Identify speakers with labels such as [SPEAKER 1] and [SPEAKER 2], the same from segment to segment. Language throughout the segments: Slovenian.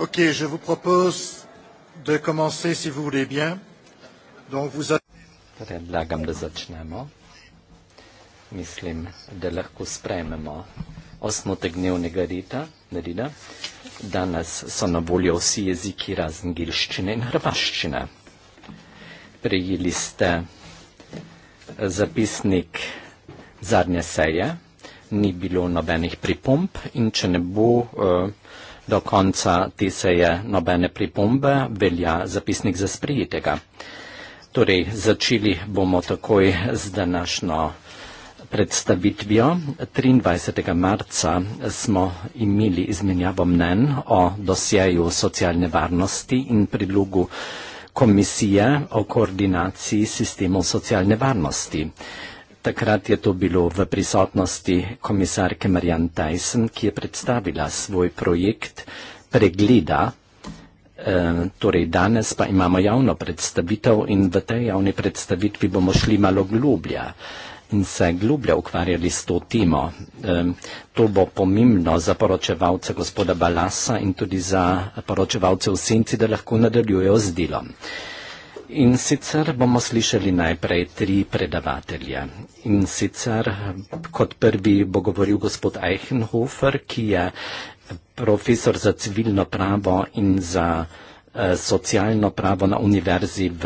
[SPEAKER 1] Ok, je vous propose de commencer si vous voulez bien. Donc
[SPEAKER 2] vous avez... Predlagam, da začnemo. Mislim, da lahko sprejmemo osmotek dnevnega rita, rida. Danes so na voljo vsi jeziki razen gilščine in hrvaščine. Prejeli ste zapisnik zadnje seje, ni bilo nobenih pripomp in če ne bo uh, Do konca ti se je nobene pripombe, velja zapisnik za sprijetega. Torej, začeli bomo takoj z današnjo predstavitvijo. 23. marca smo imeli izmenjavo mnen o dosjeju socialne varnosti in prilogu komisije o koordinaciji sistemov socialne varnosti takrat je to bilo v prisotnosti komisarke Marjan Tyson, ki je predstavila svoj projekt pregleda. E, torej danes pa imamo javno predstavitev in v tej javni predstavitvi bomo šli malo globlja in se globlja ukvarjali s to temo. E, to bo pomembno za poročevalce gospoda Balasa in tudi za poročevalce v senci, da lahko nadaljujejo z delom. In sicer bomo slišali najprej tri predavatelje. In sicer kot prvi bo govoril gospod Eichenhofer, ki je profesor za civilno pravo in za eh, socialno pravo na univerzi v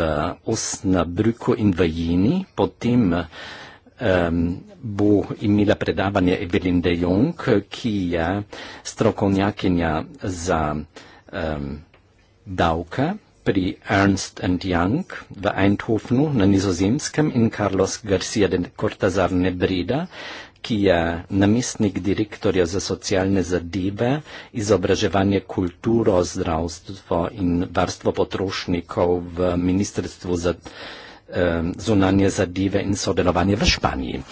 [SPEAKER 2] Osnabrüku in v Jini. Potem um, bo imela predavanje Evelyn de Jong, ki je strokovnjakinja za um, davke pri Ernst and Young v Eindhovenu na nizozemskem in Carlos Garcia de Cortazar Nebrida, ki je namestnik direktorja za socialne zadeve, izobraževanje, kulturo, zdravstvo in varstvo potrošnikov v Ministrstvu za eh, zunanje zadeve in sodelovanje v Španiji.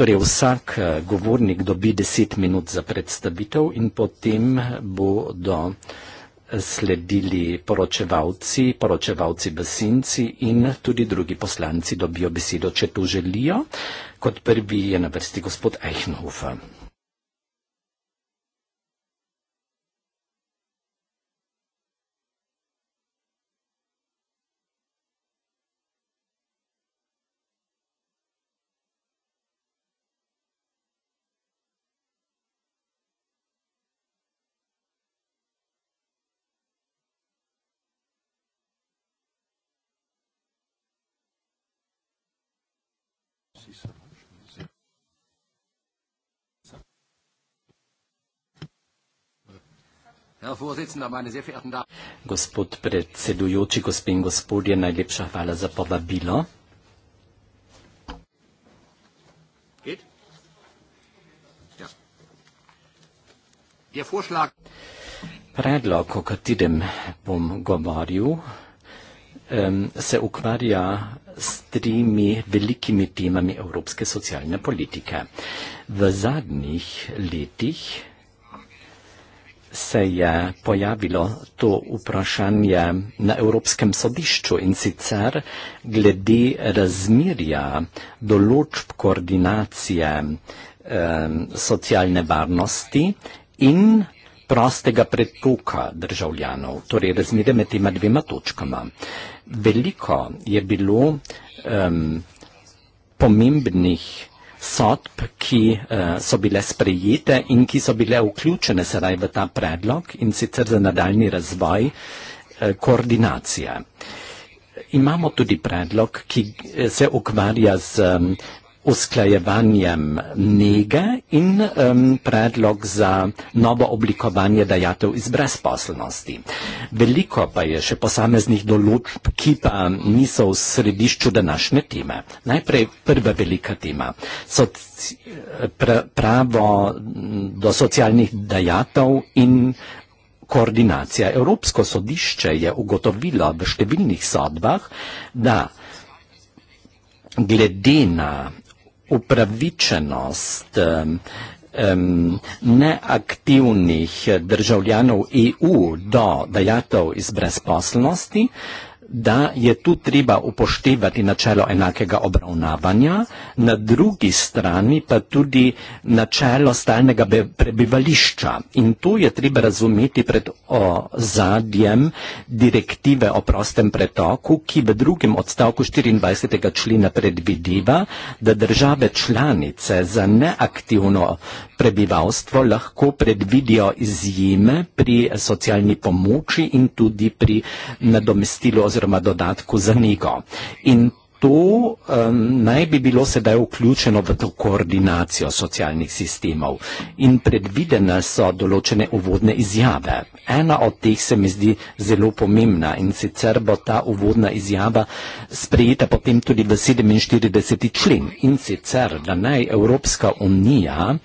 [SPEAKER 2] Torej vsak eh, govornik dobi deset minut za predstavitev in potem bo do sledili poročevalci, poročevalci besinci in tudi drugi poslanci dobijo besedo, če to želijo. Kot prvi je na vrsti gospod Eichenhofer. Fils à l'ange. Gospod predsedujoči, gospod in gospodje, najlepša hvala za povabilo. Ja. Predlog, o katerem bom govoril, um, se ukvarja s trimi velikimi temami evropske socialne politike. V zadnjih letih se je pojavilo to vprašanje na Evropskem sodišču in sicer glede razmerja določb koordinacije um, socialne varnosti in prostega pretoka državljanov, torej razmere med tema dvema točkama. Veliko je bilo um, pomembnih sodb, ki uh, so bile sprejete in ki so bile vključene sedaj v ta predlog in sicer za nadaljni razvoj uh, koordinacije. Imamo tudi predlog, ki eh, se ukvarja z usklajevanjem nege in um, predlog za novo oblikovanje dajatev iz brezposelnosti. Veliko pa je še posameznih določb, ki pa niso v središču današnje teme. Najprej prva velika tema. Soci pra pravo do socialnih dajatev in koordinacija. Evropsko sodišče je ugotovilo v številnih sodbah, da glede na upravičenost um, neaktivnih državljanov EU do dajatov iz brezposelnosti, da je tu treba upoštevati načelo enakega obravnavanja, na drugi strani pa tudi načelo stalnega prebivališča. In to je treba razumeti pred ozadjem direktive o prostem pretoku, ki v drugem odstavku 24. člena predvideva, da države članice za neaktivno prebivalstvo lahko predvidijo izjeme pri socialni pomoči in tudi pri nadomestilu oziroma oziroma dodatku za nego. In to um, naj bi bilo sedaj vključeno v to koordinacijo socialnih sistemov. In predvidene so določene uvodne izjave. Ena od teh se mi zdi zelo pomembna in sicer bo ta uvodna izjava sprejeta potem tudi v 47. člen. In sicer, da naj Evropska unija,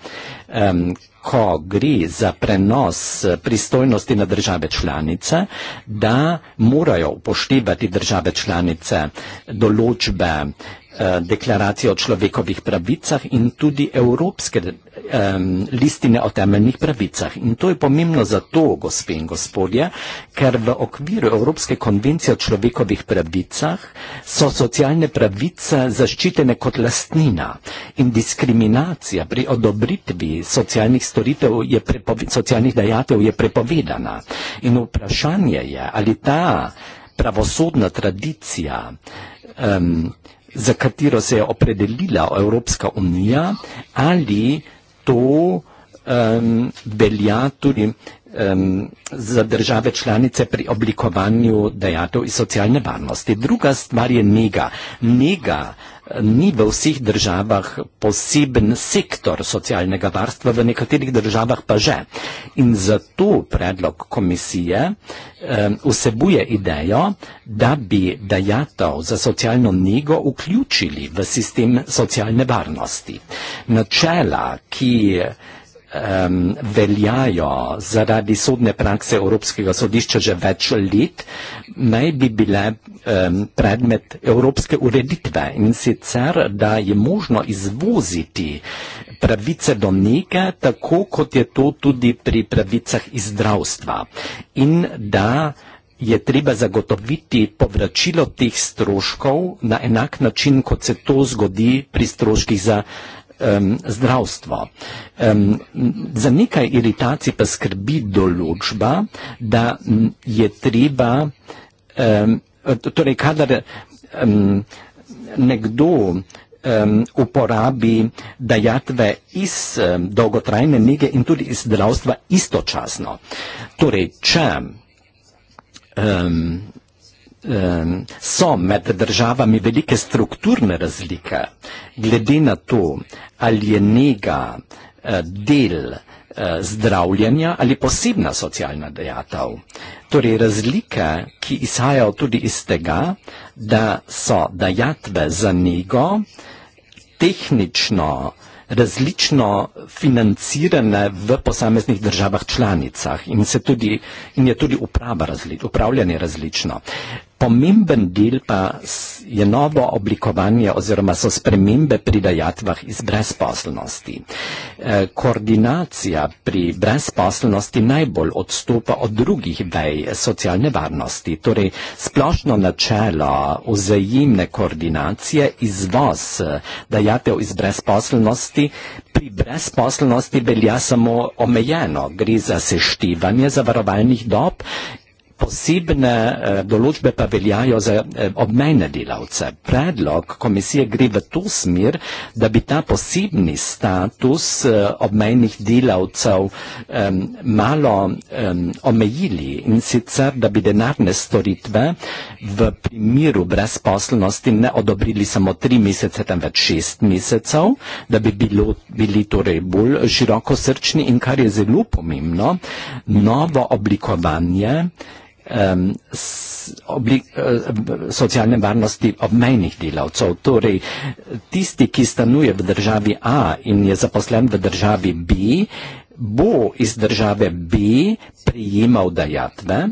[SPEAKER 2] um, ko gre za prenos eh, pristojnosti na države članice, da morajo upoštevati države članice določbe Eh, deklaracije o človekovih pravicah in tudi evropske um, listine o temeljnih pravicah. In to je pomembno zato, gospe in gospodje, ker v okviru Evropske konvencije o človekovih pravicah so socialne pravice zaščitene kot lastnina in diskriminacija pri odobritvi socialnih storitev, je socialnih dajatev je prepovedana. In vprašanje je, ali ta pravosodna tradicija um, za katero se je opredelila Evropska unija, ali to um, velja tudi um, za države članice pri oblikovanju dejatov iz socialne varnosti. Druga stvar je nega. Nega ni v vseh državah poseben sektor socialnega varstva, v nekaterih državah pa že. In zato predlog komisije eh, vsebuje idejo, da bi dajatov za socialno nego vključili v sistem socialne varnosti. Načela, ki je um, veljajo zaradi sodne prakse Evropskega sodišča že več let, naj bi bile um, predmet evropske ureditve in sicer, da je možno izvoziti pravice do neke, tako kot je to tudi pri pravicah iz zdravstva in da je treba zagotoviti povračilo teh stroškov na enak način, kot se to zgodi pri stroških za um, zdravstvo. Um, za nekaj iritacij pa skrbi določba, da je treba, um, torej kadar um, nekdo um, uporabi dajatve iz um, dolgotrajne nege in tudi iz zdravstva istočasno. Torej, če um, um, so med državami velike strukturne razlike, glede na to, ali je njega eh, del eh, zdravljenja ali posebna socialna dejatav. Torej razlike, ki izhajajo tudi iz tega, da so dajatve za njego tehnično različno financirane v posameznih državah članicah in, tudi, in je tudi upravljanje različno pomemben del pa je novo oblikovanje oziroma so spremembe pri dajatvah iz brezposelnosti. Eh, koordinacija pri brezposelnosti najbolj odstopa od drugih vej socialne varnosti, torej splošno načelo vzajemne koordinacije izvoz eh, dajatev iz brezposelnosti pri brezposelnosti velja samo omejeno, gre za seštevanje zavarovalnih dob posebne eh, določbe pa veljajo za eh, obmejne delavce. Predlog komisije gre v to smer, da bi ta posebni status eh, obmejnih delavcev malo omejili in sicer, da bi denarne storitve v primeru brezposlenosti ne odobrili samo tri mesece, temveč šest mesecev, da bi bilo, bili torej bolj širokosrčni in kar je zelo pomembno, novo oblikovanje um, oblik, uh, socialne varnosti obmejnih delavcev. Torej, tisti, ki stanuje v državi A in je zaposlen v državi B, bo iz države B prijemal dajatve,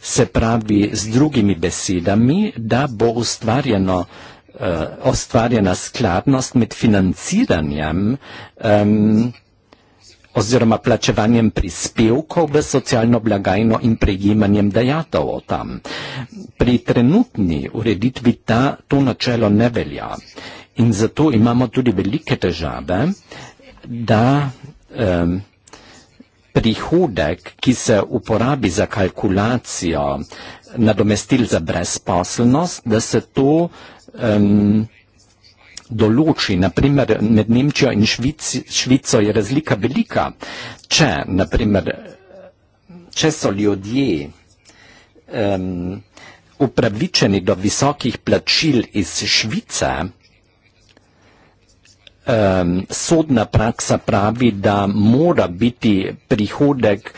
[SPEAKER 2] se pravi z drugimi besedami, da bo ustvarjeno uh, ustvarjena skladnost med financiranjem um, oziroma plačevanjem prispevkov v socialno blagajno in prejemanjem dejatov o tam. Pri trenutni ureditvi ta, to načelo ne velja in zato imamo tudi velike težave, da um, prihodek, ki se uporabi za kalkulacijo nadomestil za brezposelnost, da se to um, določi, naprimer med Nemčijo in Švic, Švico je razlika velika. Če, naprimer, če so ljudje um, upravičeni do visokih plačil iz Švice, um, sodna praksa pravi, da mora biti prihodek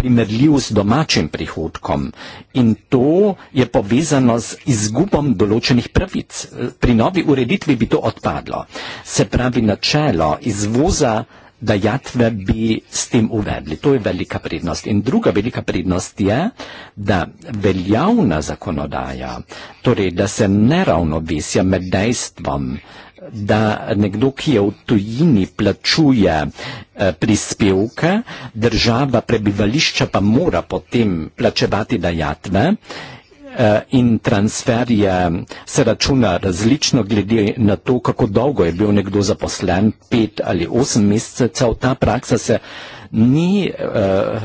[SPEAKER 2] primerljiv z domačim prihodkom in to je povezano z izgubom določenih pravic. Pri novi ureditvi bi to odpadlo. Se pravi, načelo izvoza dajatve bi s tem uvedli. To je velika prednost. In druga velika prednost je, da veljavna zakonodaja, torej da se neravnovesja med dejstvom, da nekdo, ki je v tujini, plačuje eh, prispevke, država prebivališča pa mora potem plačevati dajatve eh, in transferje se računa različno glede na to, kako dolgo je bil nekdo zaposlen, pet ali osem mesecev, ta praksa se ni, eh,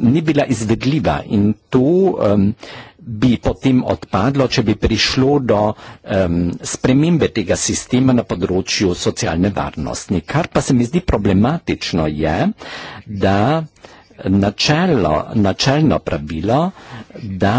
[SPEAKER 2] ni bila izvedljiva in to um, bi potem odpadlo, če bi prišlo do um, spremembe tega sistema na področju socialne varnosti. Kar pa se mi zdi problematično je, da načelo, načelno pravilo, da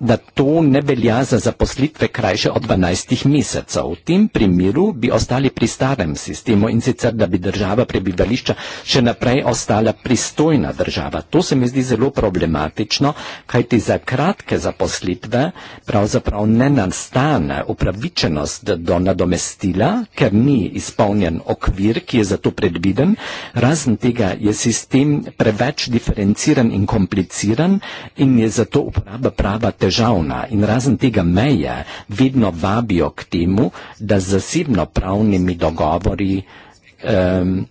[SPEAKER 2] da to ne velja za zaposlitve krajše od 12 mesecev. V tem primeru bi ostali pri starem sistemu in sicer, da bi država prebivališča še naprej ostala pristojna država. To se mi zdi zelo problematično, kajti za kratke zaposlitve pravzaprav ne nastane upravičenost do nadomestila, ker ni izpolnjen okvir, ki je za to predviden. Razen tega je sistem preveč diferenciran in kompliciran in je zato uporaba prava težavna in razen tega meje vedno vabijo k temu, da zasebno pravnimi dogovori um,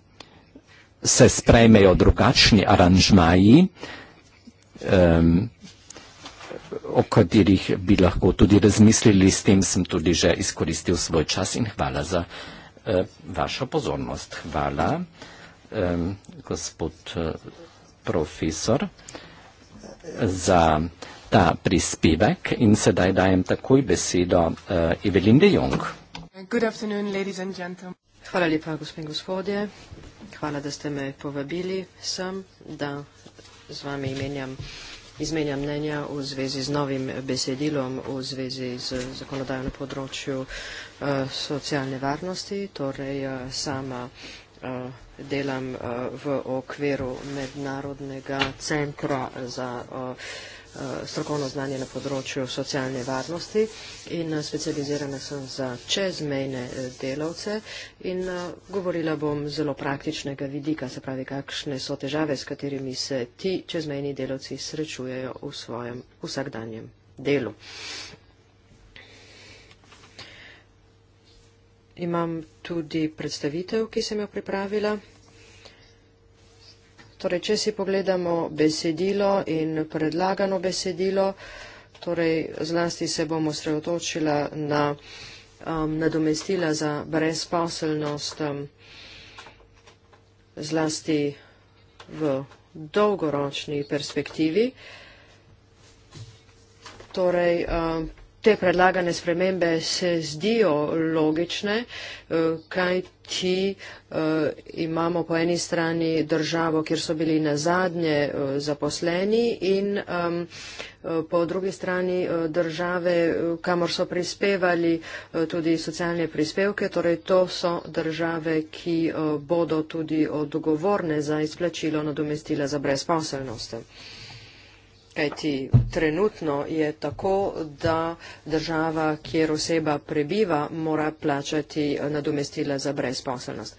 [SPEAKER 2] se sprejmejo drugačni aranžmaji, um, o katerih bi lahko tudi razmislili, s tem sem tudi že izkoristil svoj čas in hvala za uh, vašo pozornost. Hvala, um, gospod uh, profesor, za. Uh, ta prispevek in sedaj dajem takoj besedo uh, Evelin de Jong.
[SPEAKER 3] Hvala lepa, gospod in gospodje. Hvala, da ste me povabili sem, da z vami imenjam, izmenjam mnenja v zvezi z novim besedilom v zvezi z zakonodajo na področju uh, socialne varnosti. Torej, uh, sama uh, delam uh, v okviru Mednarodnega centra za. Uh, Eh, strokovno znanje na področju socialne varnosti in eh, specializirana sem za čezmejne eh, delavce in govorila bom zelo praktičnega vidika, se pravi, kakšne so težave, s katerimi se ti čezmejni delavci srečujejo v svojem vsakdanjem delu. Imam tudi predstavitev, ki sem jo pripravila. Torej, če si pogledamo besedilo in predlagano besedilo, torej zlasti se bomo sreotočila na um, nadomestila za brezposelnost, um, zlasti v dolgoročni perspektivi. Torej, um, te predlagane spremembe se zdijo logične, eh, kaj ti eh, imamo po eni strani državo, kjer so bili na zadnje eh, zaposleni in po drugi strani države, kamor so prispevali tudi socialne prispevke, torej to so države, ki bodo tudi odgovorne za izplačilo nadomestila za brezposelnost. Kajti trenutno je tako, da država, kjer oseba prebiva, mora plačati eh, nadomestila za brezposelnost.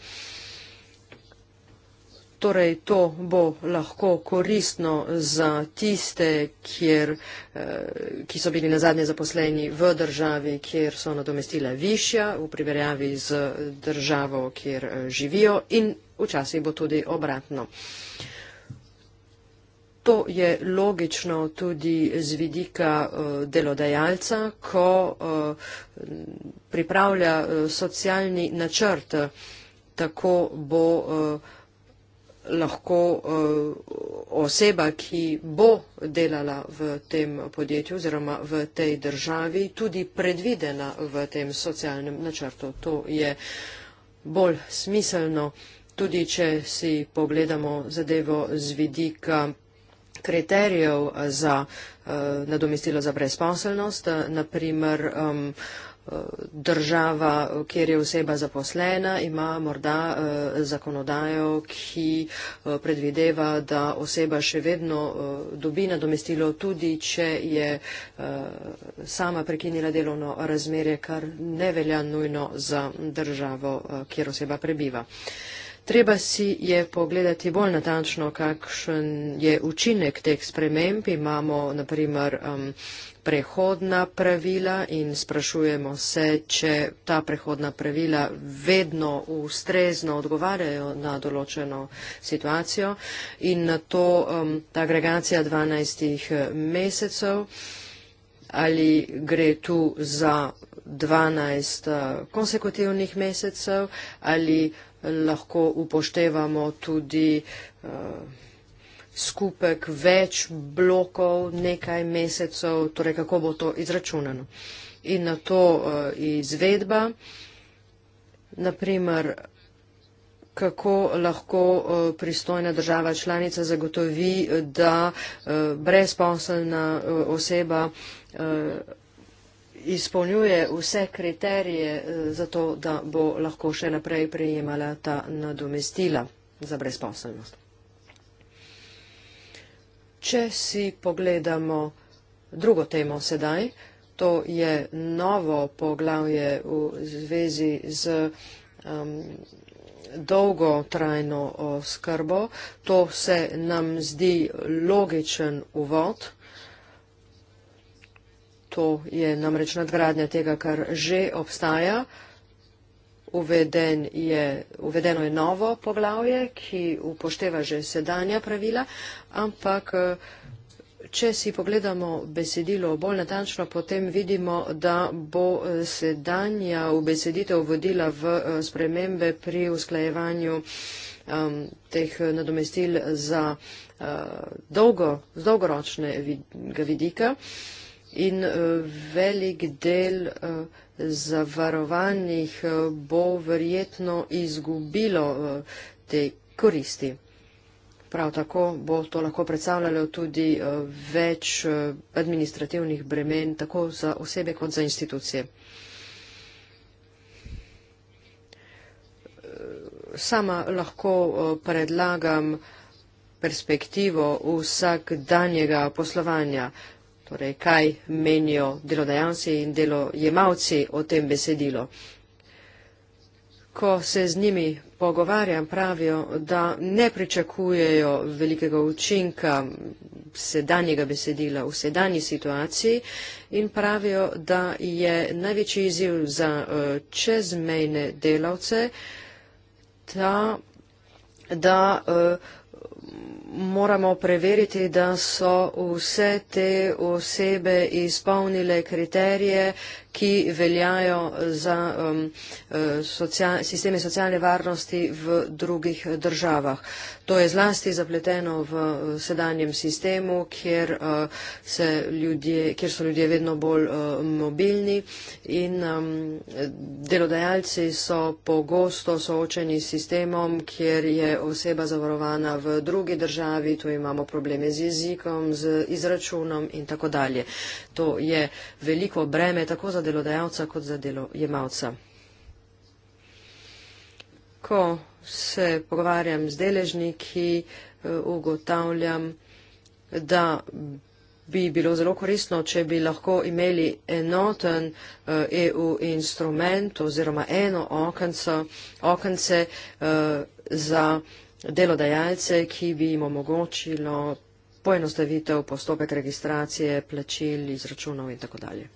[SPEAKER 3] Torej, to bo lahko koristno za tiste, kjer, eh, ki so bili na zadnje zaposleni v državi, kjer so nadomestila višja v primerjavi z državo, kjer eh, živijo in včasih bo tudi obratno. To je logično tudi z vidika eh, delodajalca, ko eh, pripravlja eh, socialni načrt, tako bo lahko oseba, ki bo delala v tem podjetju oziroma v tej državi, tudi predvidena v tem socialnem načrtu. To je bolj smiselno, tudi če si pogledamo zadevo z vidika podjetja kriterijev za eh, nadomestilo za brezposelnost, naprimer eh, država, kjer je oseba zaposlena, ima morda eh, zakonodajo, ki predvideva, da oseba še vedno dobi nadomestilo, tudi če je sama prekinila delovno razmerje, kar ne velja nujno za državo, kjer oseba prebiva. Treba si je pogledati bolj natančno, kakšen je učinek teh sprememb. Imamo naprimer um, prehodna pravila in sprašujemo se, če ta prehodna pravila vedno ustrezno odgovarjajo na določeno situacijo. In na to um, ta agregacija 12 eh, mesecev, ali gre tu za 12 eh, konsekutivnih mesecev, ali lahko upoštevamo tudi eh, skupek več blokov nekaj mesecev, torej kako bo to izračunano. In na to eh, izvedba, naprimer, kako lahko eh, pristojna država članica zagotovi, da brezposelna oseba izpolnjuje vse kriterije eh, za to, da bo lahko še naprej prejemala ta nadomestila za brezposobnost. Če si pogledamo drugo temo sedaj, to je novo poglavje v zvezi z um, dolgotrajno skrbo, to se nam zdi logičen uvod to je namreč nadgradnja tega, kar že obstaja. Uveden je, uvedeno je novo poglavje, ki upošteva že sedanja pravila, ampak če si pogledamo besedilo bolj natančno, potem vidimo, da bo sedanja ubeseditev vodila v spremembe pri usklajevanju um, teh nadomestil za uh, dolgo, z dolgoročnega vidika. Uh, in eh, velik del eh, zavarovanih eh, bo verjetno izgubilo te koristi. Prav tako bo to lahko predstavljalo tudi več administrativnih bremen, tako za osebe kot za institucije. Sama lahko predlagam perspektivo vsakdanjega poslovanja torej kaj menijo delodajalci in delojemalci o tem besedilu. Ko se z njimi pogovarjam, pravijo, da ne pričakujejo velikega učinka sedanjega besedila v sedanji situaciji in pravijo, da je največji izziv za eh, čezmejne delavce ta, da uh, moramo preveriti, da so vse te osebe izpolnile kriterije, ki veljajo za um, eh, socia sisteme socialne varnosti v drugih državah. To je zlasti zapleteno v eh, sedanjem sistemu, kjer, uh, ljudje, kjer so ljudje vedno bolj uh, mobilni in um, delodajalci so pogosto soočeni s sistemom, kjer je oseba zavarovana v drugi državi, tu imamo probleme z jezikom, z izračunom in tako dalje. To je veliko breme tako za delodajalca kot za delojemalca. Ko se pogovarjam z deležniki, eh, ugotavljam, da bi bilo zelo koristno, če bi lahko imeli enoten EU eh, e instrument oziroma eno okence, okence eh, za delodajalce, ki bi jim omogočilo poenostavitev postopek registracije, plačil, izračunov in tako dalje.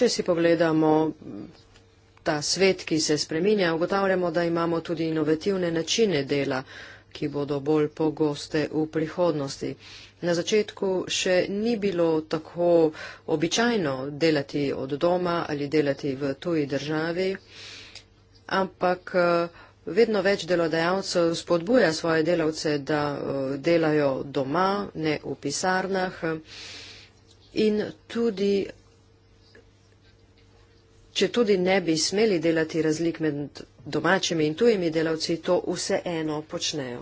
[SPEAKER 3] Če si pogledamo ta svet, ki se spreminja, ugotavljamo, da imamo tudi inovativne načine dela, ki bodo bolj pogoste v prihodnosti. Na začetku še ni bilo tako običajno delati od doma ali delati v tuji državi, ampak eh, vedno več delodajalcev spodbuja svoje delavce, da eh, delajo doma, ne v pisarnah. In tudi Če tudi ne bi smeli delati razlik med domačimi in tujimi delavci, to vseeno počnejo.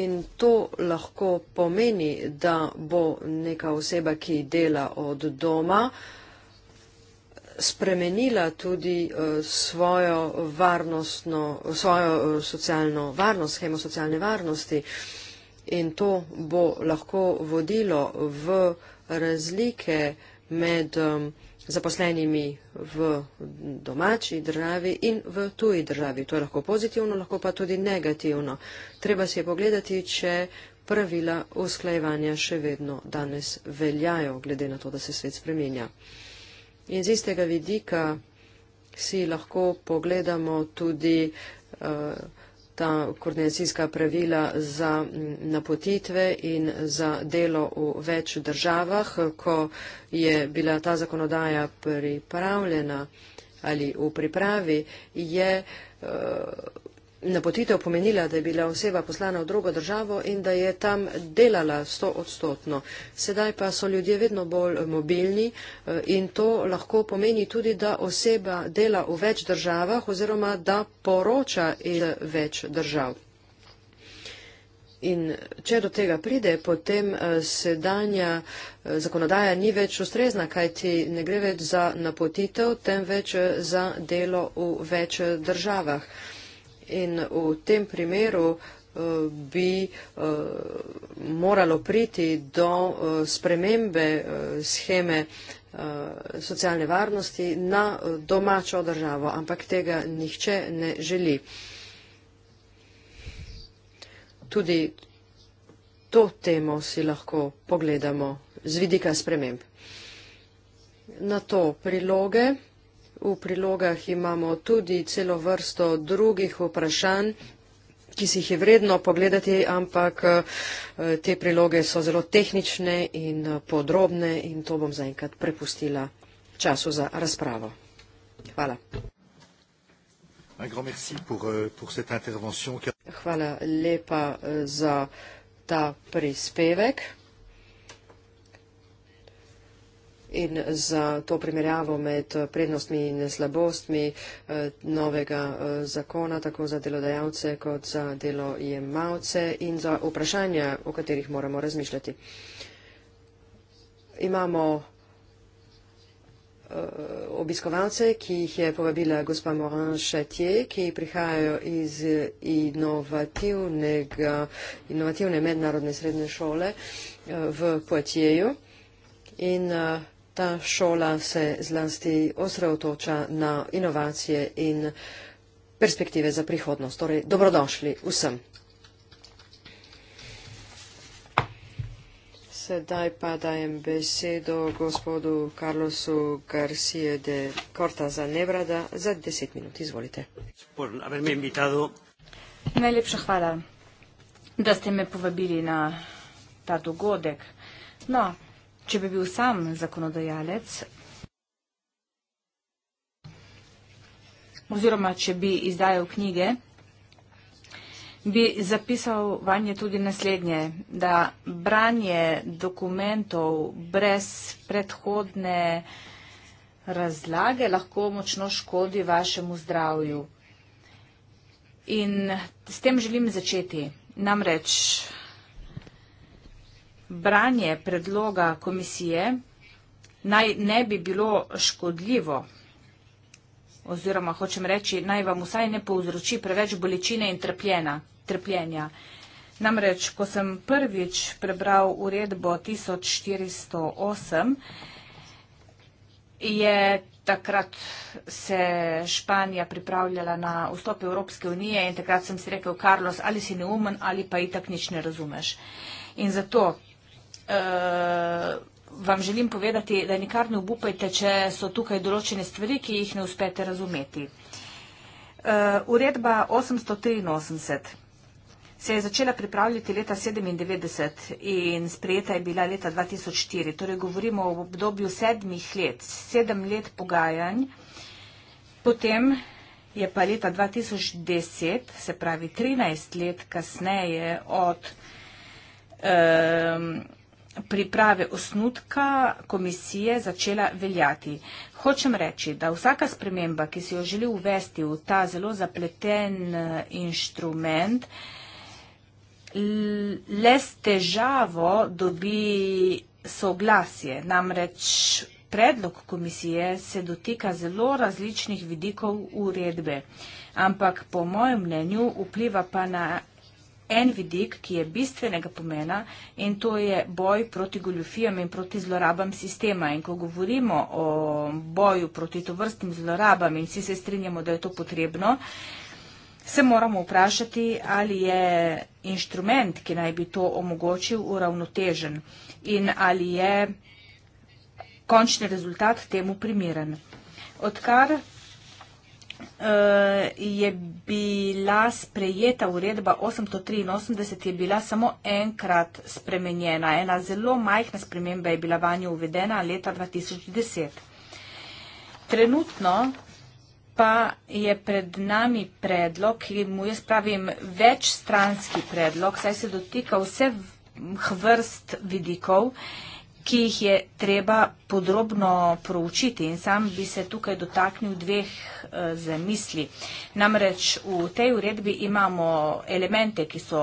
[SPEAKER 3] In to lahko pomeni, da bo neka oseba, ki dela od doma, spremenila tudi eh, svojo, svojo eh, socialno varnost, schemo socialne varnosti. In to bo lahko vodilo v razlike med um, zaposlenimi v domači državi in v tuji državi. To je lahko pozitivno, lahko pa tudi negativno. Treba si je pogledati, če pravila usklajevanja še vedno danes veljajo, glede na to, da se svet spreminja. In z istega vidika si lahko pogledamo tudi uh, ta koordinacijska pravila za napotitve in za delo v več državah, ko je bila ta zakonodaja pripravljena ali v pripravi, je eh, napotitev pomenila, da je bila oseba poslana v drugo državo in da je tam delala sto odstotno. Sedaj pa so ljudje vedno bolj eh, mobilni eh, in to lahko pomeni tudi, da oseba dela v več državah oziroma da poroča iz več držav. In če do tega pride, potem eh, sedanja zakonodaja ni več ustrezna, kajti ne gre več za napotitev, temveč za delo v več državah in v tem primeru eh, bi eh, moralo priti do eh, spremembe scheme socialne varnosti na domačo državo, ampak tega nihče ne želi. Tudi to temo si lahko pogledamo z vidika sprememb. Na to priloge V prilogah imamo tudi celo vrsto drugih vprašanj ki si jih je vredno pogledati, ampak eh, te priloge so zelo tehnične in eh, podrobne in to bom zaenkrat prepustila času za razpravo. Hvala. Euh, Hvala lepa eh, za ta prispevek. in za to primerjavo med prednostmi in slabostmi eh, novega eh, zakona, tako za delodajalce kot za delojemalce in za vprašanja, o katerih moramo razmišljati. Imamo eh, obiskovalce, ki jih je povabila gospa Morin Chatier, ki prihajajo iz inovativnega, inovativne mednarodne srednje šole v Poitieju. In uh, Ta šola se zlasti osredotoča na inovacije in perspektive za prihodnost. Torej, dobrodošli vsem. Sedaj pa dajem besedo gospodu Carlosu Garcije de Corta za Nevrada za deset minut. Izvolite. Najlepša hvala,
[SPEAKER 4] da ste me povabili na ta dogodek. No, Če bi bil sam zakonodajalec, oziroma če bi izdajal knjige, bi zapisal vanje tudi naslednje, da branje dokumentov brez predhodne razlage lahko močno škodi vašemu zdravju. In s tem želim začeti. Namreč branje predloga komisije naj ne bi bilo škodljivo oziroma hočem reči, naj vam vsaj ne povzroči preveč bolečine in trpljena, trpljenja. Namreč, ko sem prvič prebral uredbo 1408, je takrat se Španija pripravljala na vstop Evropske unije in takrat sem si rekel, Carlos, ali si neumen ali pa itak nič ne razumeš. In zato, uh, vam želim povedati, da nikar ne obupajte, če so tukaj določene stvari, ki jih ne uspete razumeti. Uh, uredba 883 se je začela pripravljati leta 1997 in sprejeta je bila leta 2004. Torej govorimo o obdobju sedmih let, sedem let pogajanj. Potem je pa leta 2010, se pravi 13 let kasneje od. Uh, priprave osnutka komisije začela veljati. Hočem reči, da vsaka sprememba, ki si jo želi uvesti v ta zelo zapleten eh, inštrument, le s težavo dobi soglasje. Namreč predlog komisije se dotika zelo različnih vidikov uredbe, ampak po mojem mnenju vpliva pa na en vidik, ki je bistvenega pomena in to je boj proti goljufijam in proti zlorabam sistema. In ko govorimo o boju proti tovrstnim zlorabam in vsi se strinjamo, da je to potrebno, se moramo vprašati, ali je inštrument, ki naj bi to omogočil, uravnotežen in ali je končni rezultat temu primeren. Odkar je bila sprejeta uredba 883, je bila samo enkrat spremenjena. Ena zelo majhna sprememba je bila vanjo uvedena leta 2010. Trenutno pa je pred nami predlog, ki mu jaz pravim večstranski predlog, saj se dotika vseh vrst vidikov ki jih je treba podrobno proučiti in sam bi se tukaj dotaknil dveh eh, zamisli. Namreč v tej uredbi imamo elemente, ki so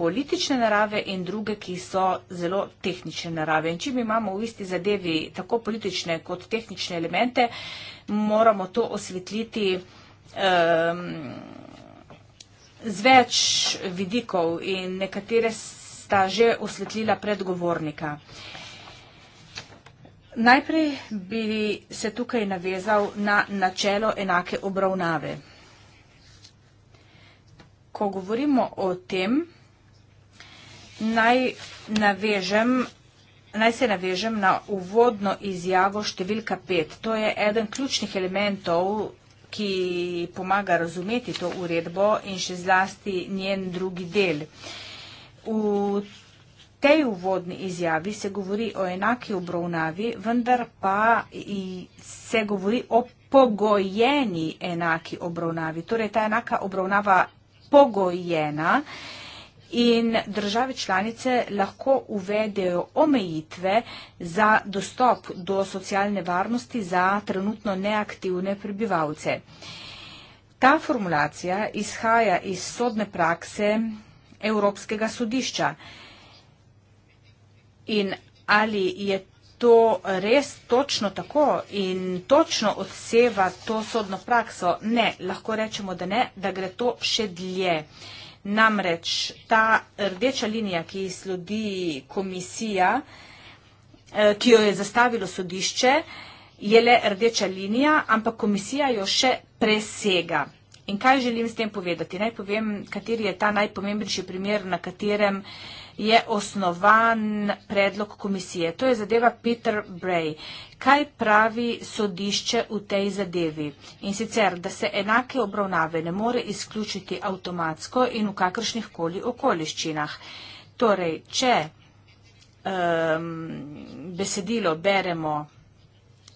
[SPEAKER 4] politične narave in druge, ki so zelo tehnične narave. In če mi imamo v isti zadevi tako politične kot tehnične elemente, moramo to osvetliti um, z več vidikov in nekatere sta že osvetlila predgovornika. Uh, Najprej bi se tukaj navezal na načelo enake obravnave. Ko govorimo o tem, naj, navežem, naj se navežem na uvodno izjavo številka 5. To je eden ključnih elementov, ki pomaga razumeti to uredbo in še zlasti njen drugi del. V tej uvodni izjavi se govori o enaki obravnavi, vendar pa se govori o pogojeni enaki obravnavi. Torej, ta enaka obravnava pogojena in države članice lahko uvedejo omejitve za dostop do socialne varnosti za trenutno neaktivne prebivalce. Ta formulacija izhaja iz sodne prakse Evropskega sodišča. In ali je to res točno tako in točno odseva to sodno prakso? Ne, lahko rečemo, da ne, da gre to še dlje. Namreč ta rdeča linija, ki sledi komisija, eh, ki jo je zastavilo sodišče, je le rdeča linija, ampak komisija jo še presega. In kaj želim s tem povedati? Naj povem, kateri je ta najpomembnejši primer, na katerem eh, je osnovan predlog komisije. To je zadeva Peter Bray. Kaj pravi sodišče v tej zadevi? In sicer, da se enake obravnave ne more izključiti avtomatsko in v kakršnih koli okoliščinah. Torej, če um, besedilo beremo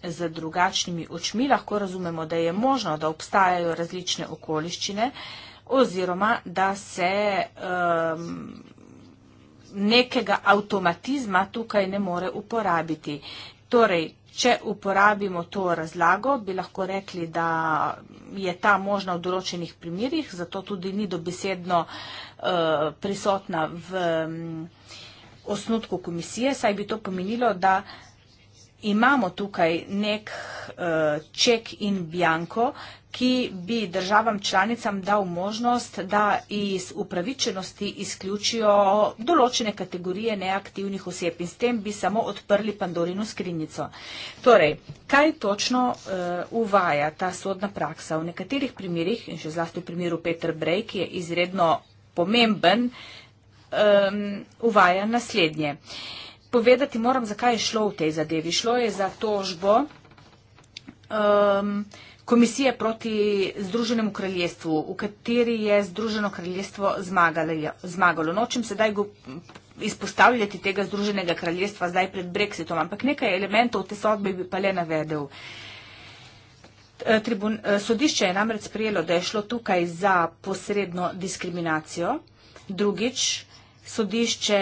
[SPEAKER 4] z drugačnimi očmi, lahko razumemo, da je možno, da obstajajo različne okoliščine oziroma da se um, nekega avtomatizma tukaj ne more uporabiti. Torej, če uporabimo to razlago, bi lahko rekli, da je ta možna v določenih primerjih, zato tudi ni dobesedno uh, prisotna v um, osnutku komisije, saj bi to pomenilo, da uh, imamo tukaj nek eh, ček uh, in bjanko, ki bi državam članicam dal možnost, da iz upravičenosti izključijo določene kategorije neaktivnih oseb in s tem bi samo odprli Pandorino skrinjico. Torej, kaj točno uh, uvaja ta sodna praksa? V nekaterih primerjih, in še zlasti v primeru Peter Brej, ki je izredno pomemben, um, uvaja naslednje. Uh, povedati moram, zakaj je šlo v tej zadevi. Šlo je za tožbo um, komisije proti Združenemu kraljestvu, v kateri je Združeno kraljestvo zmagalo. Nočem sedaj go izpostavljati tega Združenega kraljestva zdaj pred Brexitom, ampak nekaj elementov te sodbe bi pa le navedel. Eh, tribun eh, sodišče je namreč sprejelo, da je šlo tukaj za posredno diskriminacijo. Drugič, sodišče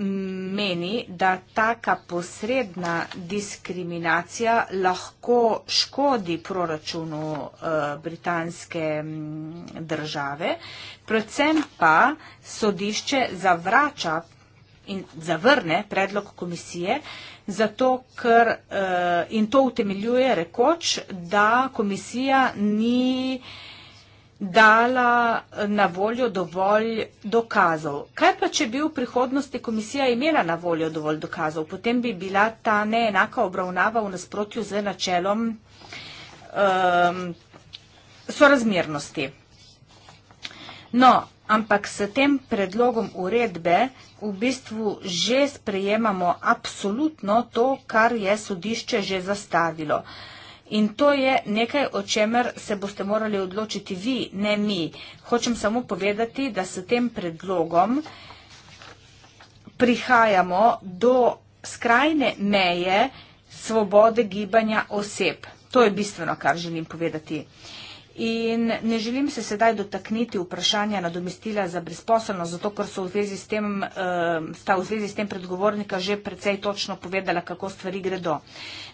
[SPEAKER 4] meni, da taka posredna diskriminacija lahko škodi proračunu eh, britanske mm, države, predvsem pa sodišče zavrača in zavrne predlog komisije, zato ker eh, in to utemeljuje rekoč, da komisija ni dala na voljo dovolj dokazov. Kaj pa, če bi v prihodnosti komisija imela na voljo dovolj dokazov? Potem bi bila ta neenaka obravnava v nasprotju z načelom um, sorazmernosti. No, ampak s tem predlogom uredbe v bistvu že sprejemamo absolutno to, kar je sodišče že zastavilo. Uh, In to je nekaj, o čemer se boste morali odločiti vi, ne mi. Hočem samo povedati, da s tem predlogom prihajamo do skrajne meje svobode gibanja oseb. To je bistveno, kar želim povedati. Uh, In ne želim se sedaj dotakniti vprašanja nadomestila za brezposelnost, zato ker so v zvezi s tem, eh, sta v zvezi s tem predgovornika že precej točno povedala, kako stvari gredo.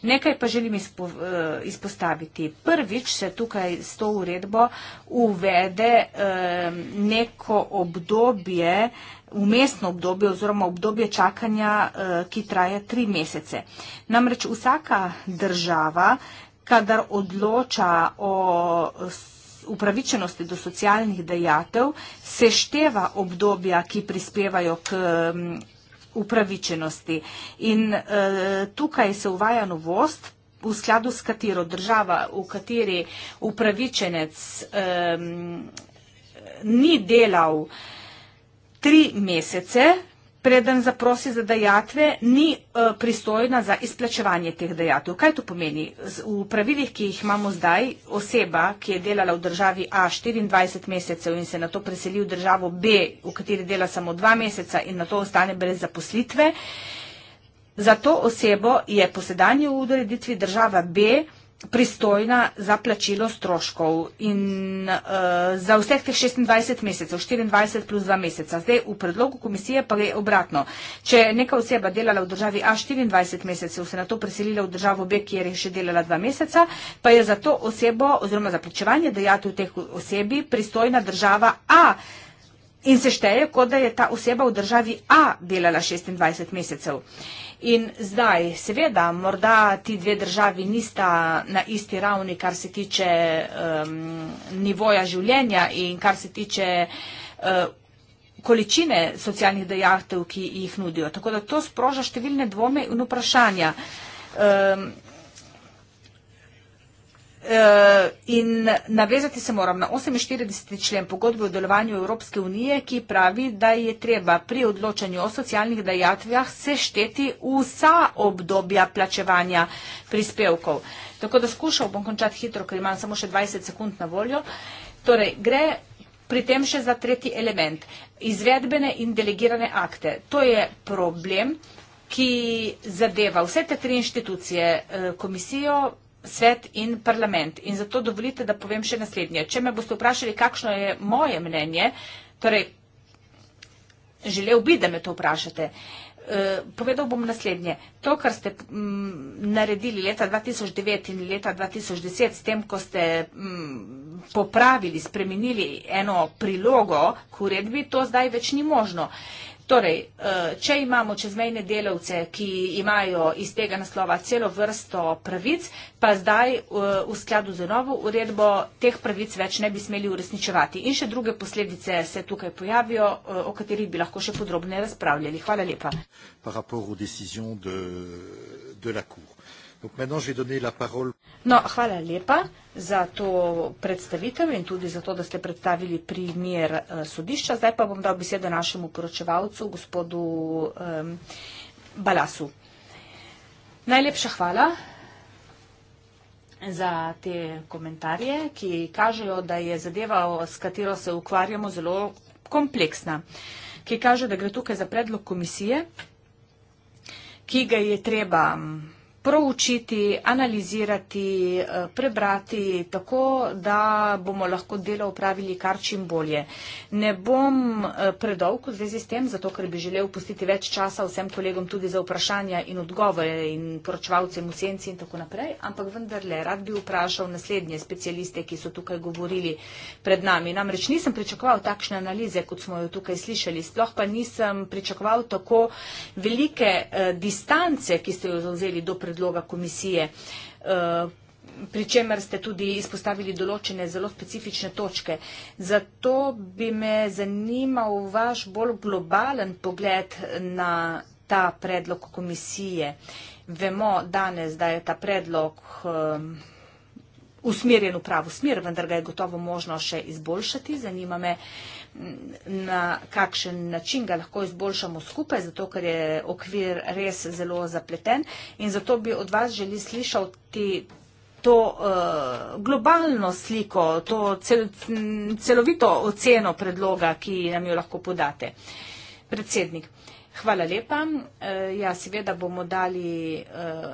[SPEAKER 4] Nekaj pa želim izpo, eh, izpostaviti. Prvič se tukaj s to uredbo uvede eh, neko obdobje, umestno obdobje oziroma obdobje čakanja, ki traja tri mesece. Namreč vsaka država kadar odloča o upravičenosti do socialnih dejatev, se števa obdobja, ki prispevajo k upravičenosti. In e, tukaj se uvaja novost, v skladu s katero država, v kateri upravičenec e, ni delal tri mesece, preden zaprosi za dejatve, ni uh, pristojna za izplačevanje teh dejatev. Kaj to pomeni? Z, v pravilih, ki jih imamo zdaj, oseba, ki je delala v državi A 24 mesecev in se na to preseli v državo B, v kateri dela samo dva meseca in na to ostane brez zaposlitve, za to osebo je po sedanji ureditvi država B pristojna za plačilo stroškov in uh, za vseh teh 26 mesecev, 24 plus 2 meseca. Zdaj v predlogu komisije pa je obratno. Če je neka oseba delala v državi A 24 mesecev, se na to preselila v državo B, kjer je še delala 2 meseca, pa je za to osebo oziroma za plačevanje dejatev teh osebi pristojna država A. In se šteje, kot da je ta oseba v državi A delala 26 mesecev. Uh, In zdaj, seveda, morda ti dve državi nista na isti ravni, kar se tiče um, nivoja življenja in kar se tiče uh, količine socialnih dejavtev, ki jih nudijo. Tako da to sproža številne dvome in vprašanja. Um, Eh, in navezati se moram na 48. člen pogodbe o delovanju Evropske unije, ki pravi, da je treba pri odločanju o socialnih dajatvah se šteti vsa obdobja plačevanja prispevkov. Tako da skušal bom končati hitro, ker imam samo še 20 sekund na voljo. Torej, gre pri tem še za tretji element. Izvedbene in delegirane akte. To je problem, ki zadeva vse te tri inštitucije, eh, komisijo, svet in parlament. In zato dovolite, da povem še naslednje. Če me boste vprašali, kakšno je moje mnenje, torej želel bi, da me to vprašate. Eh, povedal bom naslednje. To, kar ste mm, naredili leta 2009 in leta 2010, s tem, ko ste mm, popravili, spremenili eno prilogo k uredbi, to zdaj več ni možno. Torej, eh, če imamo čezmejne delavce, ki imajo iz tega naslova celo vrsto pravic, pa zdaj eh, v skladu z novo uredbo teh pravic več ne bi smeli uresničevati. In še druge posledice se tukaj pojavijo, eh, o katerih bi lahko še podrobne razpravljali. Hvala lepa.
[SPEAKER 2] Pa rapor v decizijo de, de la Cour.
[SPEAKER 4] No, hvala lepa za to predstavitev in tudi za to, da ste predstavili primer eh, sodišča. Zdaj pa bom dal besedo našemu poročevalcu, gospodu um, Balasu. Najlepša hvala za te komentarje, ki kažejo, da je zadeva, s katero se ukvarjamo, zelo kompleksna, ki kaže, da gre tukaj za predlog komisije, ki ga je treba proučiti, analizirati, eh, prebrati, tako da bomo lahko delo upravili kar čim bolje. Ne bom eh, predolg v zvezi s tem, zato ker bi želel pustiti več časa vsem kolegom tudi za vprašanja in odgovore in poročevalcem v senci in tako naprej, ampak vendarle rad bi vprašal naslednje specialiste, ki so tukaj govorili pred nami. Namreč nisem pričakoval takšne analize, kot smo jo tukaj slišali, sploh pa nisem pričakoval tako velike eh, distance, ki ste jo zauzeli do predloga predloga komisije. Eh, Pričemer ste tudi izpostavili določene zelo specifične točke. Zato bi me zanimal vaš bolj globalen pogled na ta predlog komisije. Vemo danes, da je ta predlog um, usmerjen v pravo smer, vendar ga je gotovo možno še izboljšati. Zanima me, uh, na kakšen način ga lahko izboljšamo skupaj, zato ker je okvir res zelo zapleten in zato bi od vas želi slišati to uh, globalno sliko, to cel, celovito oceno predloga, ki nam jo lahko podate. Predsednik, hvala lepa. Uh, ja, seveda bomo dali. Uh,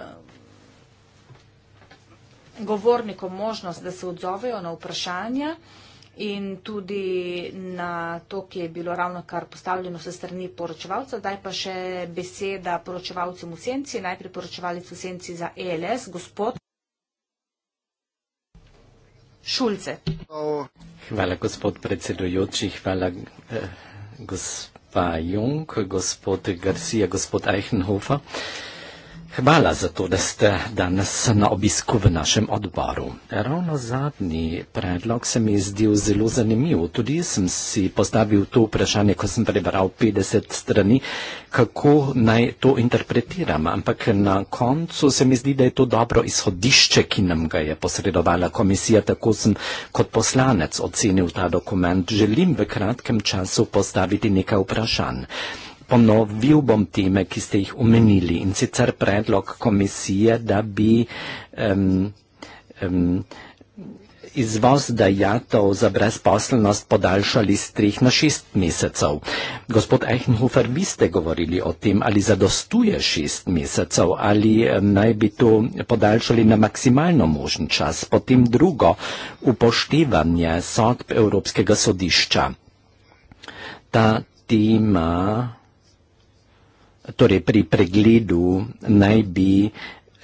[SPEAKER 4] govornikom možnost, da se odzovejo na vprašanja in tudi na to, ki je bilo ravno kar postavljeno se strani poročevalca. Daj pa še beseda poročevalcem v senci, najprej poročevalec v senci za ELS, gospod Šulce.
[SPEAKER 2] Hvala, gospod predsedujoči, hvala, eh, gospa Jung, gospod Garcia, gospod Eichenhofer. Hvala za to, da ste danes na obisku v našem odboru. Ravno zadnji predlog se mi zdel zelo zanimiv. Tudi sem si postavil to vprašanje, ko sem prebral 50 strani, kako naj to interpretiram. Ampak na koncu se mi zdi, da je to dobro izhodišče, ki nam ga je posredovala komisija. Tako sem kot poslanec ocenil ta dokument. Želim v kratkem času postaviti nekaj vprašanj ponovil bom teme, ki ste jih omenili in sicer predlog komisije, da bi um, um, izvoz dajatov za brezposelnost podaljšali z treh na šest mesecev. Gospod Eichenhofer, vi ste govorili o tem, ali zadostuje šest mesecev, ali naj bi to podaljšali na maksimalno možen čas. Potem drugo, upoštevanje sodb Evropskega sodišča. Ta tema torej pri pregledu naj bi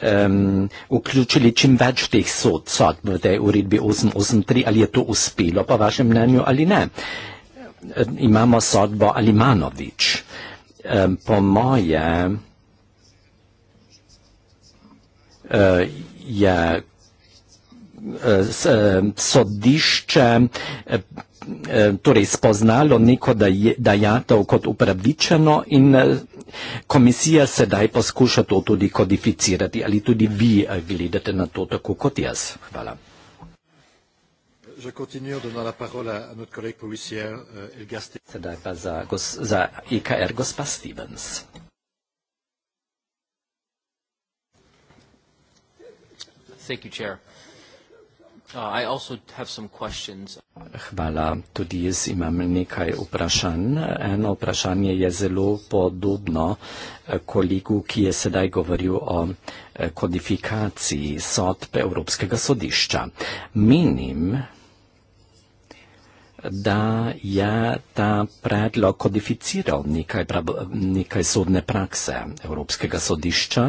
[SPEAKER 2] um, vključili čim več teh sod, sodb v tej uredbi 883, ali je to uspelo po vašem mnenju ali ne. Imamo sodbo Alimanovič. Um, po moje uh, je uh, sodišče. Uh, torej spoznalo neko dajatev kot upravičeno in Komisija sedaj poskuša to tudi kodificirati. Ali tudi vi eh, gledate na to tako kot jaz? Hvala. Euh, sedaj pa za, za IKR e gospa Stevens.
[SPEAKER 1] Thank you, Chair. Uh,
[SPEAKER 2] Hvala. Tudi jaz imam nekaj vprašanj. Eno vprašanje je zelo podobno eh, kolegu, ki je sedaj govoril o eh, kodifikaciji sodbe Evropskega sodišča. Menim, da je ta predlog kodificiral nekaj, prav, nekaj sodne prakse Evropskega sodišča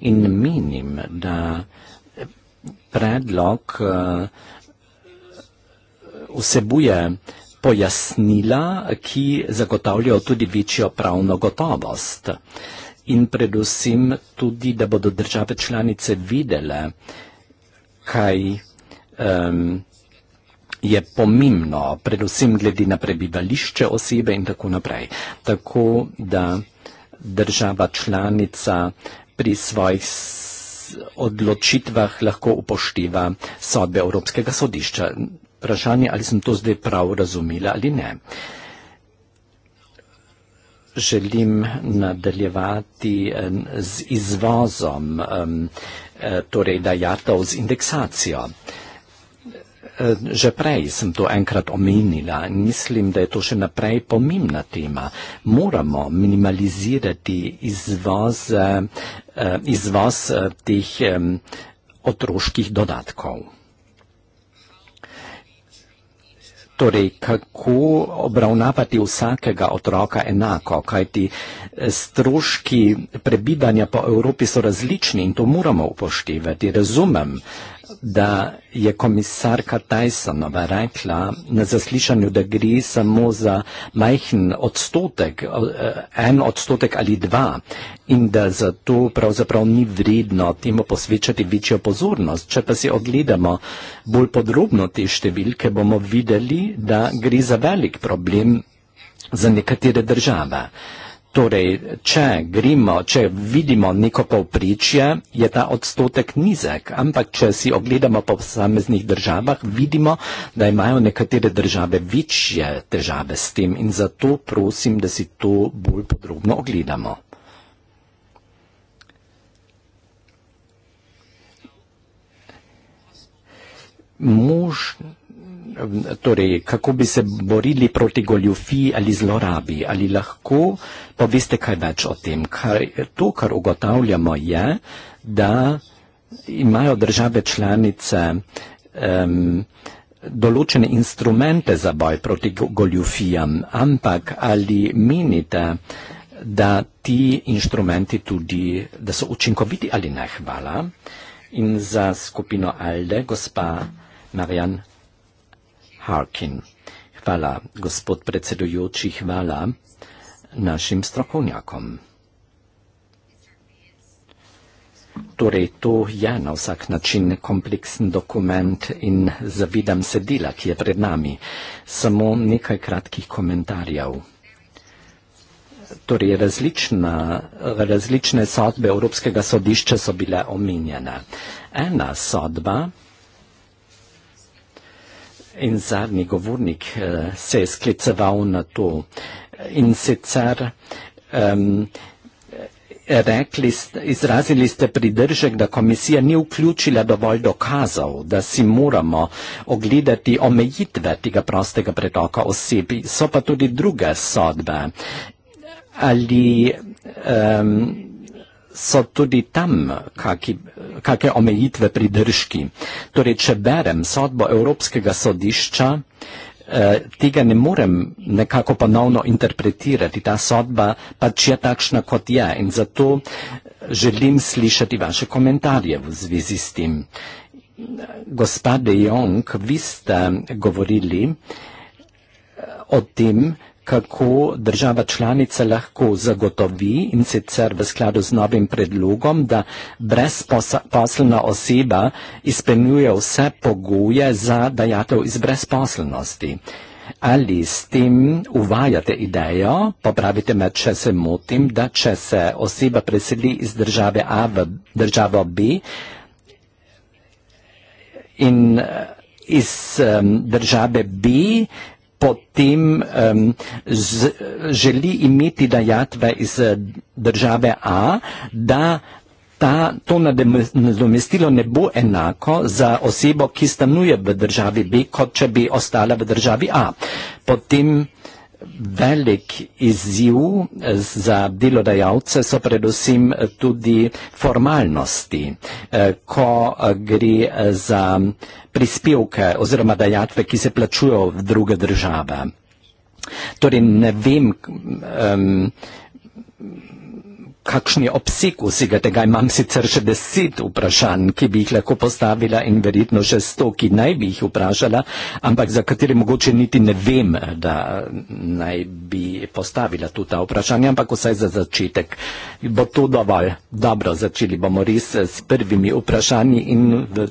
[SPEAKER 2] in menim, da predlog eh, vsebuje pojasnila, ki zagotavljajo tudi večjo pravno gotovost in predvsem tudi, da bodo države članice videle, kaj je pomembno, predvsem glede na prebivališče osebe in tako naprej. Tako, da država članica pri svojih odločitvah lahko upošteva sodbe Evropskega sodišča. Vprašanje, ali sem to zdaj prav razumela ali ne. Želim nadaljevati z izvozom eh, torej dajatov z indeksacijo. Eh, že prej sem to enkrat omenila in mislim, da je to še naprej pomembna tema. Moramo minimalizirati izvoz, eh, izvoz eh, teh otroških dodatkov. Torej, kako obravnavati vsakega otroka enako, kajti stroški prebivanja po Evropi so različni in to moramo upoštevati. Razumem, da da je komisarka Tysonova rekla na zaslišanju, da gre samo za majhen odstotek, eh, en odstotek ali dva in da zato pravzaprav ni vredno temu posvečati večjo pozornost. Če pa si ogledamo bolj podrobno te številke, bomo videli, da gre za velik problem za nekatere države. Torej, če, grimo, če vidimo neko povpričje, je ta odstotek nizek, ampak če si ogledamo po posameznih državah, vidimo, da imajo nekatere države večje težave s tem in zato prosim, da si to bolj podrobno ogledamo. Možno torej, kako bi se borili proti goljufiji ali zlorabi. Ali lahko poveste kaj več o tem? Kar, to, kar ugotavljamo, je, da imajo države članice um, določene instrumente za boj proti goljufijam, ampak ali menite, da ti inštrumenti tudi, da so učinkoviti ali ne, hvala. In za skupino Alde, gospa Marjan Harkin. Hvala, gospod predsedujoči, hvala našim strokovnjakom. Torej, to je na vsak način kompleksen dokument in zavidam se dela, ki je pred nami. Samo nekaj kratkih komentarjev. Torej, različna, različne sodbe Evropskega sodišča so bile omenjene. Ena sodba in zadnji govornik uh, se je skliceval na to. In sicer um, rekli, izrazili ste pridržek, da komisija ni vključila dovolj dokazov, da si moramo ogledati omejitve tega prostega pretoka oseb. So pa tudi druge sodbe. Ali um, so tudi tam kaki, kake omejitve pridržki. Torej, če berem sodbo Evropskega sodišča, eh, tega ne morem nekako ponovno interpretirati. Ta sodba pač je takšna, kot je in zato želim slišati vaše komentarje v zvezi s tem. Gospa De Jong, vi ste govorili eh, o tem, kako država članica lahko zagotovi in sicer v skladu z novim predlogom, da brezposelna oseba izpenjuje vse pogoje za dajatev iz brezposelnosti. Ali s tem uvajate idejo, popravite me, če se motim, da če se oseba preseli iz države A v državo B in eh, iz um, države B potem um, z, želi imeti dajatve iz eh, države A, da ta, to nadomestilo ne bo enako za osebo, ki stanuje v državi B, kot če bi ostala v državi A. Potem, uh, Velik izziv za delodajalce so predvsem tudi formalnosti, eh, ko eh, gre eh, za prispevke oziroma dajatve, ki se plačujo v druge države. Torej ne vem, um, kakšen je obseg vsega tega. Imam sicer še deset vprašanj, ki bi jih lahko postavila in verjetno še sto, ki naj bi jih vprašala, ampak za katere mogoče niti ne vem, da naj bi postavila tu ta vprašanja, ampak vsaj za začetek. Bo to dovolj? Dobro, začeli bomo res s prvimi vprašanji in v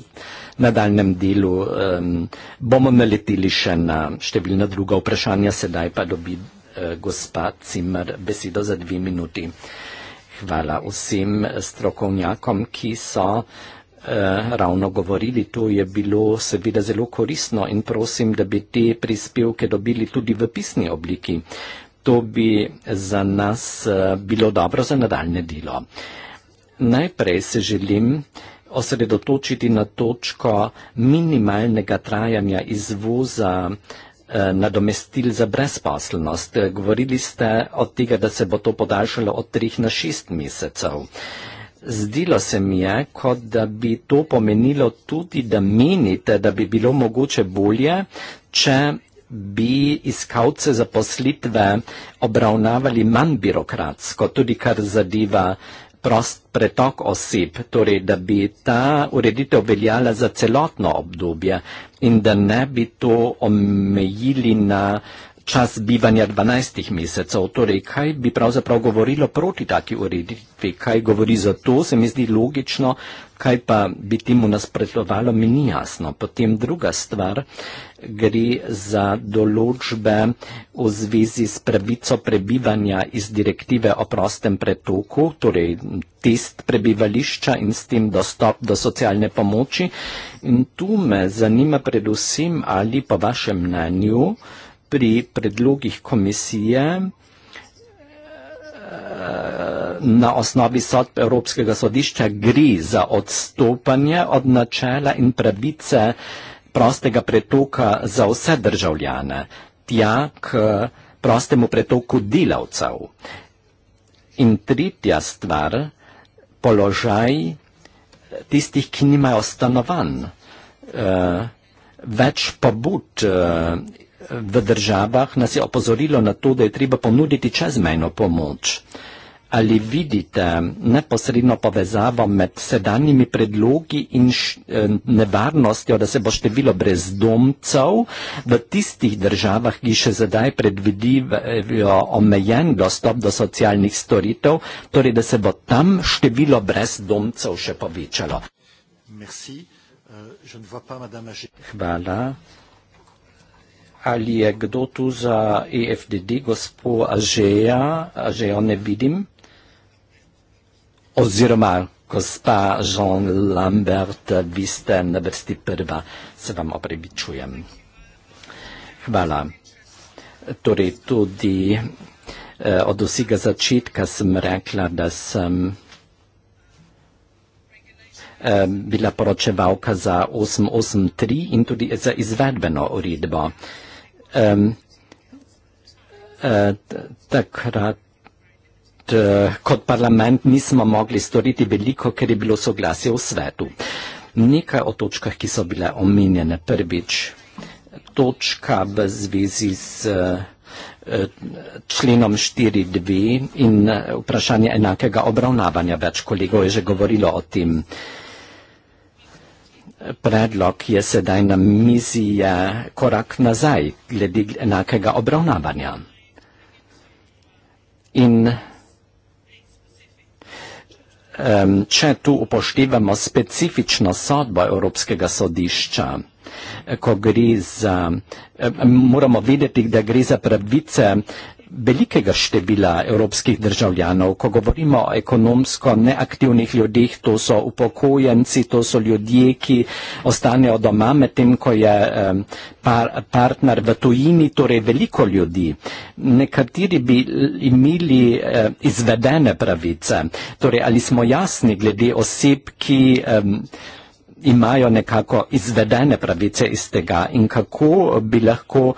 [SPEAKER 2] nadaljem delu um, bomo naleteli še na številna druga vprašanja, sedaj pa dobi uh, gospa Cimer besedo za dve minuti hvala vsem strokovnjakom, ki so eh, ravno govorili, to je bilo seveda zelo koristno in prosim, da bi te prispevke dobili tudi v pisni obliki. To bi za nas eh, bilo dobro za nadaljne delo. Najprej se želim osredotočiti na točko minimalnega trajanja izvoza Eh, nadomestil za brezposelnost. Govorili ste od tega, da se bo to podaljšalo od 3 na 6 mesecev. Zdilo se mi je, kot da bi to pomenilo tudi, da menite, da bi bilo mogoče bolje, če bi iskalce za poslitve obravnavali manj birokratsko, tudi kar zadeva uh, prost pretok oseb, torej da bi ta ureditev veljala za celotno obdobje in da ne bi to omejili na uh, čas bivanja 12 mesecev. Torej, kaj bi pravzaprav govorilo proti taki ureditvi, kaj govori za to, se mi zdi logično, kaj pa bi temu nasprotovalo, mi ni jasno. Potem druga stvar gre za določbe v zvezi s pravico prebivanja iz direktive o prostem pretoku, torej test prebivališča in s tem dostop do socialne pomoči. In tu me zanima predvsem, ali po vašem mnenju, pri predlogih komisije eh, na osnovi sodb Evropskega sodišča gre za odstopanje od načela in pravice prostega pretoka za vse državljane, tja k prostemu pretoku delavcev. In tretja stvar, položaj tistih, ki nimajo stanovanj, eh, več pobud eh, v državah nas je opozorilo na to, da je treba ponuditi čezmejno pomoč. Ali vidite neposredno povezavo med sedanjimi predlogi in eh, nevarnostjo, da se bo število brezdomcev v tistih državah, ki še zdaj predvidijo omejen dostop do socialnih storitev, torej da se bo tam število brezdomcev še povečalo? Euh, Hvala ali je kdo tu za EFDD, gospo Ažeja, Ažejo ne vidim, oziroma gospa Jean Lambert, vi ste na vrsti prva, se vam opravičujem. Hvala. Torej tudi eh, od vsega začetka sem rekla, da sem eh, bila poročevalka za 883 in tudi za izvedbeno uredbo. Eh, um, uh, takrat uh, kot parlament nismo mogli storiti veliko, ker je bilo soglasje v svetu. Nekaj o točkah, ki so bile omenjene prvič. Točka v zvezi z e, členom 4.2 in vprašanje enakega obravnavanja. Več kolegov je že govorilo o tem. Uh, predlog je sedaj na mizi korak nazaj glede enakega obravnavanja. In če tu upoštevamo specifično sodbo Evropskega sodišča, ko gre za, moramo videti, da gre za pravice velikega števila evropskih državljanov, ko govorimo o ekonomsko neaktivnih ljudih, to so upokojenci, to so ljudje, ki ostanejo doma, medtem ko je par, partner v tujini, torej veliko ljudi. Nekateri bi imeli izvedene pravice, torej ali smo jasni glede oseb, ki imajo nekako izvedene pravice iz tega in kako bi lahko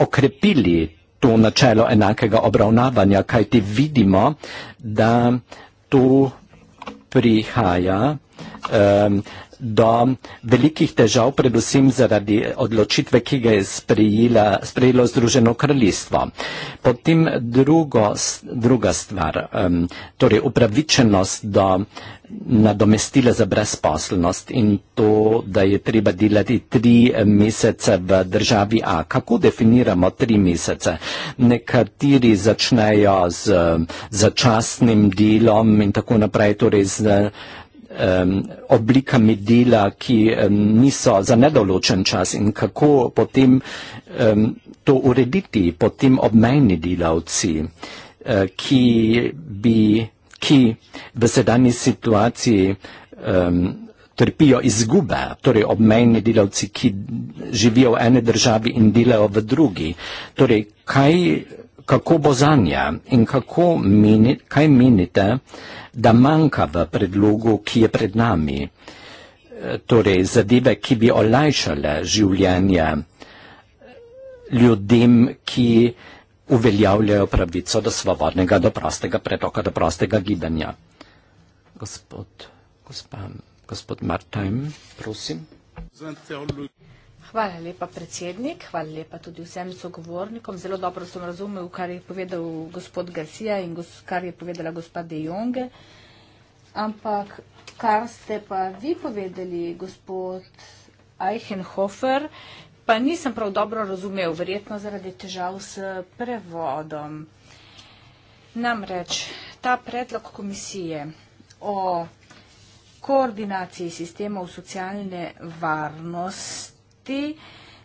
[SPEAKER 2] okrepili to načelo enakega obravnavanja, kaj ti vidimo, da tu prihaja um, do velikih težav, predvsem zaradi odločitve, ki ga je sprejela, sprejelo Združeno kraljestvo. Potem drugo, druga stvar, um, torej upravičenost do nadomestila za brezposelnost in to, da je treba delati tri mesece v državi A. Kako definiramo tri mesece? Nekateri začnejo z začasnim delom in tako naprej, torej z. Uh, um, oblikami dela, ki um, niso za nedoločen čas in kako potem um, to urediti, potem obmejni delavci, uh, ki, bi, ki v sedajni situaciji um, trpijo izgube, torej obmejni delavci, ki živijo v eni državi in delajo v drugi. Torej, kaj, kako bo zanje in kako meni, kaj menite? da manjka v predlogu, ki je pred nami. E, torej, zadeve, ki bi olajšale življenje ljudem, ki uveljavljajo pravico do svobodnega, do prostega pretoka, do prostega gibanja. Gospod, gospa, gospod Martajn, prosim.
[SPEAKER 1] Zanteologi.
[SPEAKER 4] Hvala lepa, predsednik. Hvala lepa tudi vsem sogovornikom. Zelo dobro sem razumel, kar je povedal gospod Garcia in gos, kar je povedala gospa De Jonge. Ampak, kar ste pa vi povedali, gospod Eichenhofer, pa nisem prav dobro razumel, verjetno zaradi težav s prevodom. Namreč, ta predlog komisije o koordinaciji sistemov socialne varnosti ti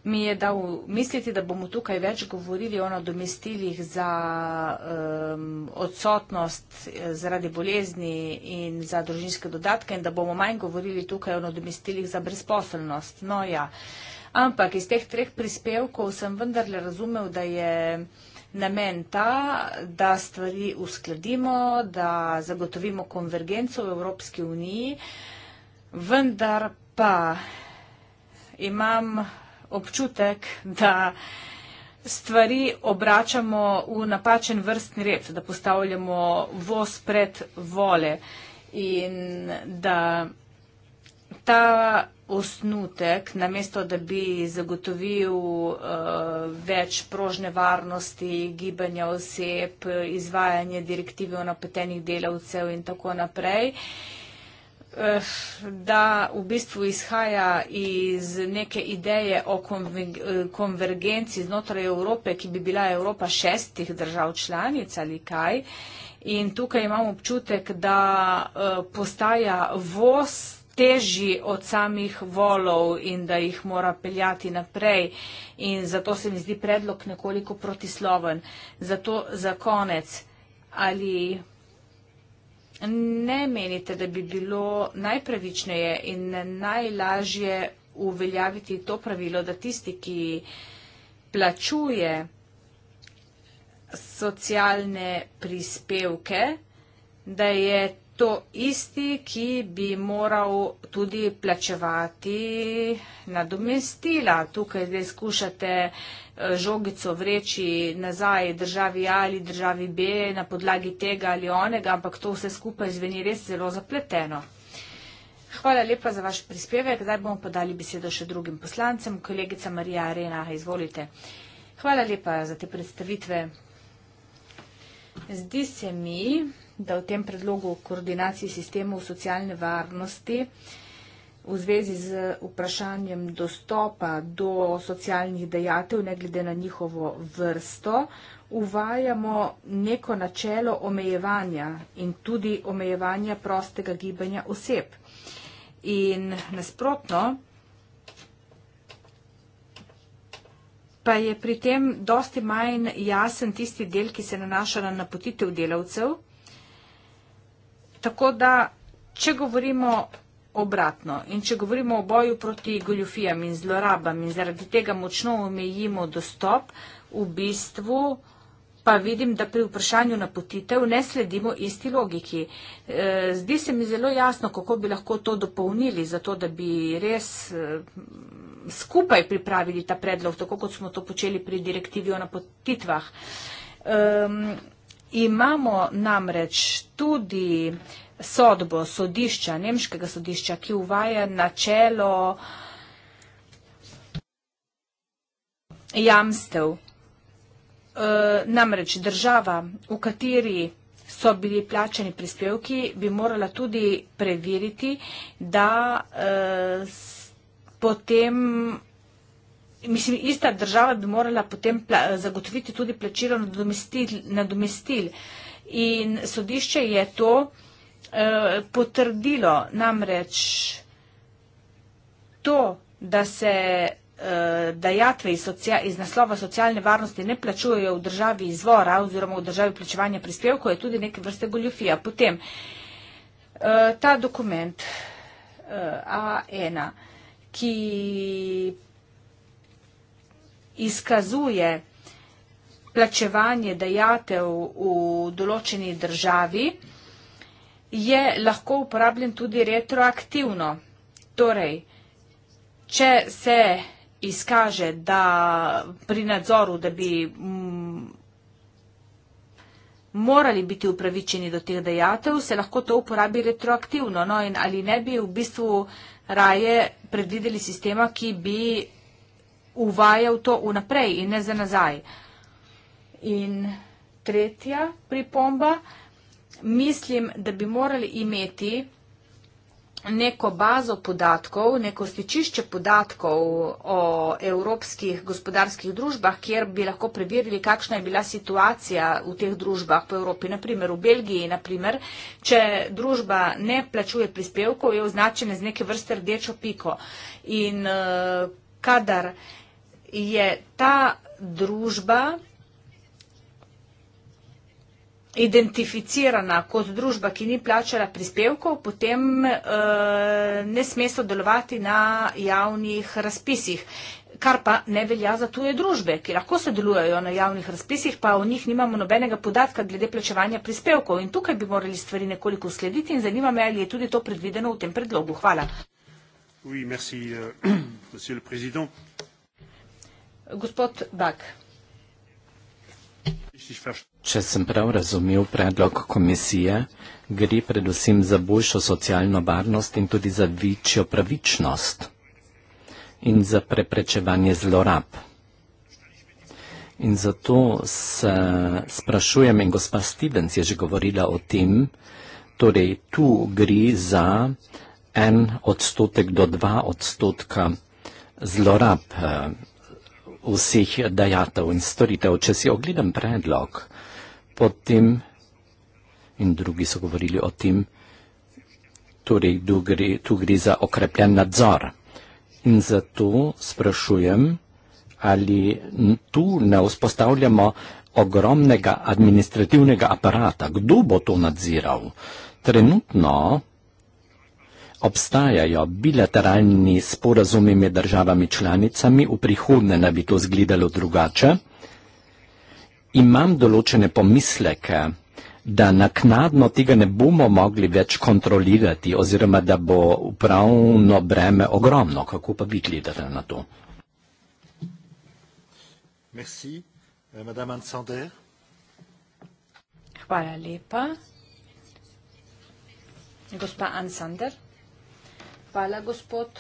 [SPEAKER 4] mi je dal misliti, da bomo tukaj več govorili o domestilih za um, odsotnost eh, zaradi bolezni in za družinske dodatke in da bomo manj govorili tukaj o domestilih za brezposelnost. No ja, ampak iz teh treh prispevkov sem vendarle razumel, da je namen ta, da stvari uskladimo, da zagotovimo konvergenco v Evropski uniji, vendar pa imam občutek, da stvari obračamo v napačen vrstni red, da postavljamo voz pred vole in da ta osnutek, namesto da bi zagotovil uh, več prožne varnosti, gibanja oseb, izvajanje direktive o napotenih delavcev in tako naprej, uh, Eh, da v bistvu izhaja iz neke ideje o eh, konvergenci znotraj Evrope, ki bi bila Evropa šestih držav članic ali kaj. In tukaj imam občutek, da eh, postaja voz teži od samih volov in da jih mora peljati naprej. In zato se mi zdi predlog nekoliko protisloven. Zato za konec ali Ne menite, da bi bilo najpravičneje in najlažje uveljaviti to pravilo, da tisti, ki plačuje socialne prispevke, da je to isti, ki bi moral tudi plačevati nadomestila. Tukaj zdaj skušate eh, žogico vreči nazaj državi A ali državi B na podlagi tega ali onega, ampak to vse skupaj zveni res zelo zapleteno. Hvala lepa za vaš prispevek. Zdaj bomo podali besedo še drugim poslancem. Kolegica Marija Arena, izvolite. Hvala lepa za te predstavitve. Zdi se mi, da v tem predlogu koordinacije sistemov socialne varnosti v zvezi z vprašanjem dostopa do socialnih dejatev, ne glede na njihovo vrsto, uvajamo neko načelo omejevanja in tudi omejevanja prostega gibanja oseb. In nasprotno, pa je pri tem dosti manj jasen tisti del, ki se nanaša na napotitev delavcev, Tako da, če govorimo obratno in če govorimo o boju proti goljufijam in zlorabam in zaradi tega močno omejimo dostop, v bistvu pa vidim, da pri vprašanju napotitev ne sledimo isti logiki. E, zdi se mi zelo jasno, kako bi lahko to dopolnili, zato da bi res e, skupaj pripravili ta predlog, tako kot smo to počeli pri direktivi o napotitvah. Imamo namreč tudi sodbo sodišča, nemškega sodišča, ki uvaja načelo jamstev. E, namreč država, v kateri so bili plačani prispevki, bi morala tudi preveriti, da e, potem Mislim, ista država bi morala potem zagotoviti tudi plačilo nadomestil. In sodišče je to eh, potrdilo namreč to, da se eh, dajatve iz, iz naslova socialne varnosti ne plačujejo v državi izvora oziroma v državi plačevanja prispevkov, je tudi neke vrste goljofija. Potem eh, ta dokument A1, ki izkazuje plačevanje dejatev v določeni državi, je lahko uporabljen tudi retroaktivno. Torej, če se izkaže, da pri nadzoru, da bi mm, morali biti upravičeni do teh dejatev, se lahko to uporabi retroaktivno. No in ali ne bi v bistvu raje predvideli sistema, ki bi uvajal to vnaprej in ne za nazaj. In tretja pripomba, mislim, da bi morali imeti neko bazo podatkov, neko stičišče podatkov o evropskih gospodarskih družbah, kjer bi lahko preverili, kakšna je bila situacija v teh družbah po Evropi. Naprimer, v Belgiji, naprimer, če družba ne plačuje prispevkov, je označena z neke vrste rdečo piko. In eh, kadar je ta družba identificirana kot družba, ki ni plačala prispevkov, potem uh, ne sme sodelovati na javnih razpisih, kar pa ne velja za tuje družbe, ki lahko sodelujejo na javnih razpisih, pa o njih nimamo nobenega podatka glede plačevanja prispevkov. In tukaj bi morali stvari nekoliko slediti in zanima me, ali je tudi to predvideno v tem predlogu. Hvala.
[SPEAKER 1] Oui, merci, uh,
[SPEAKER 4] Gospod Bak.
[SPEAKER 2] Če sem prav razumel predlog komisije, gre predvsem za boljšo socialno varnost in tudi za večjo pravičnost in za preprečevanje zlorab. In zato se sprašujem, in gospa Stevens je že govorila o tem, torej tu gre za en odstotek do dva odstotka zlorab eh, vseh dajatev in storitev. Če si ogledam predlog, potem in drugi so govorili o tem, torej tu gre, tu gre za okrepljen nadzor. In zato sprašujem, ali tu ne vzpostavljamo ogromnega administrativnega aparata. Kdo bo to nadziral? Trenutno obstajajo bilateralni sporazumi med državami članicami, v prihodne naj bi to zgledalo drugače. Imam določene pomisleke, da naknadno tega ne bomo mogli več kontrolirati oziroma da bo upravno breme ogromno. Kako pa vi gledate na to? Merci. Euh, Madame Ansander. Hvala lepa.
[SPEAKER 4] Gospa Ansander. Hvala, gospod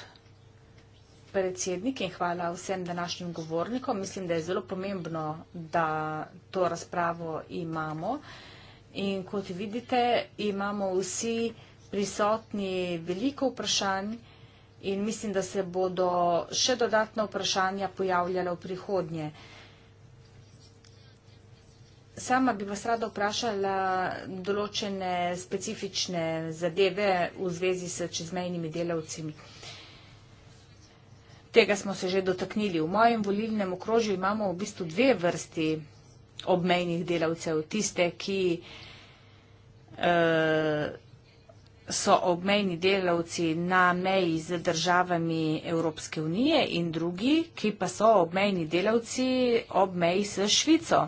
[SPEAKER 4] predsednik in hvala vsem današnjim govornikom. Mislim, da je zelo pomembno, da to razpravo imamo. In kot vidite, imamo vsi prisotni veliko vprašanj in mislim, da se bodo še dodatna vprašanja pojavljala v prihodnje. Sama bi vas rada vprašala določene specifične zadeve v zvezi s čezmejnimi delavcimi. Tega smo se že dotaknili. V mojem volilnem okrožju imamo v bistvu dve vrsti obmejnih delavcev. Tiste, ki eh, so obmejni delavci na meji z državami Evropske unije in drugi, ki pa so obmejni delavci ob meji s Švico.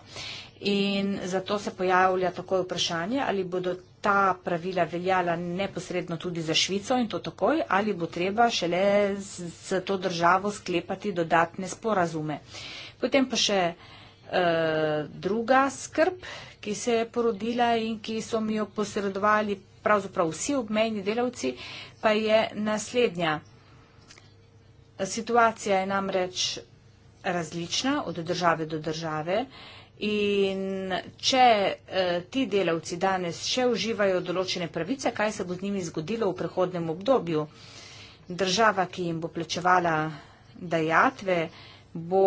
[SPEAKER 4] In zato se pojavlja takoj vprašanje, ali bodo ta pravila veljala neposredno tudi za Švico in to takoj, ali bo treba šele z, z to državo sklepati dodatne sporazume. Potem pa še e, druga skrb, ki se je porodila in ki so mi jo posredovali pravzaprav vsi obmejni delavci, pa je naslednja. Situacija je namreč različna od države do države. In če eh, ti delavci danes še uživajo določene pravice, kaj se bo z njimi zgodilo v prehodnem obdobju? Država, ki jim bo plačevala dajatve, bo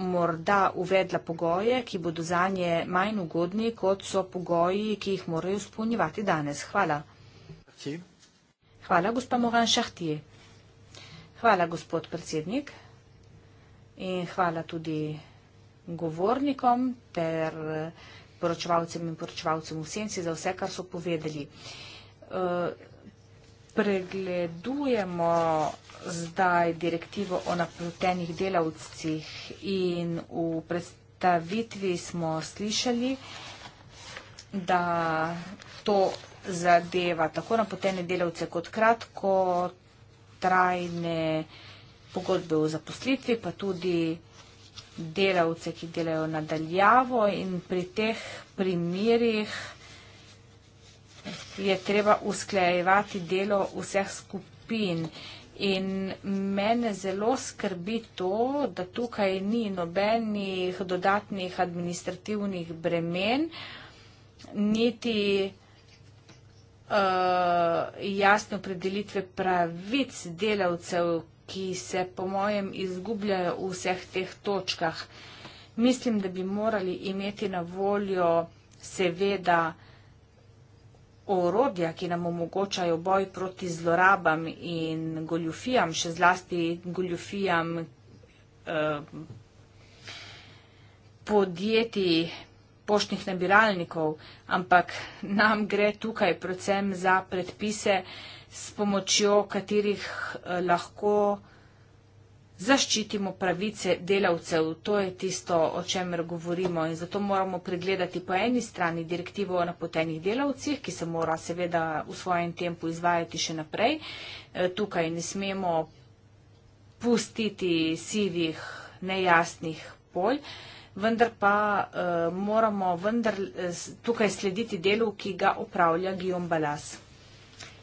[SPEAKER 4] morda uvedla pogoje, ki bodo za nje manj ugodni, kot so pogoji, ki jih morajo spolnjevati danes. Hvala. Hvala, gospa Moran Šahti. Hvala, gospod predsednik. In hvala tudi govornikom ter eh, poročevalcem in poročevalcem v senci za vse, kar so povedali. Eh, pregledujemo zdaj direktivo o napotenih delavcih in v predstavitvi smo slišali, da to zadeva tako napotene delavce kot kratko trajne pogodbe v zaposlitvi, pa tudi delavce, ki delajo nadaljavo in pri teh primerjih je treba usklejevati delo vseh skupin. In mene zelo skrbi to, da tukaj ni nobenih dodatnih administrativnih bremen, niti uh, jasne opredelitve pravic delavcev, ki se po mojem izgubljajo v vseh teh točkah. Mislim, da bi morali imeti na voljo seveda orodja, ki nam omogočajo boj proti zlorabam in goljufijam, še zlasti goljufijam eh, podjetij poštnih nabiralnikov, ampak nam gre tukaj predvsem za predpise, eh, s pomočjo katerih eh, lahko zaščitimo pravice delavcev. To je tisto, o čemer govorimo in zato moramo pregledati po eni strani direktivo o napotenih delavcih, ki se mora seveda v svojem tempu izvajati še naprej. Eh, tukaj ne smemo pustiti sivih, nejasnih polj. Vendar pa uh, moramo vendar, uh, tukaj slediti delu, ki ga upravlja Guillaume Balas.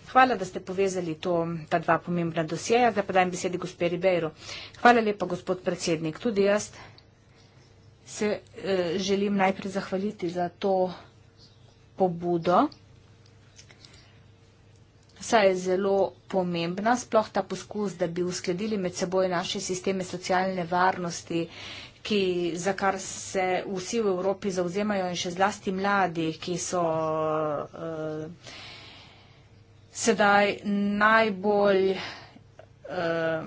[SPEAKER 4] Hvala, da ste povezali to, ta dva pomembna dosjeja. Zdaj pa dajem besedi gospodi Bejru. Hvala lepa, gospod predsednik. Tudi jaz se eh, želim najprej zahvaliti za to pobudo. Saj je zelo pomembna, sploh ta poskus, da bi uskladili med seboj naše sisteme socialne varnosti, ki, za kar se vsi v Evropi zauzemajo in še zlasti mladi, ki so. Eh, sedaj najbolj uh,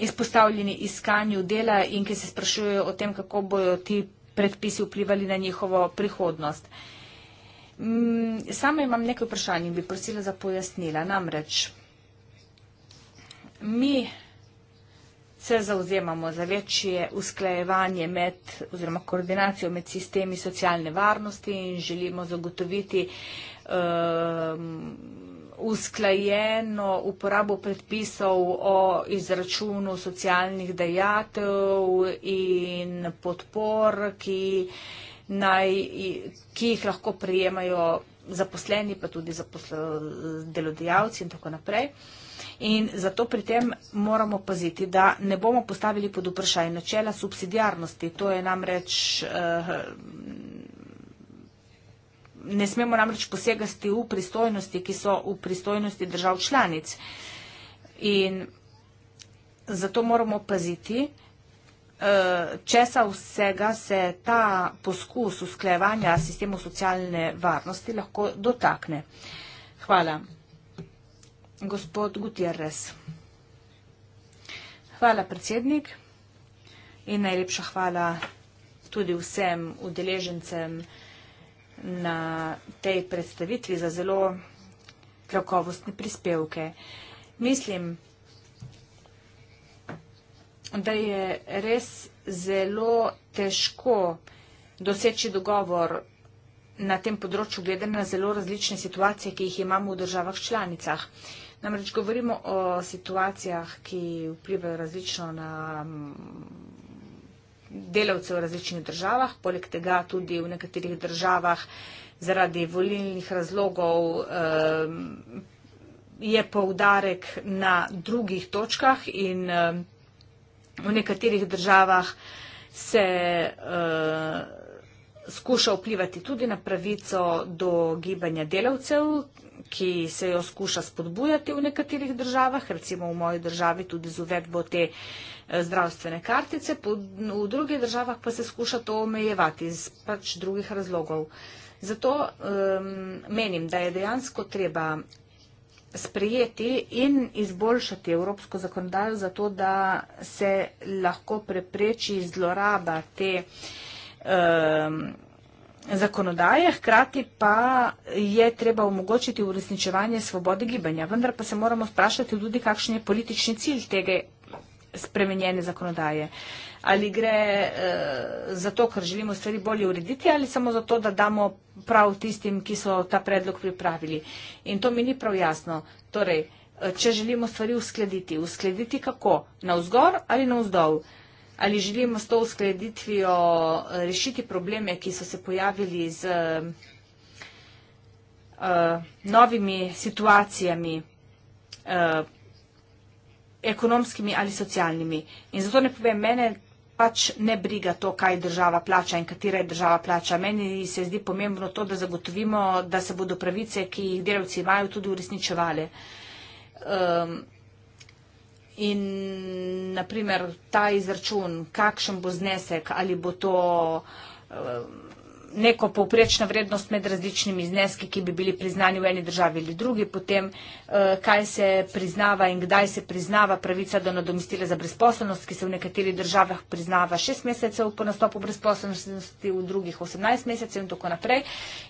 [SPEAKER 4] izpostavljeni iskanju dela in ki se sprašujejo o tem, kako bodo ti predpisi vplivali na njihovo prihodnost. Mm, sama imam nekaj vprašanj in bi prosila za pojasnila. Namreč, mi se zauzemamo za večje usklajevanje med oziroma koordinacijo med sistemi socialne varnosti in želimo zagotoviti uh, um, usklajeno uporabo predpisov o izračunu socialnih dejatev in podpor, ki, naj, ki jih lahko prijemajo zaposleni, pa tudi delodajalci in tako naprej. In zato pri tem moramo paziti, da ne bomo postavili pod vprašaj načela subsidijarnosti. To je namreč. Uh, ne smemo namreč posegati v pristojnosti, ki so v pristojnosti držav članic. In zato moramo paziti, eh, česa vsega se ta poskus usklejevanja sistemov socialne varnosti lahko dotakne. Hvala. Gospod Gutierrez. Hvala, predsednik. In najlepša hvala tudi vsem udeležencem na tej predstavitvi za zelo krakovostne prispevke. Mislim, da je res zelo težko doseči dogovor na tem področju glede na zelo različne situacije, ki jih imamo v državah članicah. Namreč govorimo o situacijah, ki vplivajo različno na delavcev v različnih državah, poleg tega tudi v nekaterih državah zaradi volilnih razlogov je poudarek na drugih točkah in v nekaterih državah se eh, skuša vplivati tudi na pravico do gibanja delavcev, ki se jo skuša spodbujati v nekaterih državah, recimo v moji državi tudi z uvedbo te državi Eh, zdravstvene kartice, v drugih državah pa se skuša to omejevati iz pač drugih razlogov. Zato um, menim, da je dejansko treba sprejeti in izboljšati evropsko zakonodajo zato, da se lahko prepreči zloraba te um, zakonodaje, hkrati pa je treba omogočiti uresničevanje svobode gibanja. Vendar pa se moramo sprašati tudi, kakšen je politični cilj tega spremenjene zakonodaje. Ali gre uh, za to, ker želimo stvari bolje urediti ali samo za to, da damo prav tistim, ki so ta predlog pripravili. In to mi ni prav jasno. Torej, eh, če želimo stvari uskladiti, uskladiti kako? Na vzgor ali na vzdol? Ali želimo s to uskladitvijo eh, rešiti probleme, ki so se pojavili z uh, novimi situacijami? Uh, ekonomskimi ali socialnimi. In zato ne povem, mene pač ne briga to, kaj država plača in katera je država plača. Meni se zdi pomembno to, da zagotovimo, da se bodo pravice, ki jih delavci imajo, tudi uresničevale. Um, in naprimer ta izračun, kakšen bo znesek, ali bo to. Um, neko povprečno vrednost med različnimi zneski, ki bi bili priznani v eni državi ali drugi, potem eh, kaj se priznava in kdaj se priznava pravica do nadomestila za brezposobnost, ki se v nekaterih državah priznava 6 mesecev po nastopu brezposobnosti, v drugih 18 mesecev in tako naprej.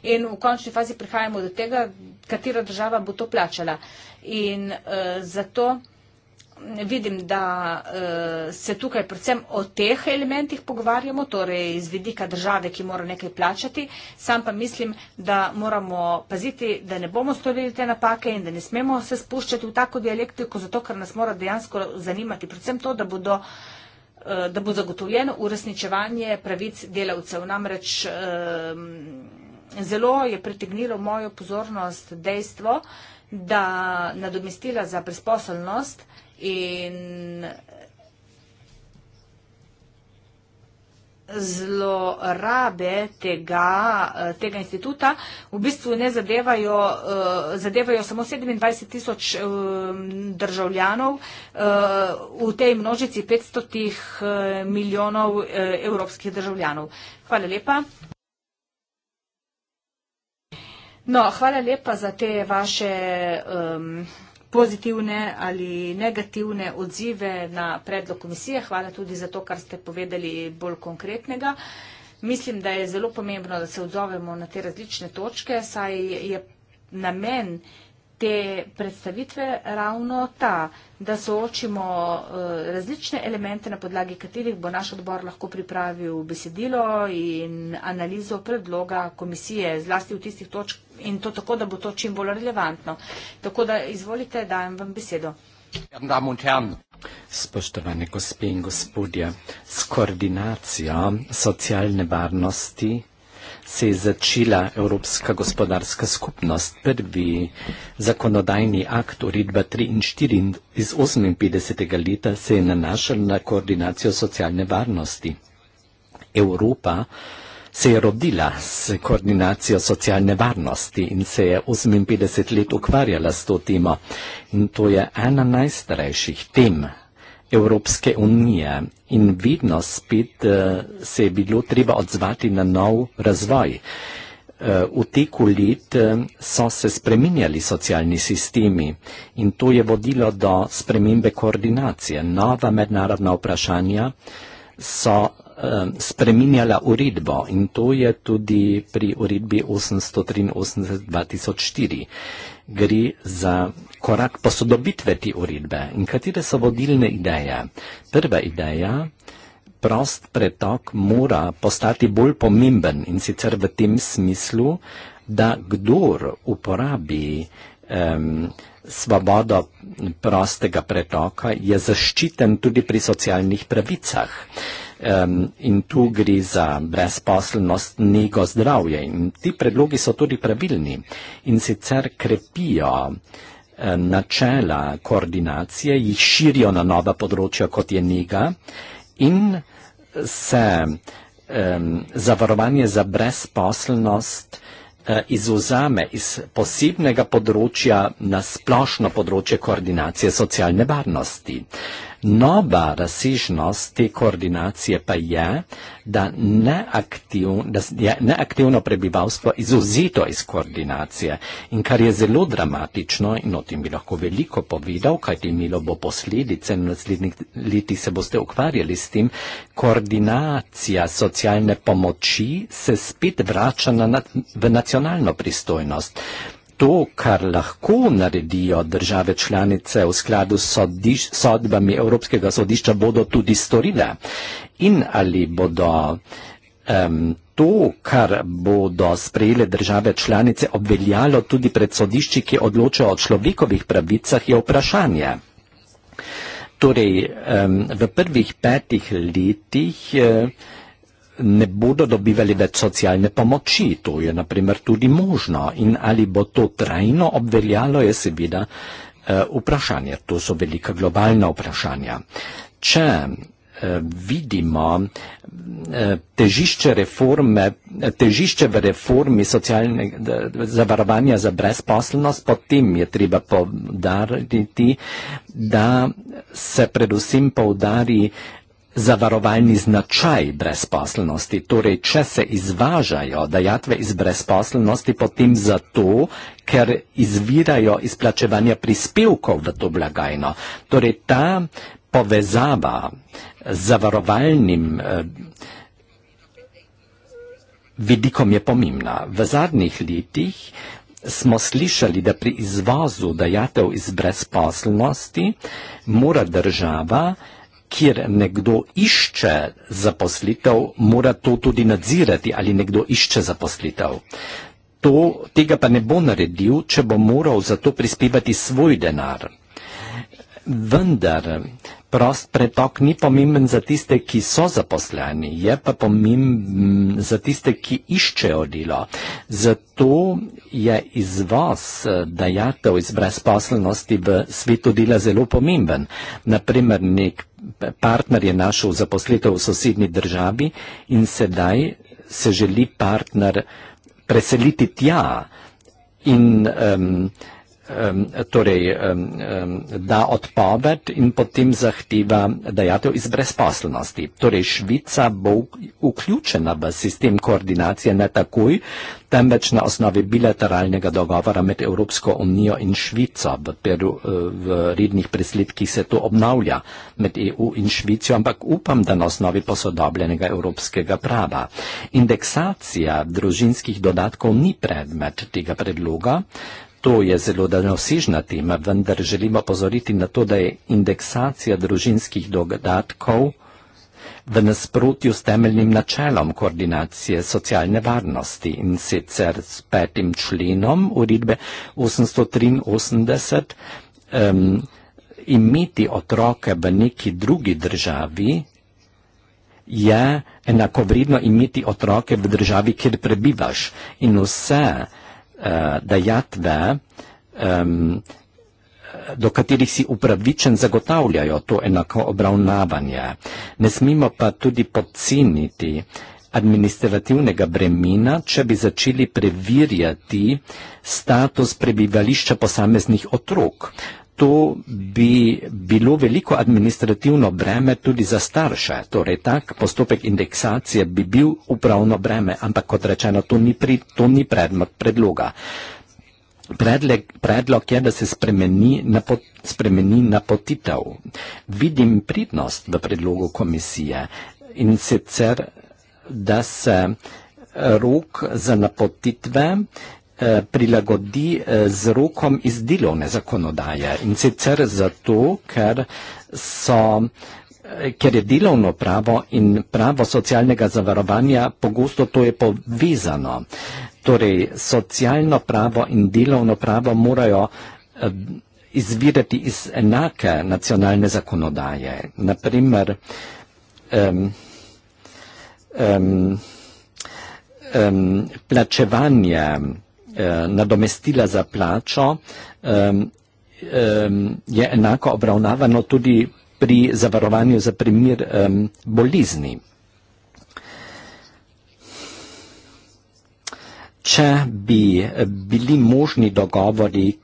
[SPEAKER 4] In v končni fazi prihajamo do tega, katera država bo to plačala. In eh, zato vidim, da uh, se tukaj predvsem o teh elementih pogovarjamo, torej iz vidika države, ki mora nekaj plačati. Sam pa mislim, da moramo paziti, da ne bomo storili te napake in da ne smemo se spuščati v tako dialektiko, zato ker nas mora dejansko zanimati predvsem to, da bodo eh, da bo zagotovljeno uresničevanje pravic delavcev. Namreč eh, zelo je pritegnilo mojo pozornost dejstvo, da nadomestila za brezposelnost in zlorabe tega, eh, tega instituta v bistvu ne zadevajo, eh, zadevajo samo 27 tisoč eh, državljanov v tej množici 500 milijonov evropskih državljanov. Hvala lepa. No, hvala lepa za te vaše um, pozitivne ali negativne odzive na predlog komisije. Hvala tudi za to, kar ste povedali bolj konkretnega. Mislim, da je zelo pomembno, da se odzovemo na te različne točke, saj je namen te predstavitve ravno ta, da soočimo eh, različne elemente, na podlagi katerih bo naš odbor lahko pripravil besedilo in analizo predloga komisije, zlasti v tistih točk in to tako, da bo to čim bolj relevantno. Tako da izvolite, dajem vam besedo.
[SPEAKER 2] Spoštovane gospe in gospodje, s koordinacijo socialne varnosti se je začela Evropska gospodarska skupnost. Prvi zakonodajni akt uredba 3 in 4 iz 58. leta se je nanašal na koordinacijo socialne varnosti. Evropa se je rodila s koordinacijo socialne varnosti in se je 58 let ukvarjala s to temo. In to je ena najstarejših tem Evropske unije in vidno spet eh, se je bilo treba odzvati na nov razvoj. Eh, v teku let eh, so se spreminjali socialni sistemi in to je vodilo do spremembe koordinacije. Nova mednarodna vprašanja so spreminjala uredbo in to je tudi pri uredbi 883-2004. Gre za korak posodobitve te uredbe in katere so vodilne ideje. Prva ideja, prost pretok mora postati bolj pomemben in sicer v tem smislu, da kdor uporabi um, svobodo prostega pretoka, je zaščiten tudi pri socialnih pravicah. Um, in tu gre za brezposelnost, nego zdravje. In ti predlogi so tudi pravilni in sicer krepijo uh, načela koordinacije, jih širijo na nova področja, kot je njega in se um, zavarovanje za brezposelnost uh, eh, izuzame iz posebnega področja na splošno področje koordinacije socialne varnosti. Uh, Noba razsižnost te koordinacije pa je, da, neaktiv, da je neaktivno prebivalstvo izuzito iz koordinacije in kar je zelo dramatično in o tem bi lahko veliko povedal, kajti imelo bo posledice in v naslednjih letih se boste ukvarjali s tem, koordinacija socialne pomoči se spet vrača na, v nacionalno pristojnost to, kar lahko naredijo države članice v skladu s sodbami Evropskega sodišča, bodo tudi storile. In ali bodo um, to, kar bodo sprejele države članice, obveljalo tudi pred sodišči, ki odločajo o človekovih pravicah, je vprašanje. Torej, um, v prvih petih letih um, ne bodo dobivali več socialne pomoči. To je naprimer tudi možno. In ali bo to trajno obveljalo, je seveda eh, vprašanje. To so velika globalna vprašanja. Če eh, vidimo eh, težišče, reforme, težišče v reformi socialnega zavarovanja za brezposelnost, potem je treba povdariti, da se predvsem povdari Zavarovalni značaj brezposelnosti, torej če se izvažajo dajatve iz brezposelnosti, potem zato, ker izvirajo izplačevanja prispevkov v to blagajno. Torej ta povezava z zavarovalnim eh, vidikom je pomembna. V zadnjih letih smo slišali, da pri izvozu dajatev iz brezposelnosti mora država kjer nekdo išče zaposlitev, mora to tudi nadzirati, ali nekdo išče zaposlitev. To, tega pa ne bo naredil, če bo moral za to prispevati svoj denar. Vendar prost pretok ni pomemben za tiste, ki so zaposleni, je pa pomemben za tiste, ki iščejo delo. Zato je izvoz eh, dajatev iz brezposelnosti v svetu dela zelo pomemben. Naprimer, nek partner je našel zaposlitev v sosednji državi in sedaj se želi partner preseliti tja. In, um, um, torej, um, um, da odpoved in potem zahteva dajatev iz brezposelnosti. Torej, Švica bo vključena v sistem koordinacije ne takoj, temveč na osnovi bilateralnega dogovora med Evropsko unijo in Švico. V, Peru, e, v rednih presledkih se to obnavlja med EU in Švico, ampak upam, da na osnovi posodobljenega evropskega prava. Indeksacija družinskih dodatkov ni predmet tega predloga, To je zelo daljnosižna tema, vendar želimo pozoriti na to, da je indeksacija družinskih dogodatkov v nasprotju s temeljnim načelom koordinacije socialne varnosti in sicer s petim členom uredbe 883 um, imeti otroke v neki drugi državi je enakovredno imeti otroke v državi, kjer prebivaš in vse Eh, dajatve, um, do katerih si upravičen zagotavljajo to enako obravnavanje. Ne smemo pa tudi podceniti administrativnega bremena, če bi začeli preverjati status prebivališča posameznih otrok to bi bilo veliko administrativno breme tudi za starše. Torej, tak postopek indeksacije bi bil upravno breme, ampak kot rečeno, to ni, pri, to ni predmet predloga. Predleg, predlog je, da se spremeni, napot, spremeni napotitev. Vidim pridnost v predlogu komisije in sicer, da se rok za napotitve Eh, prilagodi eh, z rokom iz delovne zakonodaje. In sicer zato, ker, so, eh, ker je delovno pravo in pravo socialnega zavarovanja pogosto to je povezano. Torej, socialno pravo in delovno pravo morajo izvirati iz enake nacionalne zakonodaje. Naprimer, um, um, um, plačevanje eh, nadomestila za plačo eh, eh, je enako obravnavano tudi pri zavarovanju za primir eh, bolizni. Če bi eh, bili možni dogovori,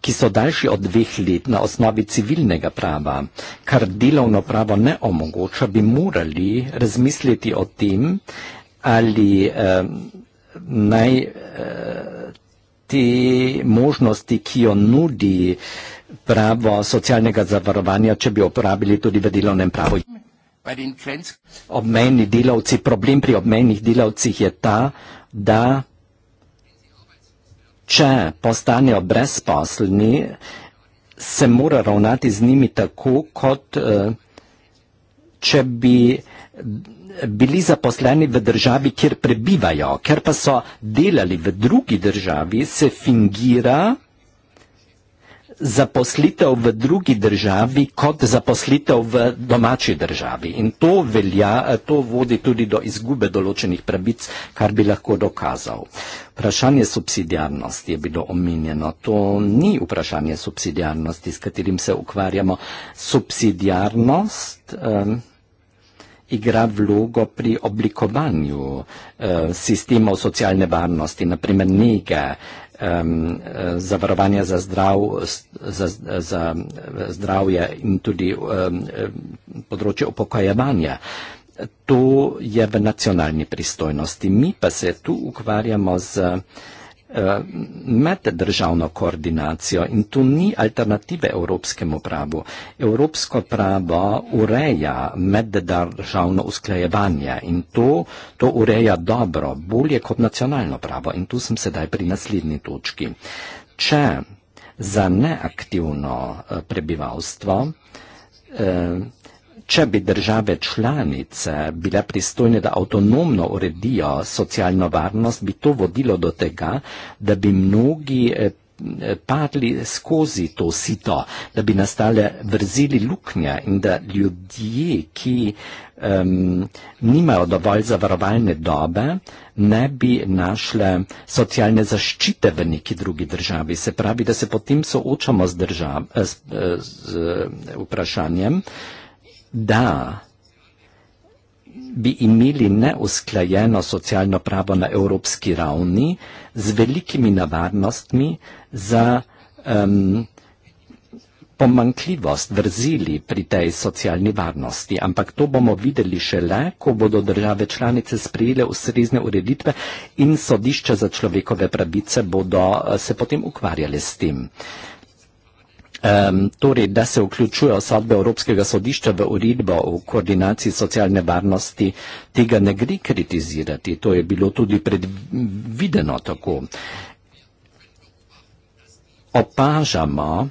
[SPEAKER 2] ki so daljši od dveh let na osnovi civilnega prava, kar delovno pravo ne omogoča, bi morali razmisliti o tem, ali naj eh, te možnosti, ki jo nudi pravo socialnega zavarovanja, če bi uporabili tudi v delovnem pravu. Obmejni delavci, problem pri obmejnih delavcih je ta, da če postanejo brezposlni, se mora ravnati z njimi tako, kot eh, če bi bili zaposleni v državi, kjer prebivajo, ker pa so delali v drugi državi, se fingira zaposlitev v drugi državi kot zaposlitev v domači državi. In to, velja, to vodi tudi do izgube določenih pravic, kar bi lahko dokazal. Vprašanje subsidijarnosti je bilo omenjeno. To ni vprašanje subsidijarnosti, s katerim se ukvarjamo. Subsidijarnost. Eh, igra vlogo pri oblikovanju eh, sistemov socialne varnosti, naprimer nege, eh, zavarovanja za, zdrav, za, za zdravje in tudi eh, področje upokojevanja. To je v nacionalni pristojnosti. Mi pa se tu ukvarjamo z eh, Eh, meddržavno koordinacijo in tu ni alternative evropskemu pravu. Evropsko pravo ureja meddržavno usklajevanje in to, to ureja dobro, bolje kot nacionalno pravo in tu sem sedaj pri naslednji točki. Če za neaktivno eh, prebivalstvo eh, če bi države članice bile pristojne, da avtonomno uredijo socialno varnost, bi to vodilo do tega, da bi mnogi eh, padli skozi to sito, da bi nastale vrzili luknja in da ljudje, ki um, nimajo dovolj zavarovalne dobe, ne bi našle socialne zaščite v neki drugi državi. Se pravi, da se potem soočamo z, držav, eh, eh, z, z, z vprašanjem, da bi imeli neusklajeno socialno pravo na evropski ravni z velikimi navarnostmi za um, pomankljivost vrzili pri tej socialni varnosti. Ampak to bomo videli šele, ko bodo države članice sprejele ustrezne ureditve in sodišča za človekove pravice bodo se potem ukvarjali s tem. Uh, Um, torej, da se vključuje osodbe Evropskega sodišča v uredbo o koordinaciji socialne varnosti, tega ne gre kritizirati. To je bilo tudi predvideno tako. Opažamo,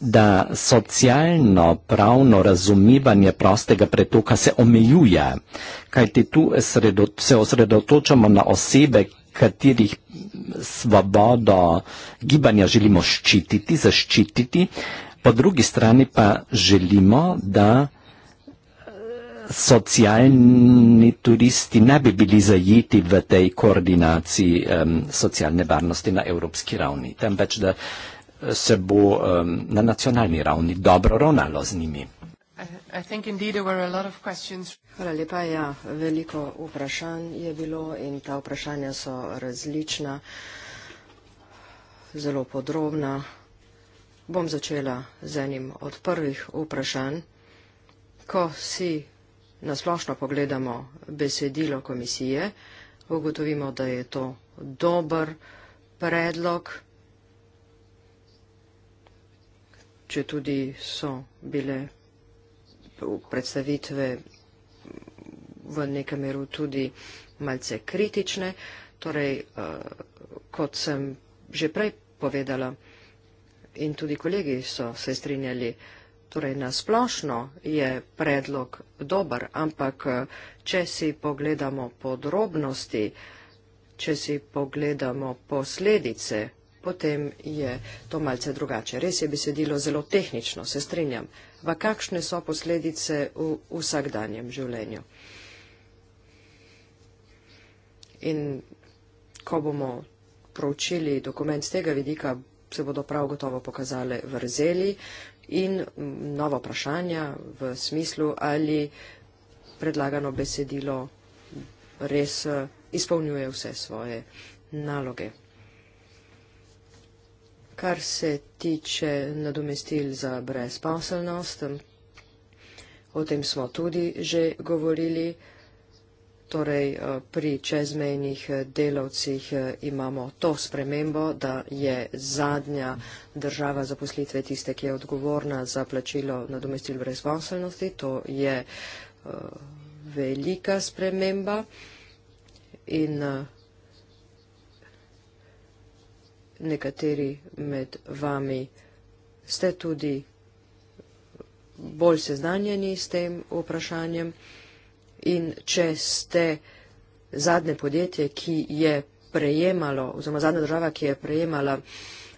[SPEAKER 2] da socialno-pravno razumivanje prostega pretoka se omejuje, kajti tu se osredotočamo na osebe, katerih svobodo gibanja želimo ščititi, zaščititi, po drugi strani pa želimo, da eh, socialni turisti ne bi bili zajeti v tej koordinaciji um, socialne varnosti na evropski ravni, temveč da se bo um, na nacionalni ravni dobro ravnalo z njimi.
[SPEAKER 3] Hvala lepa. Ja, veliko vprašanj je bilo in ta vprašanja so različna, zelo podrobna. Bom začela z enim od prvih vprašanj. Ko si nasplošno pogledamo besedilo komisije, ugotovimo, da je to dober predlog. Če tudi so bile predstavitve v nekem meru tudi malce kritične. Torej, eh, kot sem že prej povedala in tudi kolegi so se strinjali, torej nasplošno je predlog dober, ampak eh, če si pogledamo podrobnosti, če si pogledamo posledice potem je to malce drugače. Res je besedilo zelo tehnično, se strinjam. V kakšne so posledice v vsakdanjem življenju? In ko bomo proučili dokument z tega vidika, se bodo prav gotovo pokazale vrzeli in nova vprašanja v smislu, ali predlagano besedilo res eh, izpolnjuje vse svoje naloge. Kar se tiče nadomestil za brezposelnost, o tem smo tudi že govorili, torej eh, pri čezmejnih eh, delavcih eh, imamo to spremembo, da je zadnja država zaposlitve tiste, ki je odgovorna za plačilo nadomestil brezposelnosti, to je velika sprememba in nekateri med vami ste tudi bolj seznanjeni s tem vprašanjem in če ste zadnje podjetje, ki je prejemalo, oziroma zadnja država, ki je prejemala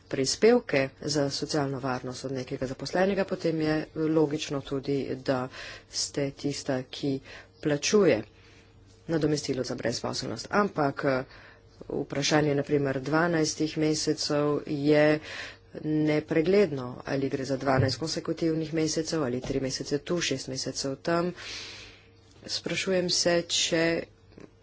[SPEAKER 3] prispevke za socialno varnost od nekega zaposlenega, potem je logično tudi, da ste tista, ki plačuje nadomestilo za brezposobnost. Ampak vprašanje naprimer 12 mesecev je nepregledno, ali gre za 12 konsekutivnih mesecev, ali 3 mesece tu, 6 mesecev tam. Sprašujem se, če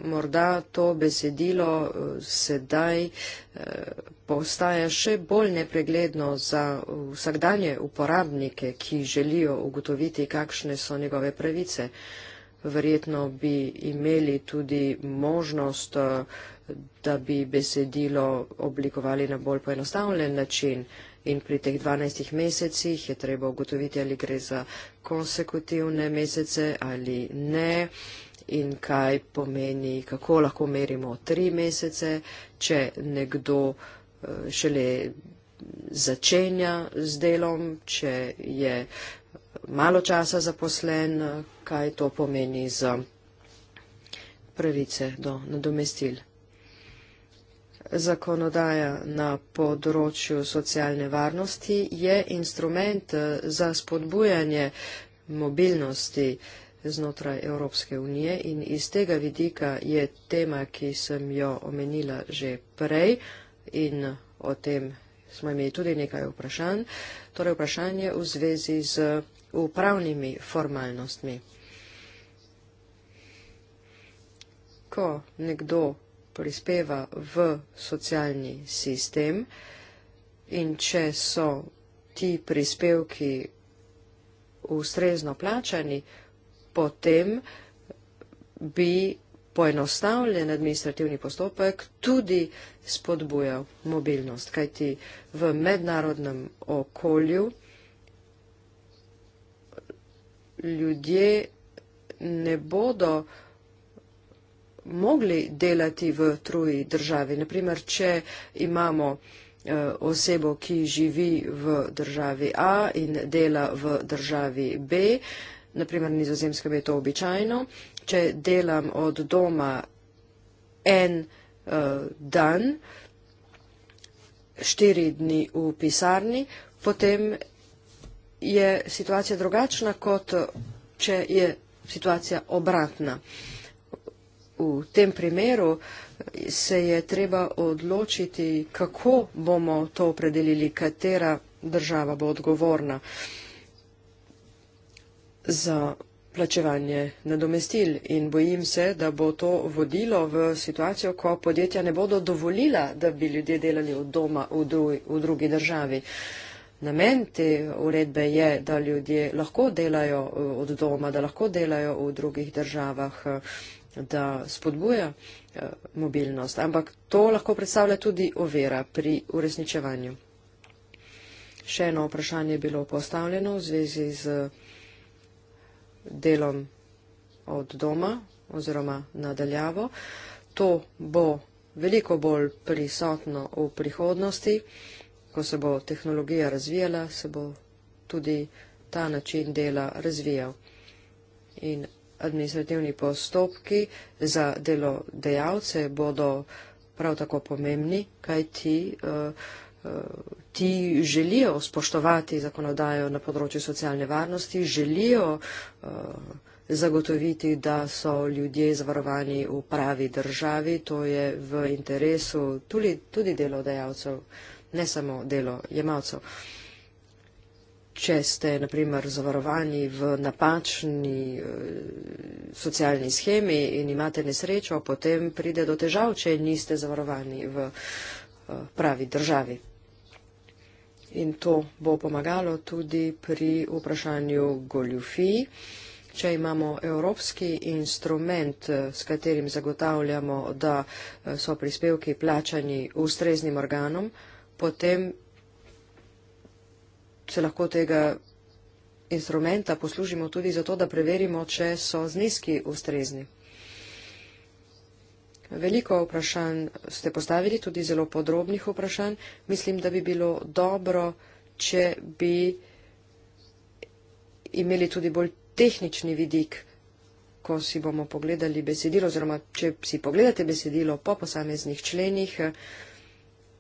[SPEAKER 3] morda to besedilo eh, sedaj eh, postaja še bolj nepregledno za vsakdanje uporabnike, ki želijo ugotoviti, kakšne so njegove pravice. Verjetno bi imeli tudi možnost uh, da bi besedilo oblikovali na bolj poenostavljen način. In pri teh 12 mesecih je treba ugotoviti, ali gre za konsekutivne mesece ali ne in kaj pomeni, kako lahko merimo tri mesece, če nekdo eh, šele začenja z delom, če je malo časa zaposlen, kaj to pomeni za pravice do nadomestil. Zakonodaja na področju socialne varnosti je instrument eh, za spodbujanje mobilnosti znotraj Evropske unije in iz tega vidika je tema, ki sem jo omenila že prej in o tem smo imeli tudi nekaj vprašanj, torej vprašanje v zvezi z upravnimi formalnostmi. Ko nekdo prispeva v socialni sistem in če so ti prispevki ustrezno plačani, potem bi poenostavljen administrativni postopek tudi spodbujal mobilnost, kajti v mednarodnem okolju ljudje ne bodo mogli delati v truji državi. Naprimer, če imamo eh, osebo, ki živi v državi A in dela v državi B, naprimer nizozemskem je to običajno, če delam od doma en eh, dan, štiri dni v pisarni, potem je situacija drugačna kot če je situacija obratna v tem primeru se je treba odločiti, kako bomo to opredelili, katera država bo odgovorna za plačevanje nadomestil in bojim se, da bo to vodilo v situacijo, ko podjetja ne bodo dovolila, da bi ljudje delali od doma v, dru v drugi državi. Namen te uredbe je, da ljudje lahko delajo eh, od doma, da lahko delajo v drugih državah. Uh, da spodbuja eh, mobilnost, ampak to lahko predstavlja tudi ovira pri uresničevanju. Še eno vprašanje je bilo postavljeno v zvezi z delom od doma oziroma nadaljavo. To bo veliko bolj prisotno v prihodnosti, ko se bo tehnologija razvijala, se bo tudi ta način dela razvijal. In administrativni postopki za delo dejavce bodo prav tako pomembni, kaj ti, eh, eh, ti želijo spoštovati zakonodajo na področju socialne varnosti, želijo eh, zagotoviti, da so ljudje zavarovani v pravi državi. To je v interesu tudi, tudi delodajalcev, ne samo delojemalcev če ste, naprimer, zavarovani v napačni eh, socialni schemi in imate nesrečo, potem pride do težav, če niste zavarovani v eh, pravi državi. In to bo pomagalo tudi pri vprašanju goljufij. Če imamo evropski instrument, eh, s katerim zagotavljamo, da so prispevki plačani ustreznim organom, potem se lahko tega instrumenta poslužimo tudi zato, da preverimo, če so zneski ustrezni. Veliko vprašanj ste postavili, tudi zelo podrobnih vprašanj. Mislim, da bi bilo dobro, če bi imeli tudi bolj tehnični vidik, ko si bomo pogledali besedilo, oziroma če si pogledate besedilo po posameznih členih eh,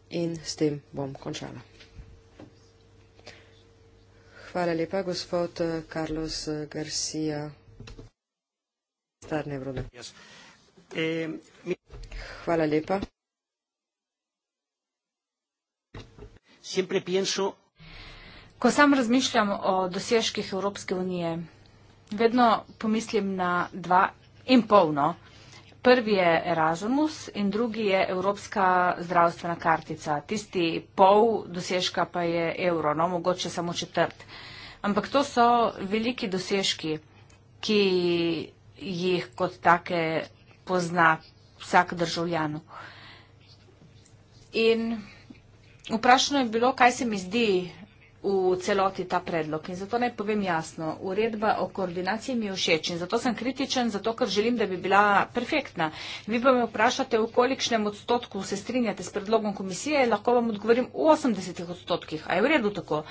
[SPEAKER 3] in s tem bom končala. Hvala lepa, gospod eh, Carlos eh, Garcia. Starne vrode. Eh, Hvala lepa. Ko
[SPEAKER 4] sam razmišljam o dosežkih Evropske unije, vedno pomislim na dva in polno prvi je Erasmus in drugi je Evropska zdravstvena kartica. Tisti pol dosežka pa je evro, no mogoče samo četrt. Ampak to so veliki dosežki, ki jih kot take pozna vsak državljan. In vprašano je bilo, kaj se mi zdi v celoti ta predlog. In zato naj povem jasno, uredba o koordinaciji mi je všeč in zato sem kritičen, zato ker želim, da bi bila perfektna. Vi pa me vprašate, v kolikšnem odstotku se strinjate s predlogom komisije, lahko vam odgovorim v 80 odstotkih. A je v redu tako?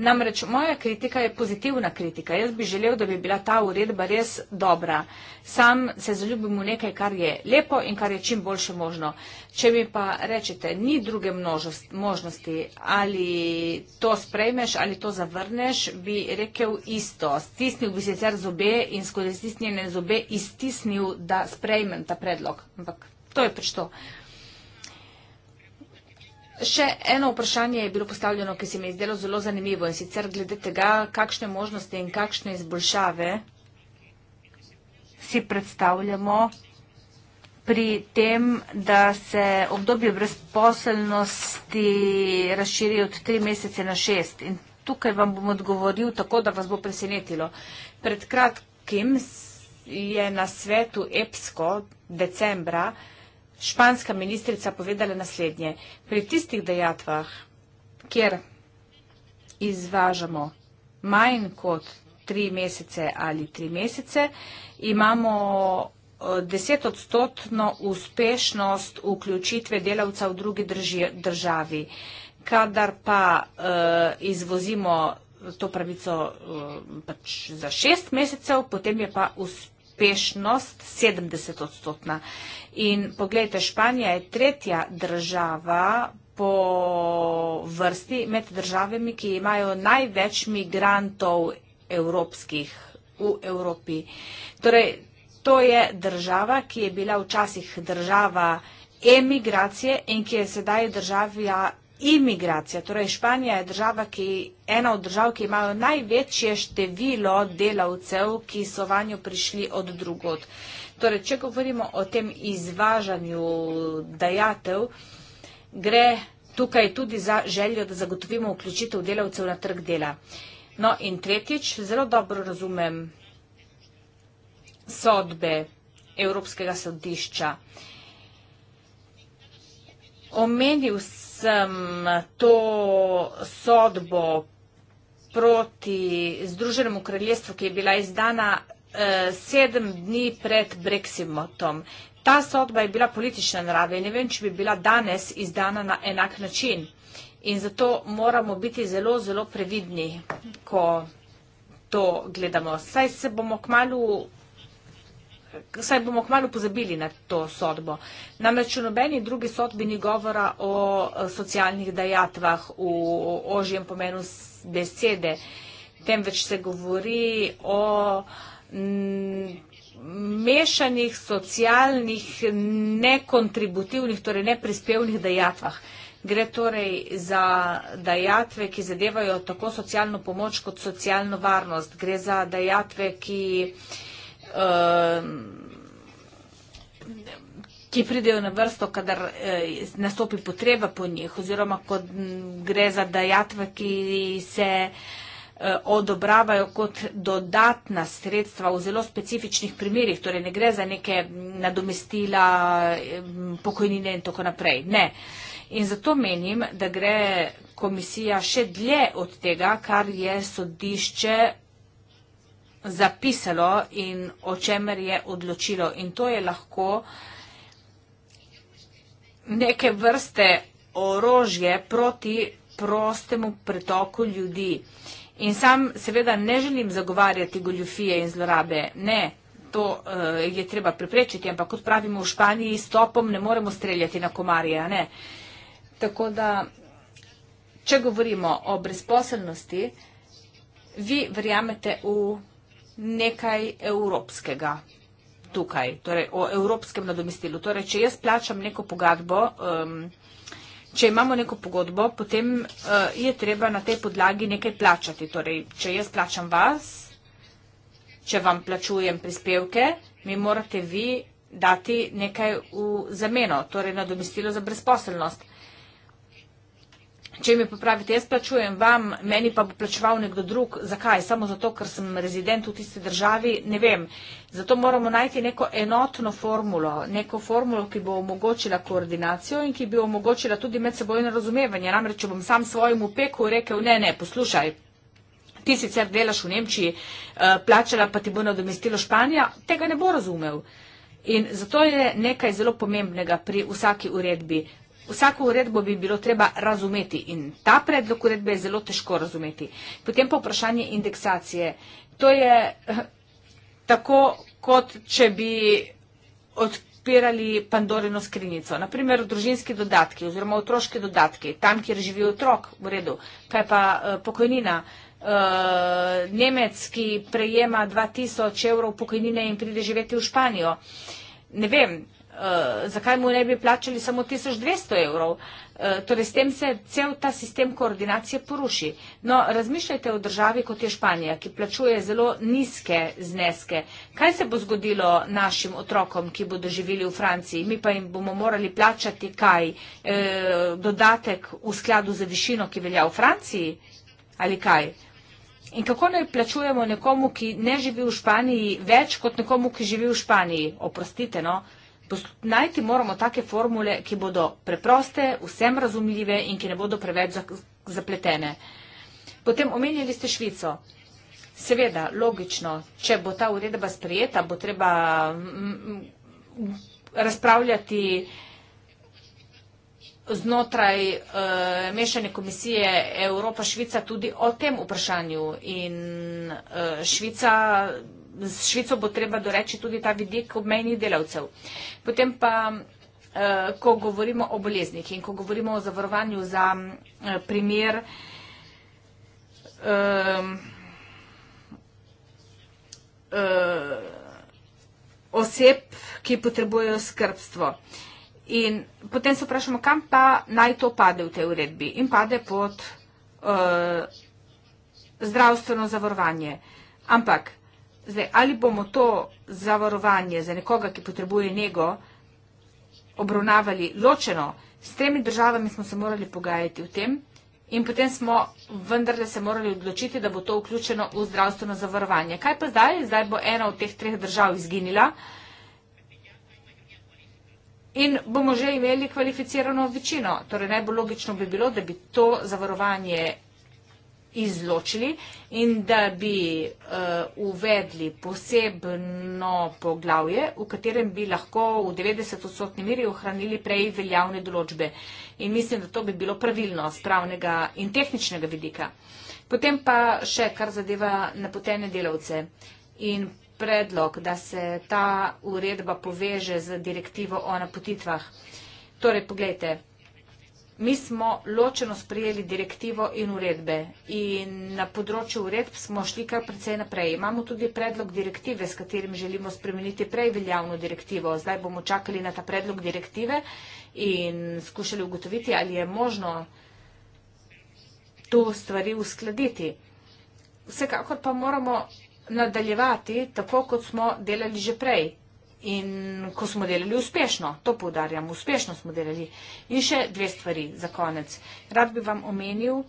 [SPEAKER 4] Namreč moja kritika je pozitivna kritika. Jaz bi želel, da bi bila ta uredba res dobra. Sam se zaljubim v nekaj, kar je lepo in kar je čim boljše možno. Če mi pa rečete, ni druge množost, možnosti, ali to sprejmeš ali to zavrneš, bi rekel isto. Stisnil bi sicer zobe in skozi stisnjene zobe iztisnil, da sprejmem ta predlog. Ampak to je pač to. Še eno vprašanje je bilo postavljeno, ki se mi je zdelo zelo zanimivo in sicer glede tega, kakšne možnosti in kakšne izboljšave si predstavljamo pri tem, da se obdobje brezposelnosti razširi od tri mesece na šest. In tukaj vam bom odgovoril tako, da vas bo presenetilo. Pred kratkim je na svetu EPSCO decembra španska ministrica povedala naslednje. Pri tistih dejatvah, kjer izvažamo manj kot tri mesece ali tri mesece, imamo eh, desetodstotno uspešnost vključitve delavca v drugi državi. Kadar pa uh, izvozimo to pravico uh, pač za šest mesecev, potem je pa uspešnost uspešnost 70 odstotna. In pogledajte, Španija je tretja država po vrsti med državami, ki imajo največ migrantov evropskih v Evropi. Torej, to je država, ki je bila včasih država emigracije in ki je sedaj država imigracija. Torej, Španija je država, ki, ena od držav, ki imajo največje število delavcev, ki so vanjo prišli od drugod. Torej, če govorimo o tem izvažanju dajatev, gre tukaj tudi za željo, da zagotovimo vključitev delavcev na trg dela. No in tretjič, zelo dobro razumem sodbe Evropskega sodišča. Omenil sem, sem to sodbo proti Združenemu kraljestvu, ki je bila izdana eh, sedem dni pred Brexitom. Ta sodba je bila politična narave in ne vem, če bi bila danes izdana na enak način. In zato moramo biti zelo, zelo previdni, ko to gledamo. Saj se bomo kmalo saj bomo kmalo pozabili na to sodbo. Namreč v nobeni drugi sodbi ni govora o eh, socialnih dajatvah v ožjem pomenu besede, temveč se govori o mm, mešanih socialnih nekontributivnih, torej neprispevnih dajatvah. Gre torej za dajatve, ki zadevajo tako socialno pomoč kot socialno varnost. Gre za dajatve, ki uh, ki pridejo na vrsto, kadar eh, nastopi potreba po njih oziroma kot gre za dajatve, ki se eh, odobravajo kot dodatna sredstva v zelo specifičnih primerjih, torej ne gre za neke nadomestila, eh, pokojnine in tako naprej. Ne. In zato menim, da gre komisija še dlje od tega, kar je sodišče zapisalo in o čemer je odločilo. In to je lahko neke vrste orožje proti prostemu pretoku ljudi. In sam seveda ne želim zagovarjati goljufije in zlorabe. Ne, to uh, je treba preprečiti, ampak kot pravimo v Španiji, stopom ne moremo streljati na komarje. Ne. Tako da, če govorimo o brezposelnosti, vi verjamete v nekaj evropskega tukaj, torej o evropskem nadomestilu. Torej, če jaz plačam neko pogodbo, um, če imamo neko pogodbo, potem uh, je treba na tej podlagi nekaj plačati. Torej, če jaz plačam vas, če vam plačujem prispevke, mi morate vi dati nekaj v zameno, torej nadomestilo za brezposelnost. Če mi pa pravite, jaz plačujem vam, meni pa bo plačeval nekdo drug, zakaj? Samo zato, ker sem rezident v tisti državi, ne vem. Zato moramo najti neko enotno formulo, neko formulo, ki bo omogočila koordinacijo in ki bi omogočila tudi medsebojno razumevanje. Namreč, če bom sam svojemu peku rekel, ne, ne, poslušaj. Ti sicer delaš v Nemčiji, eh, plačala pa ti bo nadomestilo Španija, tega ne bo razumel. In zato je nekaj zelo pomembnega pri vsaki uredbi Vsako uredbo bi bilo treba razumeti in ta predlog uredbe je zelo težko razumeti. Potem pa vprašanje indeksacije. To je eh, tako, kot če bi odpirali pandoreno skrinjico. Naprimer, družinski dodatki oziroma otroški dodatki, tam, kjer živi otrok, v redu, pa je eh, pa pokojnina. Eh, Nemec, ki prejema 2000 evrov pokojnine in pride živeti v Španijo. Ne vem, Eh, zakaj mu ne bi plačali samo 1200 evrov. Eh, torej, s tem se cel ta sistem koordinacije poruši. No, razmišljajte o državi, kot je Španija, ki plačuje zelo nizke zneske. Kaj se bo zgodilo našim otrokom, ki bodo živeli v Franciji? Mi pa jim bomo morali plačati kaj? E, dodatek v skladu za višino, ki velja v Franciji? Ali kaj? In kako naj plačujemo nekomu, ki ne živi v Španiji, več kot nekomu, ki živi v Španiji? Oprostite, no? Najti moramo take formule, ki bodo preproste, vsem razumljive in ki ne bodo preveč zapletene. Potem omenjali ste Švico. Seveda, logično, če bo ta uredba sprejeta, bo treba mm, mm, razpravljati znotraj uh, mešane komisije Evropa-Švica tudi o tem vprašanju. In uh, Švica z Švico bo treba doreči tudi ta vidik obmejnih delavcev. Potem pa, eh, ko govorimo o boleznih in ko govorimo o zavarovanju za eh, primer eh, oseb, ki potrebujejo skrbstvo. In potem se vprašamo, kam pa naj to pade v tej uredbi. In pade pod zdravstveno zavarovanje. Ampak Zdaj, ali bomo to zavarovanje za nekoga, ki potrebuje nego, obravnavali ločeno, s temi državami smo se morali pogajati o tem in potem smo vendarle se morali odločiti, da bo to vključeno v zdravstveno zavarovanje. Kaj pa zdaj? Zdaj bo ena od teh treh držav izginila in bomo že imeli kvalificirano večino. Torej, najbolj logično bi bilo, da bi to zavarovanje izločili in da bi uh, uvedli posebno poglavje, v katerem bi lahko v 90-odstotni miri ohranili prej veljavne določbe. In mislim, da to bi bilo pravilno z pravnega in tehničnega vidika. Potem pa še, kar zadeva napotene delavce in predlog, da se ta uredba poveže z direktivo o napotitvah. Torej, pogledajte, mi smo ločeno sprejeli direktivo in uredbe in na področju uredb smo šli kar precej naprej. Imamo tudi predlog direktive, s katerim želimo spremeniti prej veljavno direktivo. Zdaj bomo čakali na ta predlog direktive in skušali ugotoviti, ali je možno to stvari uskladiti. Vsekakor pa moramo nadaljevati tako, kot smo delali že prej. In ko smo delali uspešno, to povdarjam, uspešno smo delali. In še dve stvari za konec. Rad bi vam omenil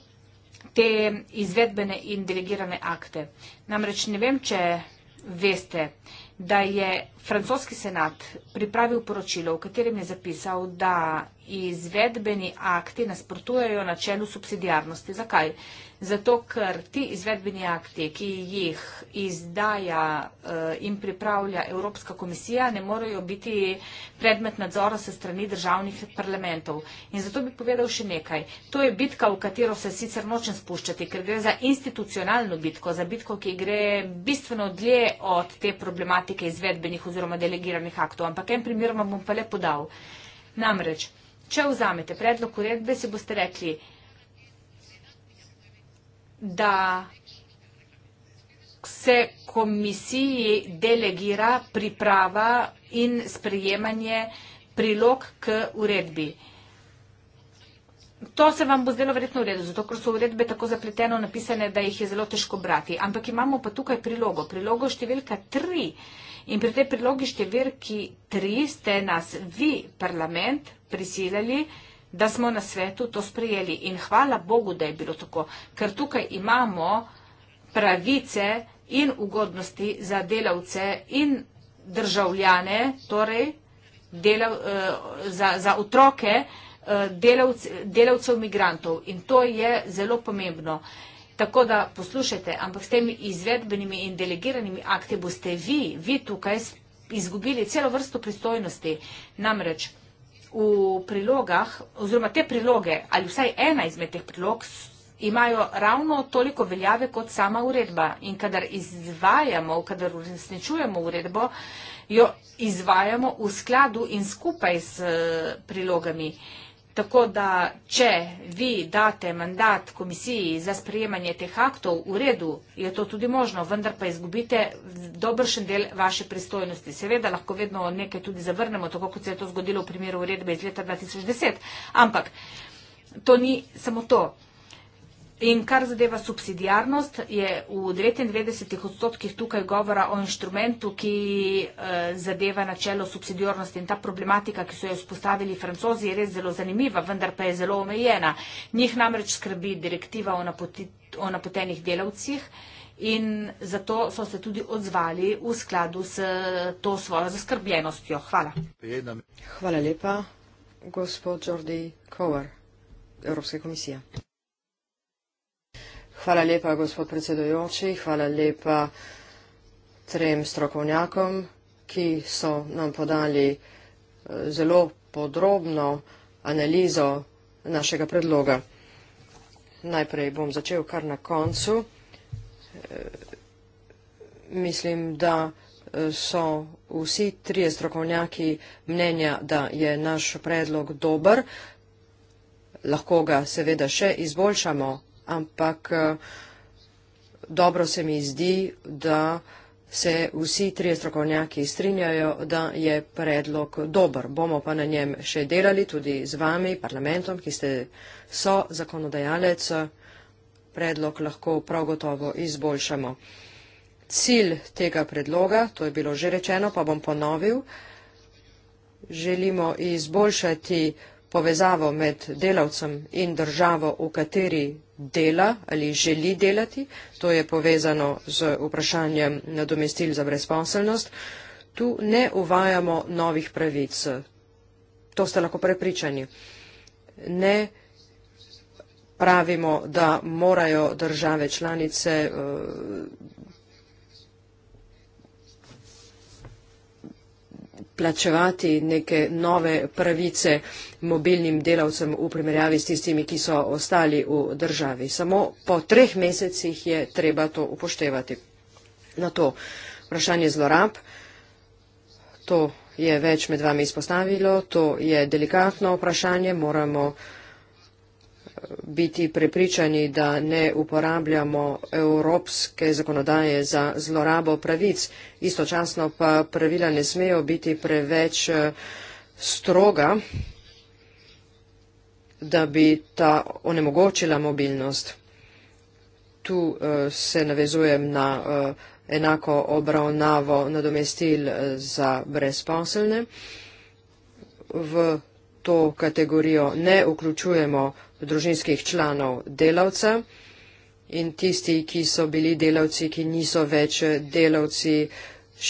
[SPEAKER 4] te izvedbene in delegirane akte. Namreč ne vem, če veste, da je francoski senat pripravil poročilo, v katerem je zapisal, da izvedbeni akti nasprotujejo načelu subsidijarnosti. Zakaj? zato ker ti izvedbeni akti, ki jih izdaja eh, in pripravlja Evropska komisija, ne morejo biti predmet nadzora se strani državnih parlamentov. In zato bi povedal še nekaj. To je bitka, v katero se sicer nočem spuščati, ker gre za institucionalno bitko, za bitko, ki gre bistveno dlje od te problematike izvedbenih oziroma delegiranih aktov. Ampak en primer vam bom pa le podal. Namreč, če vzamete predlog uredbe, si boste rekli, da se komisiji delegira priprava in sprejemanje prilog k uredbi. To se vam bo zdelo verjetno v redu, zato ker so uredbe tako zapleteno napisane, da jih je zelo težko brati. Ampak imamo pa tukaj prilogo, prilogo številka 3. In pri tej prilogi številki 3 ste nas vi, parlament, prisilili, da smo na svetu to sprejeli. In hvala Bogu, da je bilo tako, ker tukaj imamo pravice in ugodnosti za delavce in državljane, torej delav, eh, za, za otroke eh, delavc, delavcev migrantov. In to je zelo pomembno. Tako da poslušajte, ampak s temi izvedbenimi in delegiranimi akti boste vi, vi tukaj izgubili celo vrsto pristojnosti. Namreč v prilogah, oziroma te priloge, ali vsaj ena izmed teh prilog, imajo ravno toliko veljave kot sama uredba. In kadar izvajamo, kadar uresničujemo uredbo, jo izvajamo v skladu in skupaj s eh, prilogami. Uh, Tako da, če vi date mandat komisiji za sprejemanje teh aktov, v redu je to tudi možno, vendar pa izgubite dobršen del vaše pristojnosti. Seveda lahko vedno nekaj tudi zavrnemo, tako kot se je to zgodilo v primeru uredbe iz leta 2010. Ampak to ni samo to. In kar zadeva subsidijarnost, je v 99 odstotkih tukaj govora o inštrumentu, ki eh, zadeva načelo subsidijarnosti. In ta problematika, ki so jo spostavili francozi, je res zelo zanimiva, vendar pa je zelo omejena. Njih namreč skrbi direktiva o, napoti, o napotenih delavcih in zato so se tudi odzvali v skladu s to svojo
[SPEAKER 3] zaskrbljenostjo. Hvala. Hvala lepa, gospod Jordi Kovar, Evropske komisije. Hvala lepa, gospod predsedojoči, hvala lepa trem strokovnjakom, ki so nam podali eh, zelo podrobno analizo našega predloga. Najprej bom začel kar na koncu. Eh, mislim, da eh, so vsi trije strokovnjaki mnenja, da je naš predlog dober. Lahko ga seveda še izboljšamo, ampak eh, dobro se mi zdi, da se vsi trije strokovnjaki strinjajo, da je predlog dober. Bomo pa na njem še delali tudi z vami, parlamentom, ki ste so zakonodajalec. Predlog lahko prav gotovo izboljšamo. Cilj tega predloga, to je bilo že rečeno, pa bom ponovil, želimo izboljšati povezavo med delavcem in državo, v kateri dela ali želi delati, to je povezano z vprašanjem nadomestil za brezposelnost, tu ne uvajamo novih pravic. To ste lahko prepričani. Ne pravimo, da morajo države članice eh, plačevati neke nove pravice mobilnim delavcem v primerjavi s tistimi, ki so ostali v državi. Samo po treh mesecih je treba to upoštevati. Na to vprašanje zlorab, to je več med vami izpostavilo, to je delikatno vprašanje, moramo vprašati biti prepričani, da ne uporabljamo evropske zakonodaje za zlorabo pravic. Istočasno pa pravila ne smejo biti preveč eh, stroga, da bi ta onemogočila mobilnost. Tu eh, se navezujem na eh, enako obravnavo nadomestil za brezposelne. V to kategorijo ne vključujemo družinskih članov delavca in tisti, ki so bili delavci, ki niso več delavci,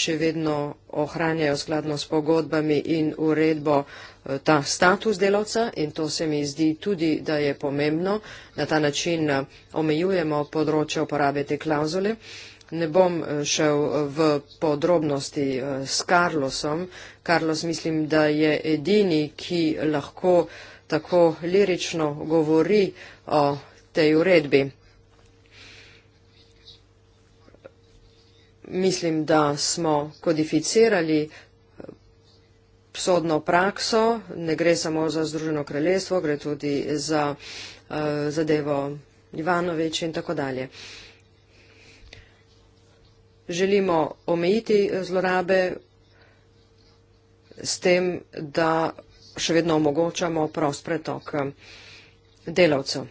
[SPEAKER 3] še vedno ohranjajo skladno s pogodbami in uredbo eh, ta status delavca in to se mi zdi tudi, da je pomembno. Na ta način eh, omejujemo področje uporabe te klauzule ne bom eh, šel eh, v podrobnosti eh, s Carlosom. Carlos mislim, da je edini, ki lahko tako lirično govori o tej uredbi. Mislim, da smo kodificirali sodno prakso, ne gre samo za Združeno kraljestvo, gre tudi za uh, zadevo Ivanovič in tako dalje želimo omejiti eh, zlorabe s tem, da še vedno omogočamo prost pretok eh, delavcev.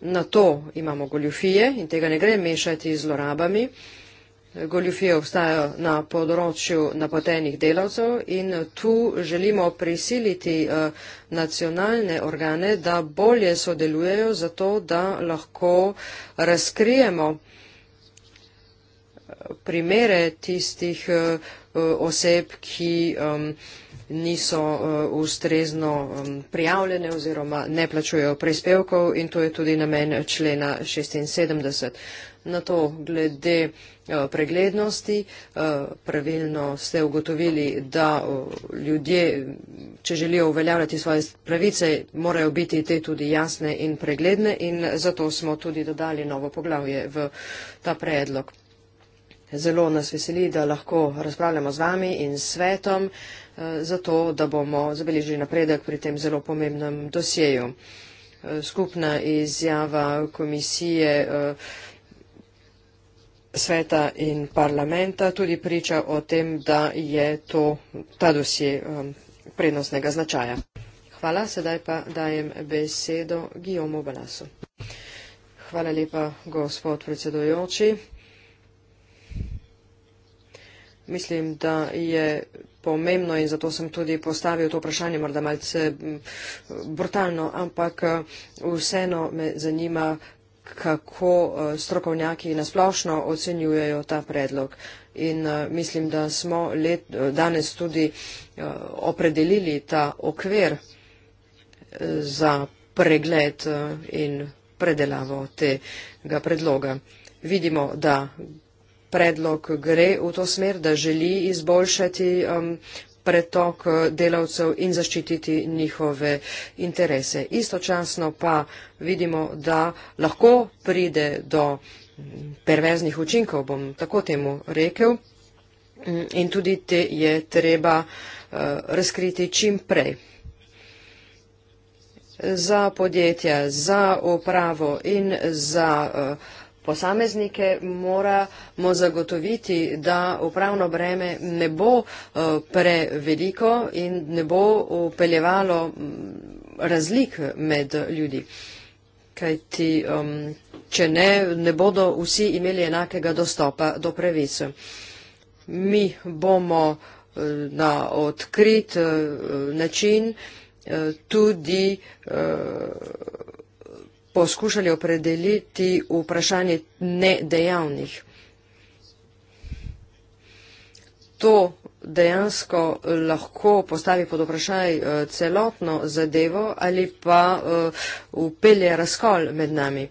[SPEAKER 3] Na to imamo goljufije in tega ne gre mešati z zlorabami. Goljufije obstajajo na področju napotenih delavcev in tu želimo prisiliti eh, nacionalne organe, da bolje sodelujejo za to, da lahko razkrijemo delavce primere tistih eh, oseb, ki niso eh, ustrezno prijavljene oziroma ne plačujejo prispevkov in to je tudi namen člena 76. Na to glede eh, preglednosti, pravilno ste ugotovili, da ljudje, če želijo uveljavljati svoje pravice, morajo biti te tudi jasne in pregledne in zato smo tudi dodali novo poglavje v ta predlog zelo nas veseli, da lahko razpravljamo z vami in s svetom, eh, zato da bomo zabeležili napredek pri tem zelo pomembnem dosjeju. Eh, skupna izjava komisije eh, sveta in parlamenta tudi priča o tem, da je to, ta dosje prednostnega značaja. Hvala, sedaj pa dajem besedo Gijomu Balasu. Hvala lepa, gospod predsedujoči. Mislim, da je pomembno in zato sem tudi postavil to vprašanje, morda malce brutalno, ampak eh, vseeno me zanima, kako eh, strokovnjaki nasplošno ocenjujejo ta predlog. In eh, mislim, da smo let, danes tudi opredelili ta okvir za pregled in predelavo tega predloga. Vidimo, da predlog gre v to smer, da želi izboljšati um, pretok uh, delavcev in zaščititi njihove interese. Istočasno pa vidimo, da lahko pride do mm, perveznih učinkov, bom tako temu rekel, mm, in tudi te je treba uh, razkriti čim prej. Za podjetja, za upravo in za uh, posameznike moramo zagotoviti, da upravno breme ne bo eh, preveliko in ne bo upeljevalo mm, razlik med ljudi. Kaj ti, um, če ne, ne bodo vsi imeli enakega dostopa do pravic. Mi bomo eh, na odkrit eh, način tudi poskušali opredeliti vprašanje nedejavnih. To dejansko lahko postavi pod vprašaj eh, celotno zadevo ali pa eh, upelje razkol med nami.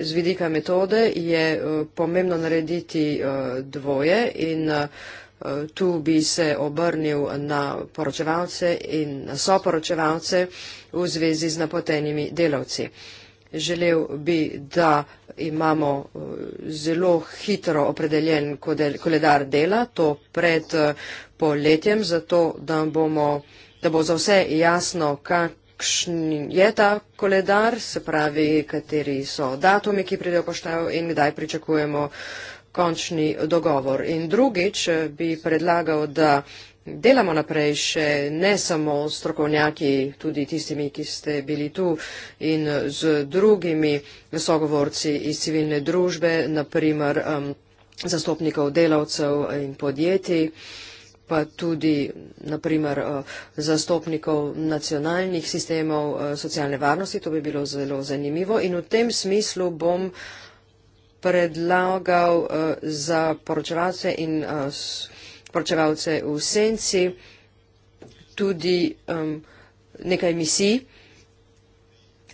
[SPEAKER 3] Z vidika metode je eh, pomembno narediti dvoje in Tu bi se obrnil na poročevalce in na soporočevalce v zvezi z napotenimi delavci. Želel bi, da imamo eh, zelo hitro opredeljen koledar dela, to pred eh, poletjem, zato da, bomo, da bo za vse jasno, kakšen je ta koledar, se pravi, kateri so datumi, ki pridejo poštev in kdaj pričakujemo uh, končni dogovor. In drugič eh, bi predlagal, da delamo naprej še ne samo strokovnjaki, tudi tistimi, ki ste bili tu in z drugimi sogovorci iz civilne družbe, naprimer um, zastopnikov delavcev in podjetij pa tudi, naprimer, eh, zastopnikov nacionalnih sistemov eh, socialne varnosti. To bi bilo zelo zanimivo. In v tem smislu bom predlagal uh, za poročevalce in uh, poročevalce v senci tudi um, nekaj misij.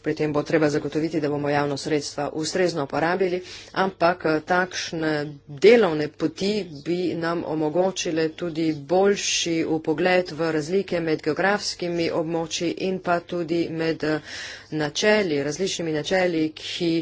[SPEAKER 3] Pri tem bo treba zagotoviti, da bomo javno sredstva ustrezno uporabili, ampak eh, takšne delovne poti bi nam omogočile tudi boljši upogled v razlike med geografskimi območji in pa tudi med načeli, različnimi načeli, ki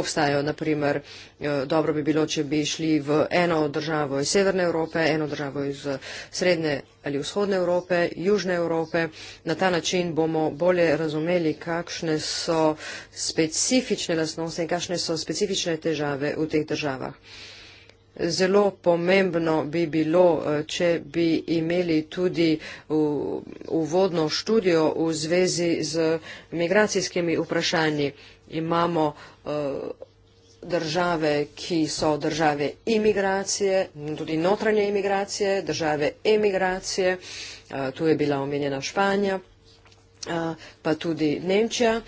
[SPEAKER 3] obstajajo, naprimer, uh, Eh, dobro bi bilo, če bi šli v eno državo iz Severne Evrope, eno državo iz eh, Srednje ali Vzhodne Evrope, Južne Evrope. Na ta način bomo bolje razumeli, kakšne so specifične lasnosti in kakšne so specifične težave v teh državah. Zelo pomembno bi bilo, eh, če bi imeli tudi uvodno študijo v zvezi z migracijskimi vprašanji. Imamo uh, države, ki so države imigracije, tudi notranje imigracije, države emigracije, tu je bila omenjena Španija, pa tudi Nemčija.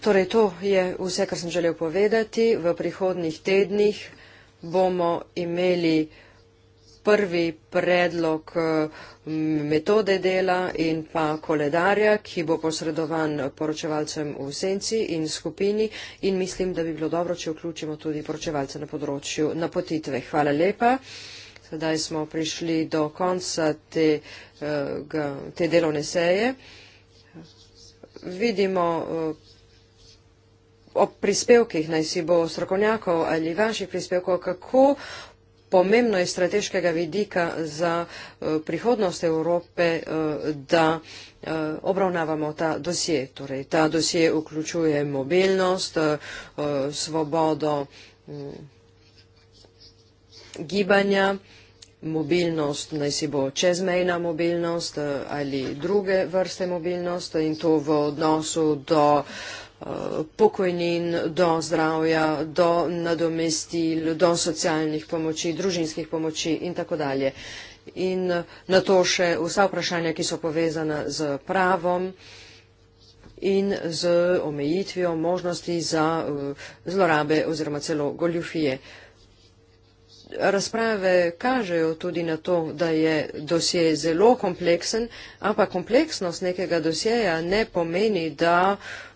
[SPEAKER 3] Torej, to je vse, kar sem želel povedati. V prihodnih tednih bomo imeli uh, prvi predlog eh, metode dela in pa koledarja, ki bo posredovan poročevalcem v senci in skupini in mislim, da bi bilo dobro, če vključimo tudi poročevalce na področju napotitve. Hvala lepa. Sedaj smo prišli do konca te, eh, te delovne seje. Vidimo eh, o prispevkih, naj si bo strokovnjakov ali vaših prispevkov, kako pomembno je strateškega vidika za eh, prihodnost Evrope, eh, da eh, obravnavamo ta dosje. Torej, ta dosje vključuje mobilnost, svobodo mm, gibanja, mobilnost, naj si bo čezmejna mobilnost ali druge vrste mobilnost in to v odnosu do uh, pokojnin, do zdravja, do nadomestil, do socialnih pomoči, družinskih pomoči in tako dalje. In na to še vsa vprašanja, ki so povezana z pravom in z omejitvijo možnosti za eh, zlorabe oziroma celo goljufije. Razprave kažejo tudi na to, da je dosje zelo kompleksen, ampak kompleksnost nekega dosjeja ne pomeni, da uh,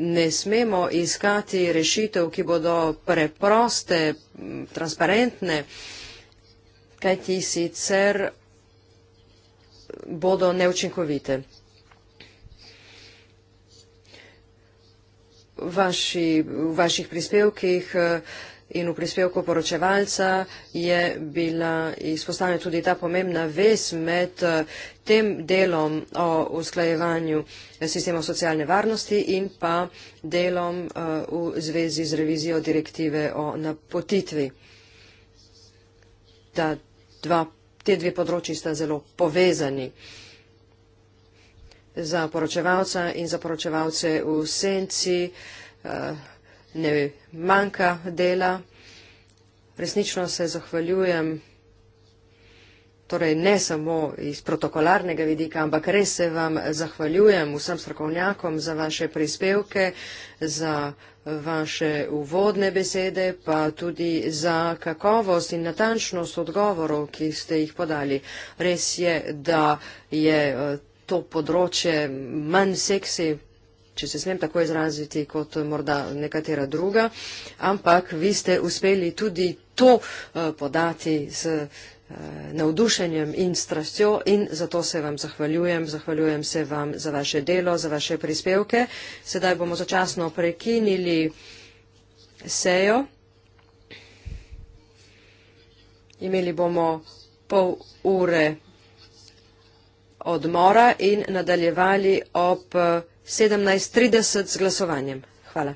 [SPEAKER 3] ne smemo iskati rešitev, ki bodo preproste, transparentne, kajti sicer bodo neučinkovite. Vaši, v vaših prispevkih uh, In v prispevku poročevalca je bila izpostavljena tudi ta pomembna vez med eh, tem delom o usklajevanju sistemov socialne varnosti in pa delom eh, v zvezi z revizijo direktive o napotitvi. Ta dva, te dve področji sta zelo povezani za poročevalca in za poročevalce v senci. Uh, ne manjka dela. Resnično se zahvaljujem, torej ne samo iz protokolarnega vidika, ampak res se vam zahvaljujem vsem strokovnjakom za vaše prispevke, za vaše uvodne besede, pa tudi za kakovost in natančnost odgovorov, ki ste jih podali. Res je, da je eh, to področje manj seksi, če se smem tako izraziti, kot morda nekatera druga, ampak vi ste uspeli tudi to eh, podati z eh, navdušenjem in strastjo in zato se vam zahvaljujem, zahvaljujem se vam za vaše delo, za vaše prispevke. Sedaj bomo začasno prekinili sejo. Imeli bomo pol ure odmora in nadaljevali ob 17.30 z glasovanjem. Hvala.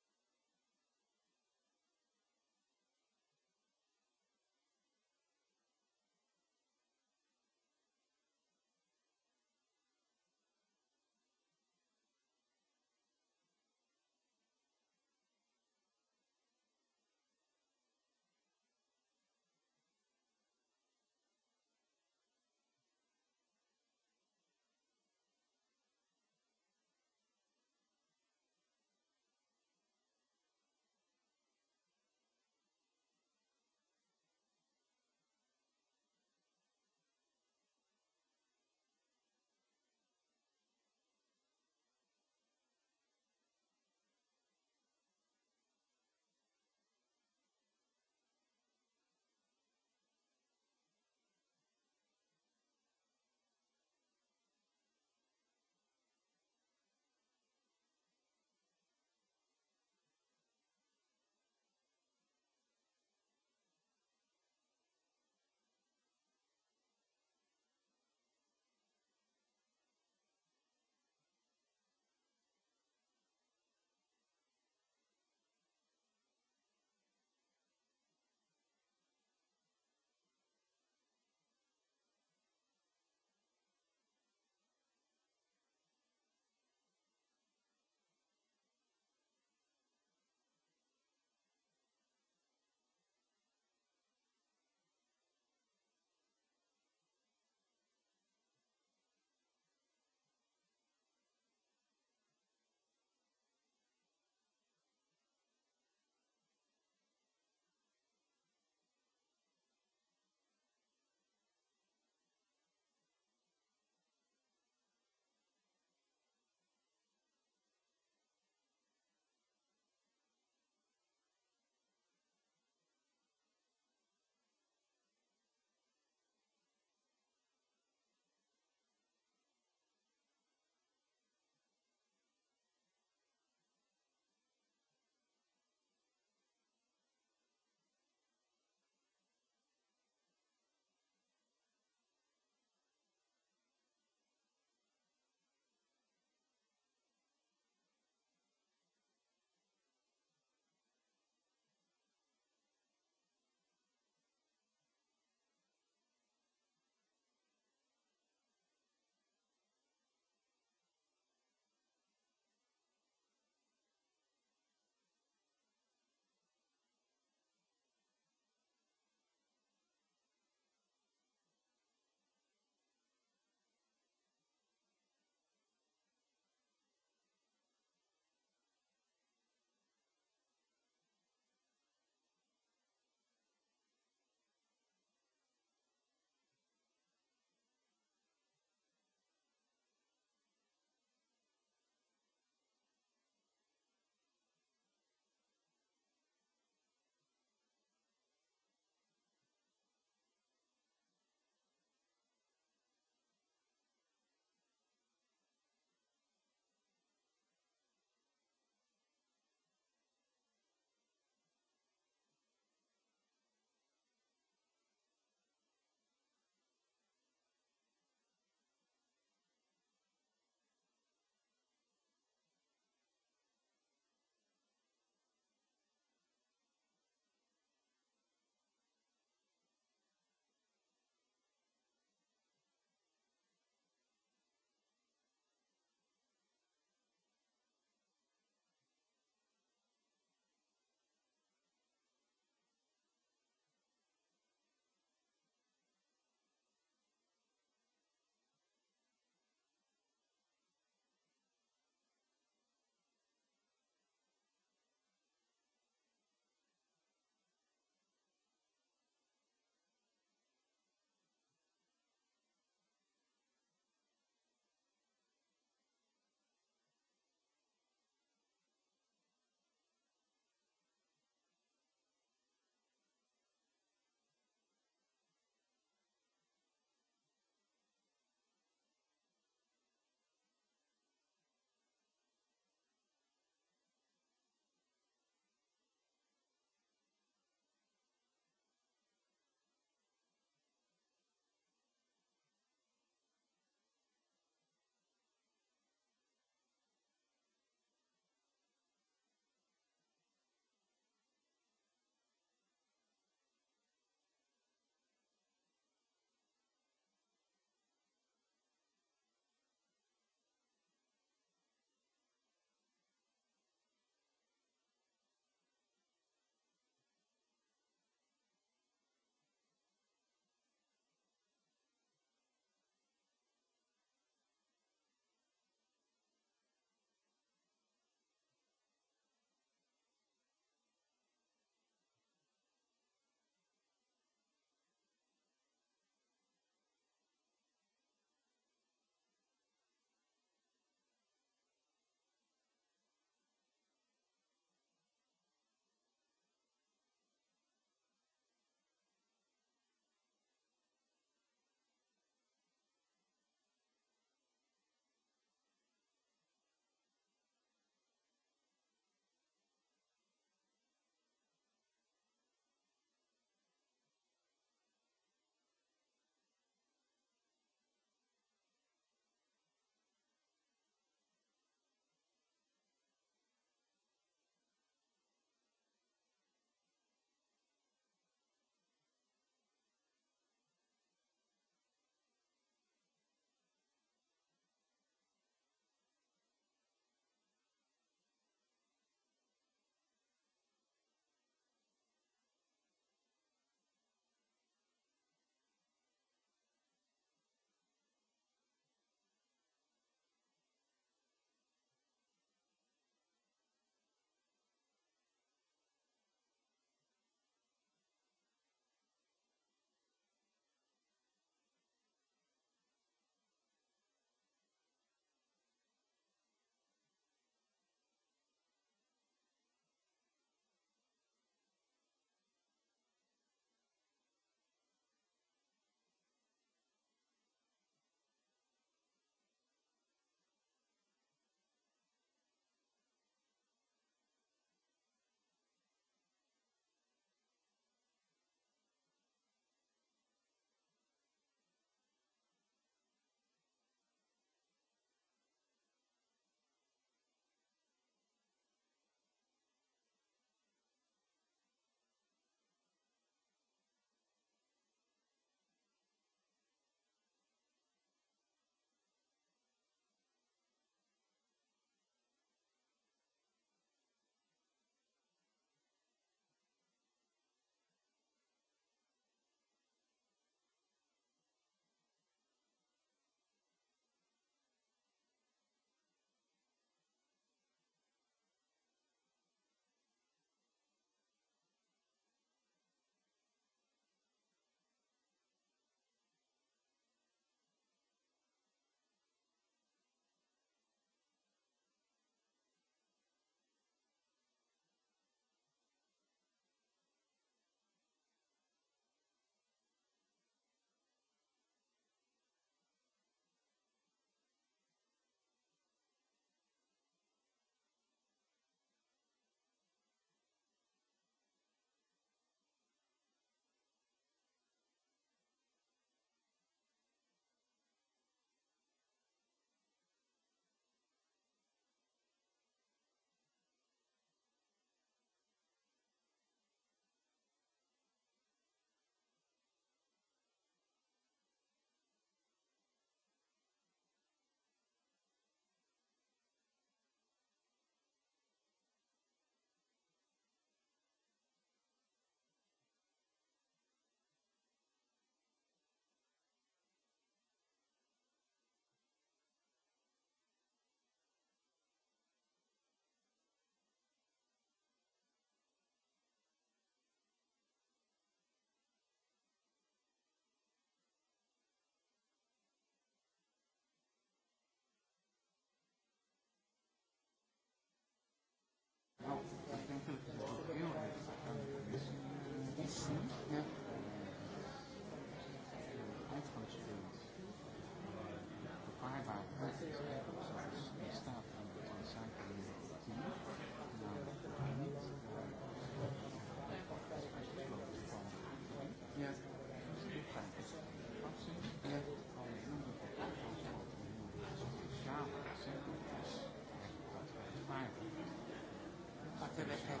[SPEAKER 1] thể đẹp hơn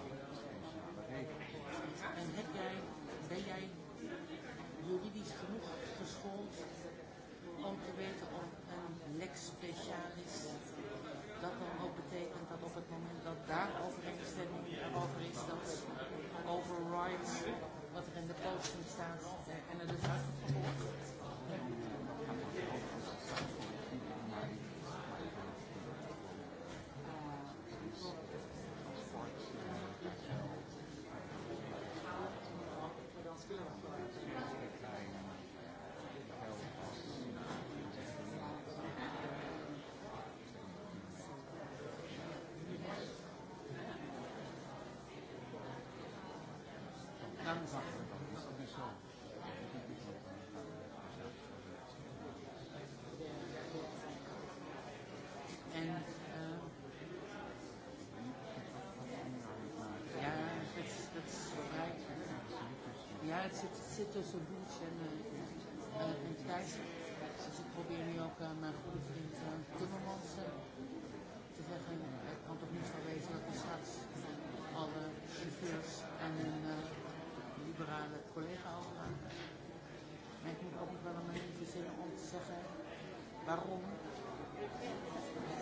[SPEAKER 1] En heb jij, ben eh, jij juridisch genoeg geschoold om te weten of er een lex specialis dat dan ook betekent dat op het moment dat daar overeenstemming over is, dat overrides wat er in de posting staat eh, en er dus uit cette solution euh, en place, je proberen ook uh, mijn goede vriend uh, Timmermans uh, te zeggen. Het kan toch niet zo wezen dat we straks alle chauffeurs en een uh, liberale collega overgaan. Maar ik moet ook nog wel een manier verzinnen om te zeggen waarom. Uh,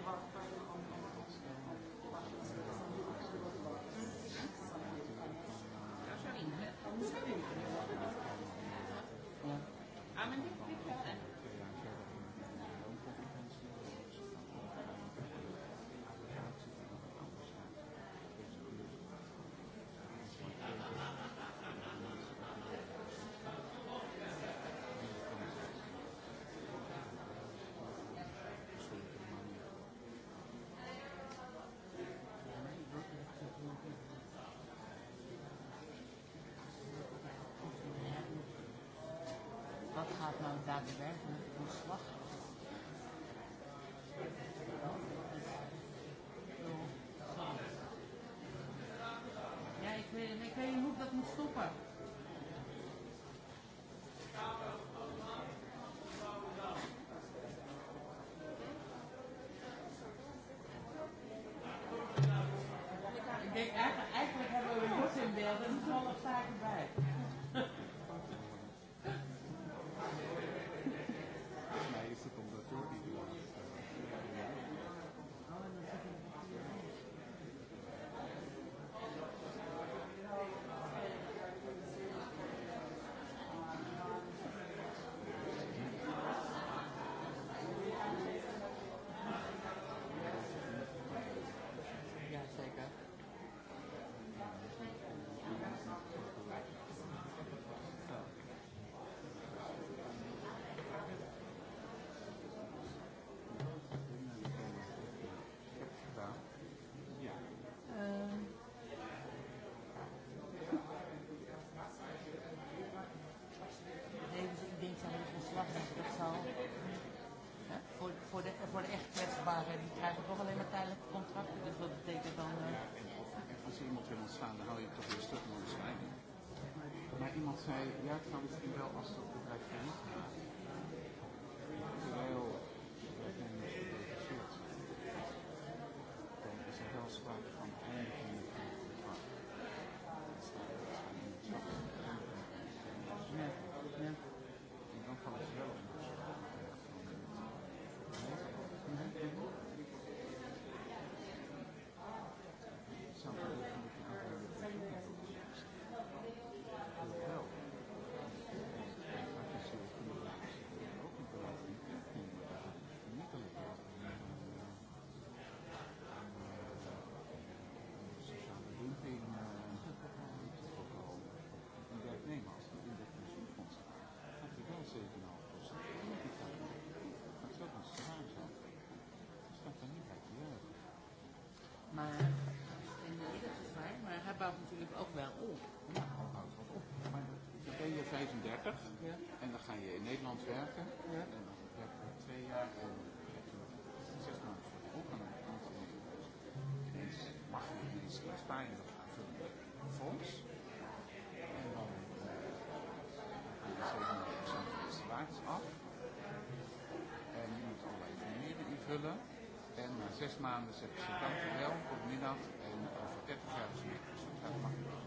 [SPEAKER 1] Yeah. gaat nou daadwerkelijk met de slag? Ja, ik weet, ik weet niet hoe ik dat moet stoppen. Ik denk eigenlijk, eigenlijk hebben we een bot in beeld. voor de, voor de echt kwetsbaren, die krijgen toch alleen maar tijdelijke contracten. Dus dat betekent dan. Uh... Ja, en, en als je er iemand wil ontslaan, dan hou je toch weer stuk moeten zijn. Maar iemand zei, ja, het kan misschien wel als dat bedrijf kent. Terwijl. Uh, 35 ja. en dan ga je in Nederland werken. Ja. En dan werk je twee jaar en eh, zes maanden voor de hoek. En dan kan je ineens, mag je ineens in Spanje nog gaan vullen met een fonds. En dan ga je 70% van de salaris af. En je moet allerlei formulieren invullen. En na zes maanden zeggen ze dankjewel, goedemiddag. En over 30 jaar is het weer. Dus dat mag je wel.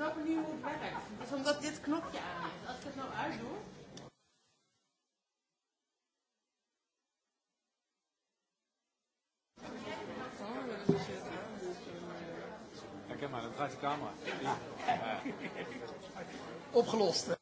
[SPEAKER 1] snappen niet hoe het werkt. Het is omdat dit knopje aan is. Als ik het nou uitdoe. Kijk maar, dan draait de camera.
[SPEAKER 3] Opgelost.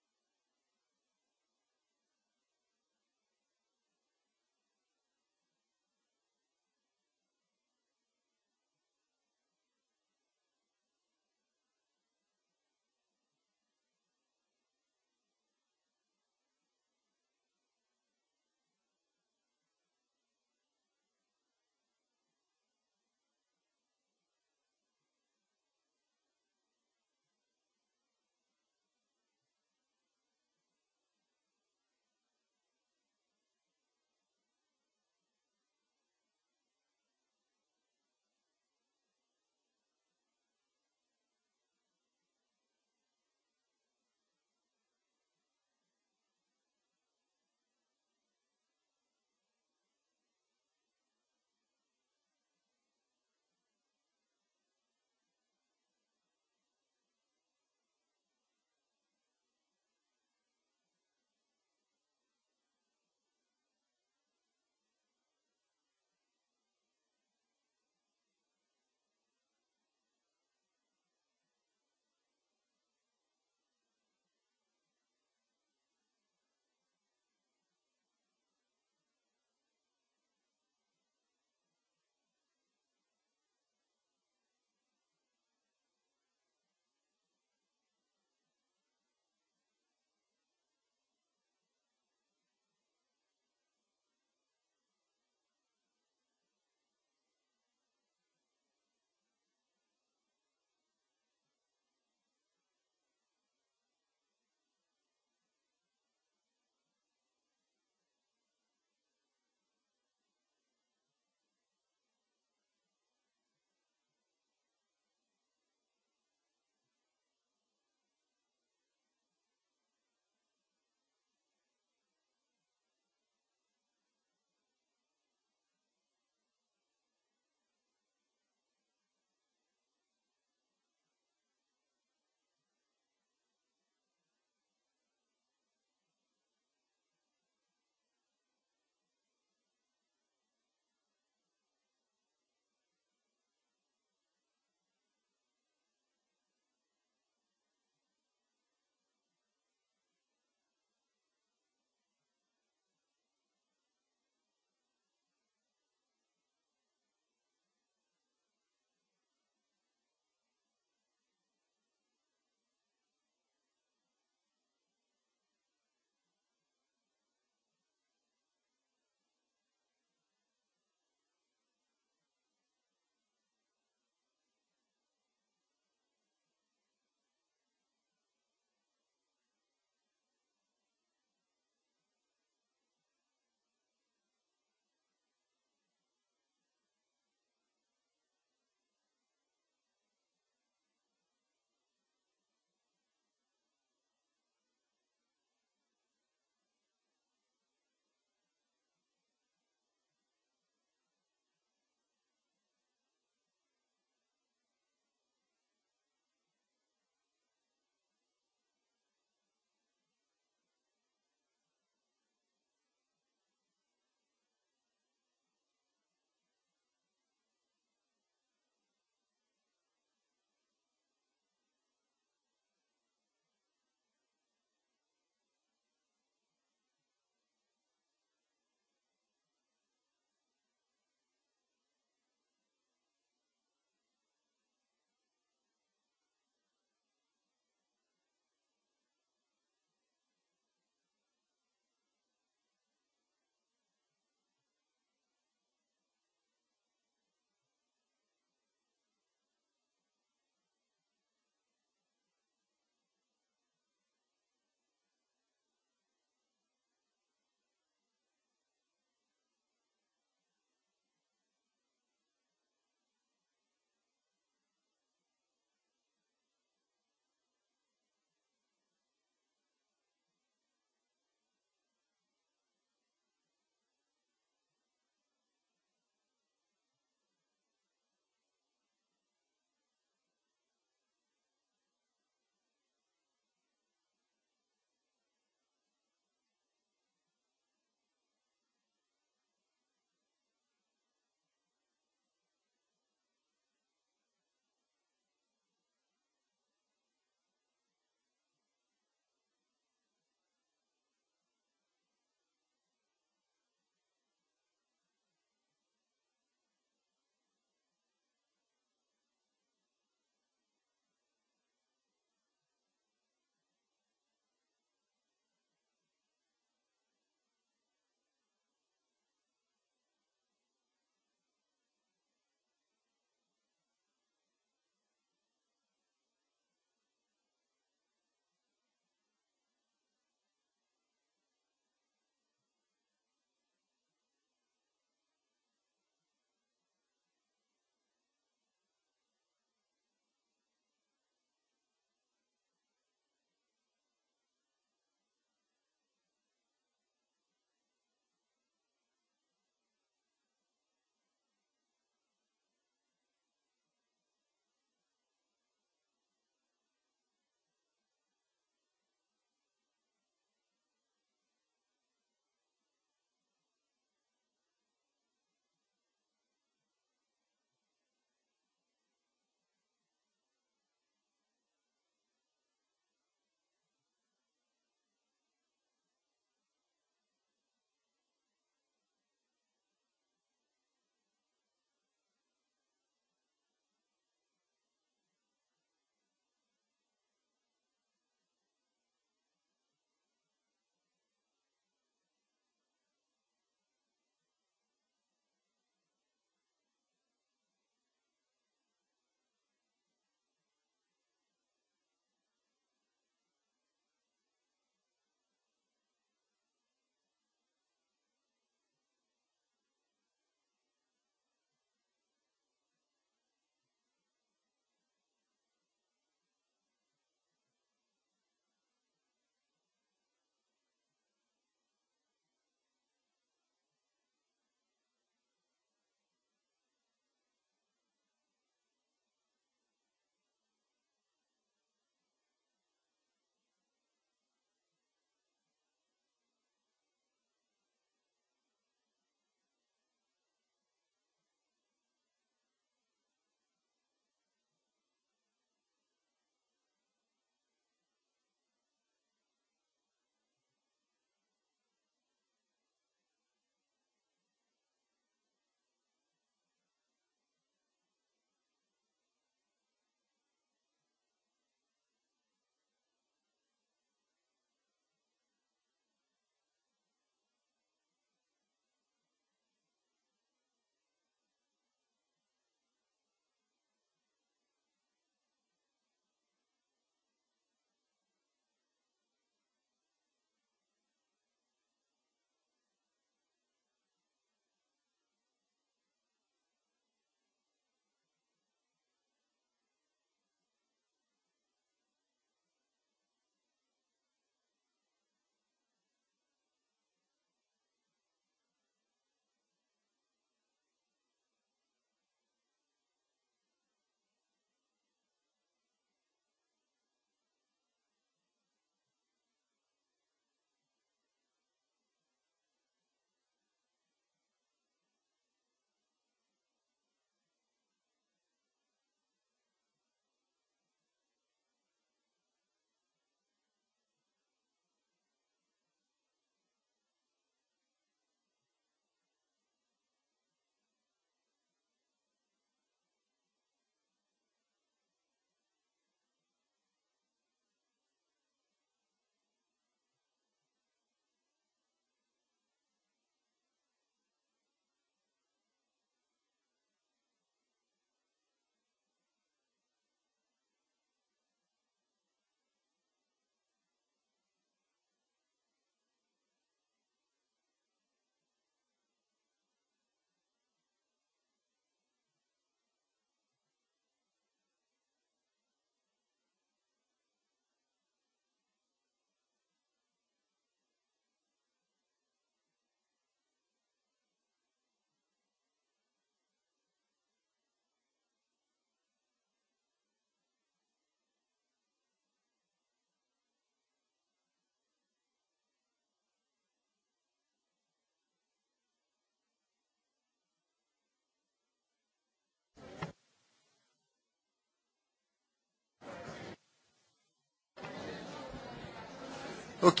[SPEAKER 1] Ok.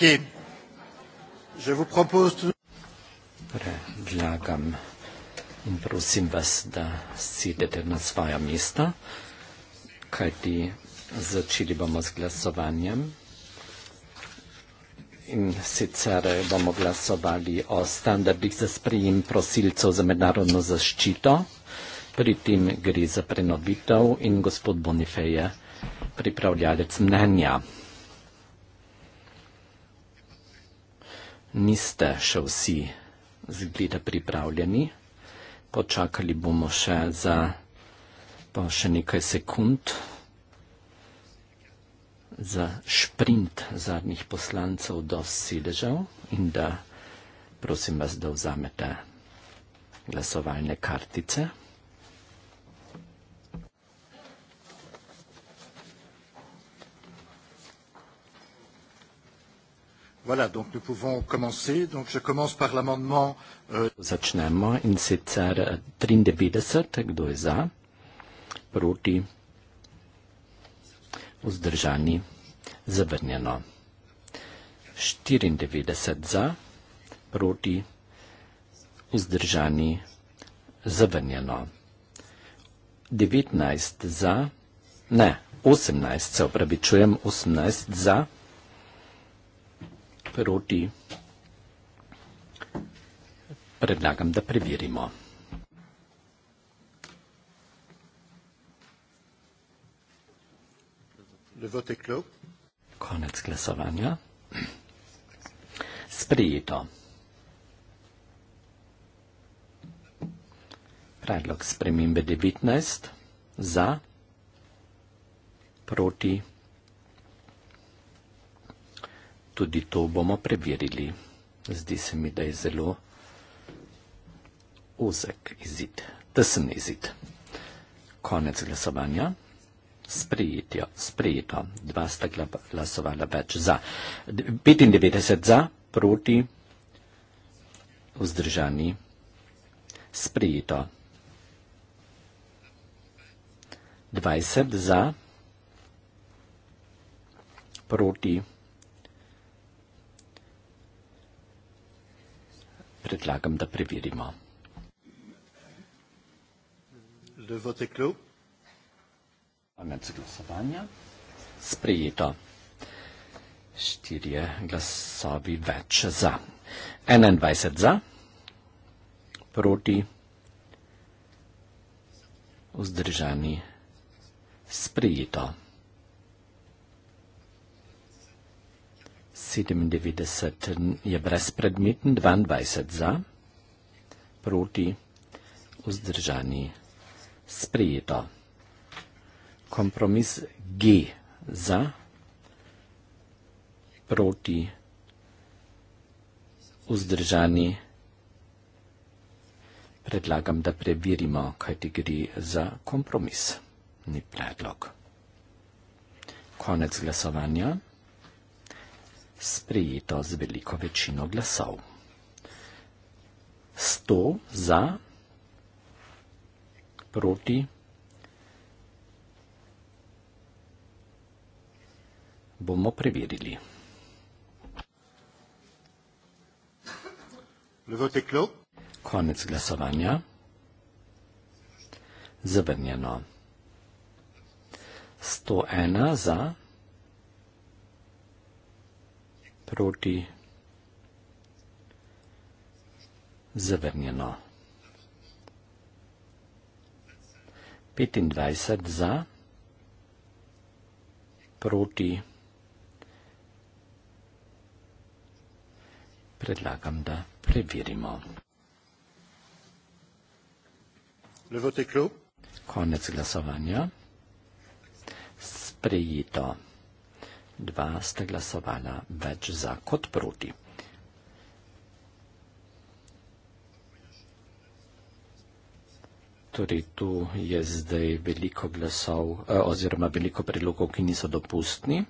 [SPEAKER 1] Je vous propose tout
[SPEAKER 2] Predlagam in prosim vas, da sedete na svoja mesta, kajti začeli bomo z glasovanjem. In sicer bomo glasovali o standardih za sprejem prosilcev za mednarodno zaščito, pri tem gre za prenovitev in gospod Bonifej je pripravljalec mnenja. niste še vsi zgleda pripravljeni. Počakali bomo še za pa še nekaj sekund za šprint zadnjih poslancev do sedežev in da prosim vas, da vzamete glasovalne kartice. Voilà, donc nous pouvons commencer. Donc je commence par l'amendement. Euh, Začnemo in sicer 53, eh, kdo je za, proti, vzdržani, zavrnjeno. 94 za, proti, vzdržani, zavrnjeno. 19 za, ne, 18, se opravičujem, 18 za proti. Predlagam, da preverimo. Konec glasovanja. Sprejeto. Predlog spremembe 19 za proti tudi to bomo preverili. Zdi se mi, da je zelo ozek izid, tesen izid. Konec glasovanja. Sprejetjo, sprejeto. Dva sta glasovala več za. 95 za, proti, vzdržani. Sprejeto. 20 za, proti, vzdržani. predlagam, da preverimo. Konec glasovanja. Sprejeto. Štirje glasovi več za. 21 za, proti, vzdržani, sprejeto. 97 je brezpredmeten, 22 za, proti, vzdržani, sprejeto. Kompromis G za, proti, vzdržani, predlagam, da preverimo, kaj ti gre za kompromis, ni predlog. Konec glasovanja sprejeto z veliko večino glasov. 100 za, proti 100 bomo preverili. Konec glasovanja. Zavrnjeno. 101 za, proti 100. proti zavrnjeno. 25 za proti predlagam, da preverimo. Konec glasovanja. Sprejito dva sta glasovala več za kot proti. Torej, tu je zdaj veliko glasov eh, oziroma veliko predlogov, ki niso dopustni.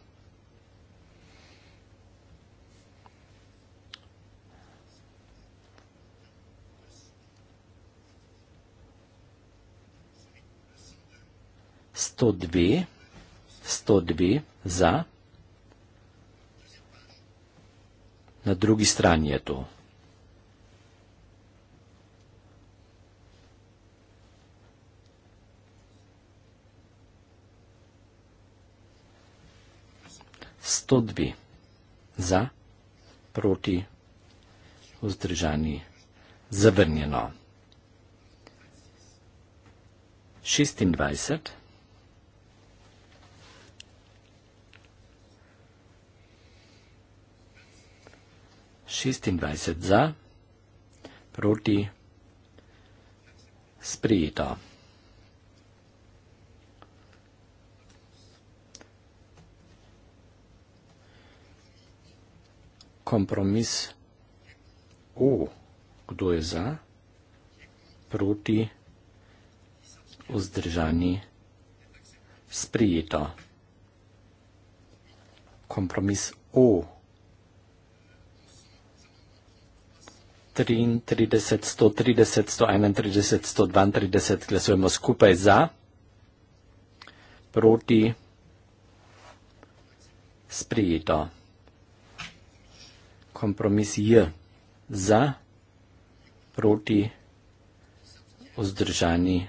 [SPEAKER 2] Sto dve, sto dve za. na drugi strani je to. Sto dve za, proti, vzdržani, zavrnjeno. 26. 26 za, proti sprijeto. Kompromis O, kdo je za, proti vzdržani sprijeto. Kompromis O, kdo je za, proti vzdržani sprijeto. 33, 130, 131, 132 glasujemo skupaj za, proti, sprijeto. Kompromis je za, proti, vzdržani,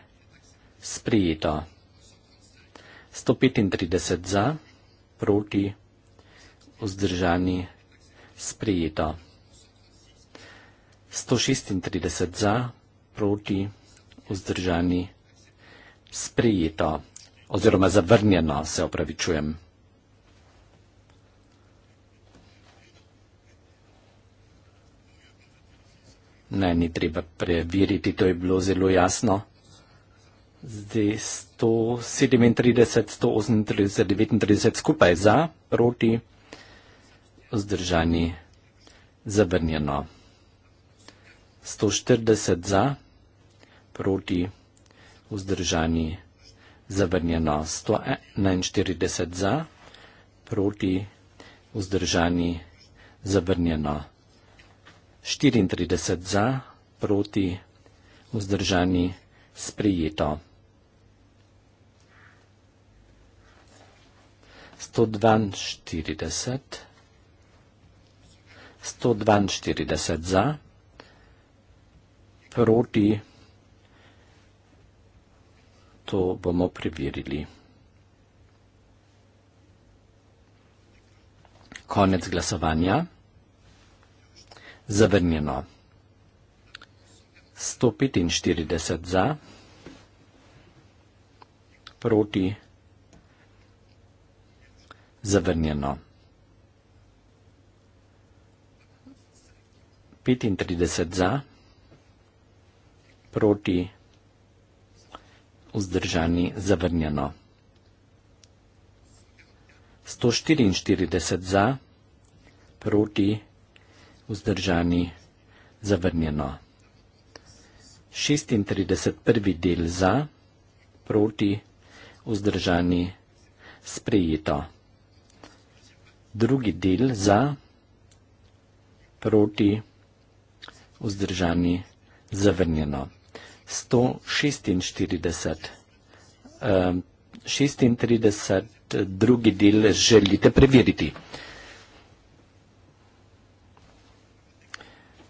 [SPEAKER 2] sprijeto. 135 za, proti, vzdržani, sprijeto. 136 za, proti, vzdržani, sprijeto oziroma zavrnjeno, se opravičujem. Ne, ni treba preveriti, to je bilo zelo jasno. Zdaj 137, 138, 39 skupaj za, proti, vzdržani, zavrnjeno. 140 za, proti vzdržani zavrnjeno 141 za, proti vzdržani zavrnjeno 34 za, proti vzdržani sprejeto. 142 142 za proti, to bomo preverili. Konec glasovanja. Zavrnjeno. 145 za, proti, zavrnjeno. 35 za, proti proti, vzdržani zavrnjeno. 144 za, proti, vzdržani zavrnjeno. 36 prvi del za, proti, vzdržani sprejeto. Drugi del za, proti, vzdržani zavrnjeno. 146. Uh, 36. drugi del želite preveriti.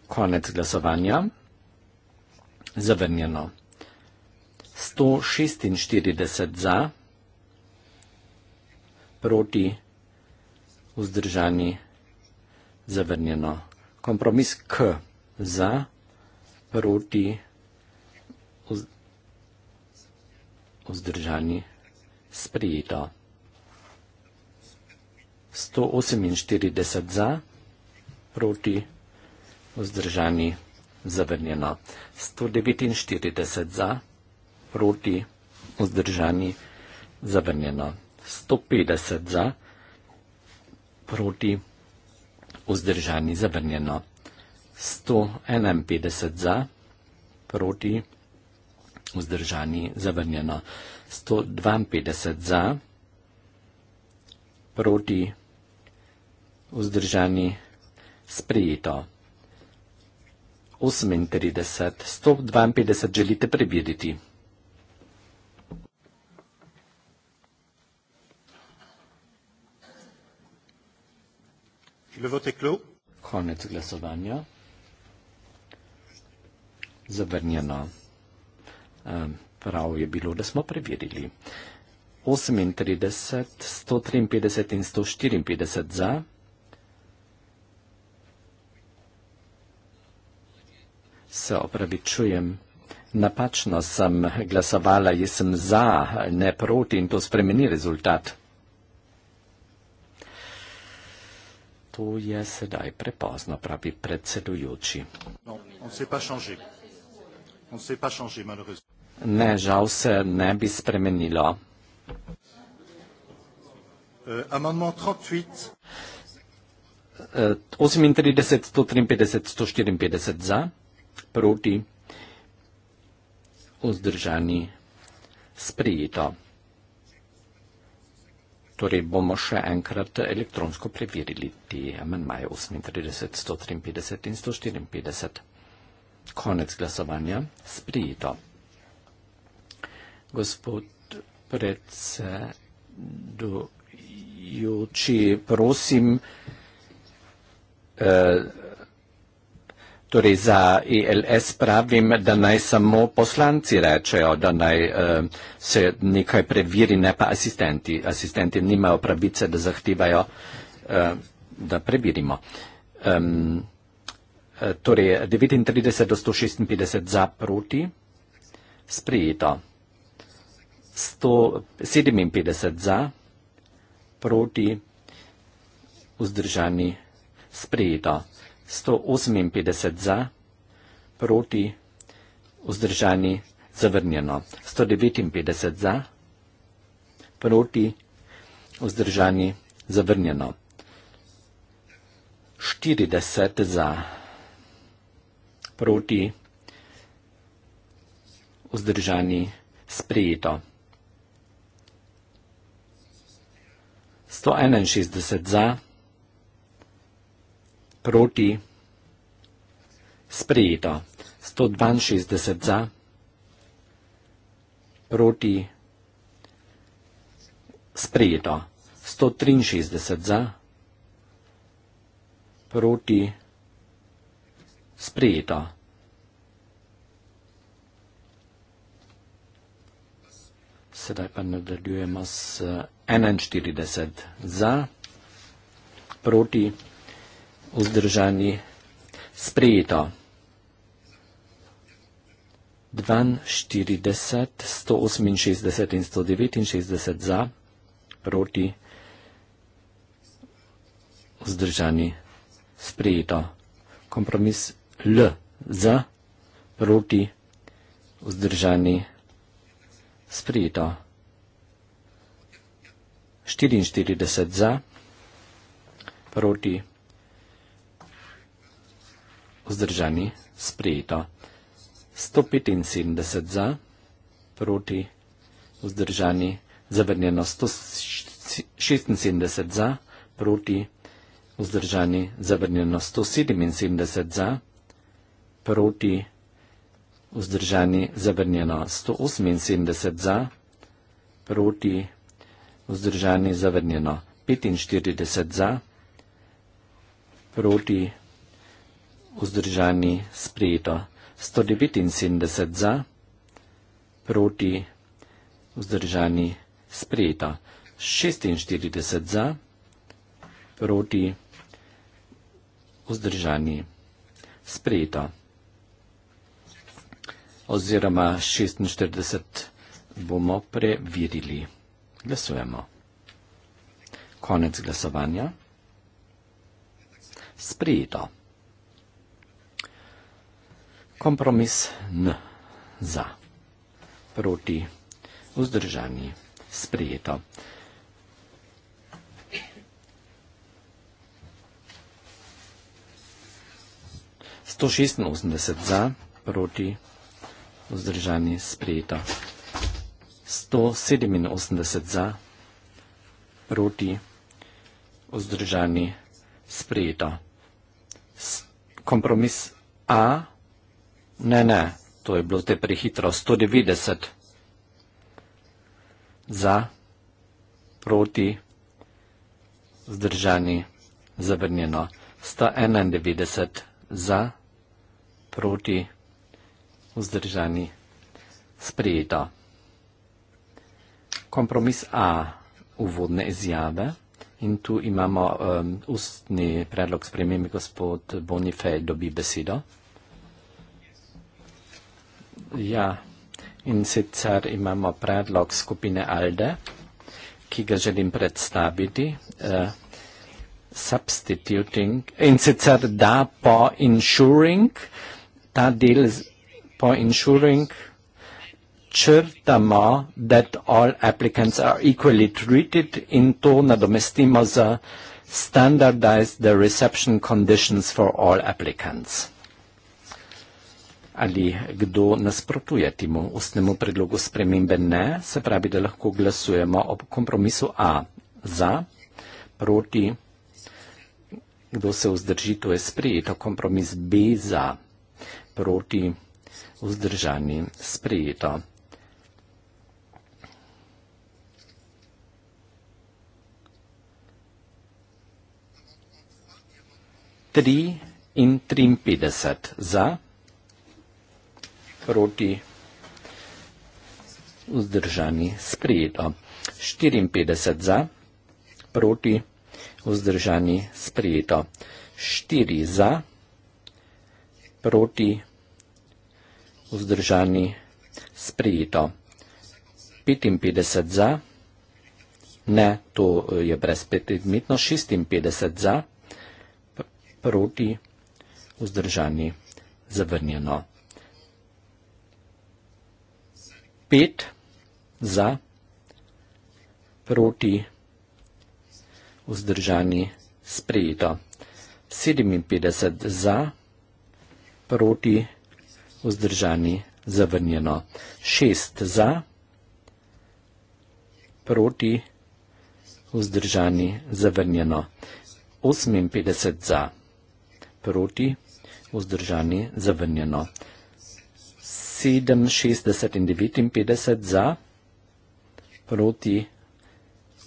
[SPEAKER 2] Konec glasovanja. Zavrnjeno. 146 za, proti, vzdržani, zavrnjeno. Kompromis K za, proti, vzdržani vzdržani, sprijeto. 148 za, proti, vzdržani, zavrnjeno. 149 za, proti, vzdržani, zavrnjeno. 150 za, proti, vzdržani, zavrnjeno. 151 za, proti, vzdržani, zavrnjeno vzdržani, zavrnjeno. 152 za, proti, vzdržani, sprejeto. 38, 152 želite prebiriti. Konec glasovanja. Zavrnjeno. Ehm, prav je bilo, da smo preverili. 38, 153 in 154 za. Se opravičujem. Napačno sem glasovala, jaz sem za, ne proti in to spremeni rezultat. To je sedaj prepozno, pravi predsedujoči.
[SPEAKER 1] No, on se pa šanži. On se pa šanži, malo res.
[SPEAKER 2] Ne, žal se ne bi spremenilo. Amendment 38. 38, 153, 154 za, proti, vzdržani, sprijeto. Torej bomo še enkrat elektronsko preverili te amendmaje 38, 153 in 154. Konec glasovanja, sprijeto gospod predsedujoči, prosim, eh, torej za ILS e pravim, da naj samo poslanci rečejo, da naj eh, se nekaj previri, ne pa asistenti. Asistenti nimajo pravice, da zahtevajo, eh, da previrimo. Torej 39 do 156 za proti, sprejeto. 157 za, proti, vzdržani, sprejeto. 158 za, proti, vzdržani, zavrnjeno. 159 za, proti, vzdržani, zavrnjeno. 40 za, proti, vzdržani, sprejeto. 161 za, proti, sprejeto, 162 za, proti, sprejeto, 163 za, proti, sprejeto. Sedaj pa nadaljujemo s 41 za, proti, vzdržani, sprejeto. 42, 168 in 169 za, proti, vzdržani, sprejeto. Kompromis L za, proti, vzdržani, sprejeto. 44 za, proti vzdržani sprejeto. 175 za, proti vzdržani zavrnjeno. 176 za, proti vzdržani zavrnjeno. 177 za, proti vzdržani zavrnjeno. 178 za, proti vzdržani zavrnjeno vzdržani zavrnjeno 45 za, proti vzdržani sprejeto 179 za, proti vzdržani sprejeto 46 za, proti vzdržani sprejeto oziroma 46 bomo preverili. Glasujemo. Konec glasovanja. Sprijeto. Kompromis N. Za. Proti. Vzdržani. Sprijeto. Sto šestinosemdeset za, proti, vzdržani, sprijeto. 187 za, proti, vzdržani, sprejeto. Kompromis A, ne, ne, to je bilo te prehitro, 190 za, proti, vzdržani, zavrnjeno, 191 za, proti, vzdržani, sprejeto kompromis A uvodne izjave in tu imamo um, ustni predlog spremembe, gospod Bonifej dobi besedo. Ja, in sicer imamo predlog skupine ALDE, ki ga želim predstaviti. Uh, substituting in sicer da po ensuring ta del po ensuring črtamo, da all applicants are equally treated in to nadomestimo za standardized the reception conditions for all applicants. Ali kdo nasprotuje temu ustnemu predlogu spremembe? Ne, se pravi, da lahko glasujemo o kompromisu A za, proti, kdo se vzdrži, to je sprejeto, kompromis B za, proti, vzdržani, sprejeto. 53 za, proti vzdržani sprejeto. 54 za, proti vzdržani sprejeto. 4 za, proti vzdržani sprejeto. 55 za, ne, to je brezpredmetno, 56 za, proti vzdržani sprejeto proti, vzdržani, zavrnjeno. Pet za, proti, vzdržani, sprejeto. 57 za, proti, vzdržani, zavrnjeno. 6 za, proti, vzdržani, zavrnjeno. 58 za, proti, vzdržani, zavrnjeno proti, vzdržani, zavrnjeno. 67 in 59 za, proti,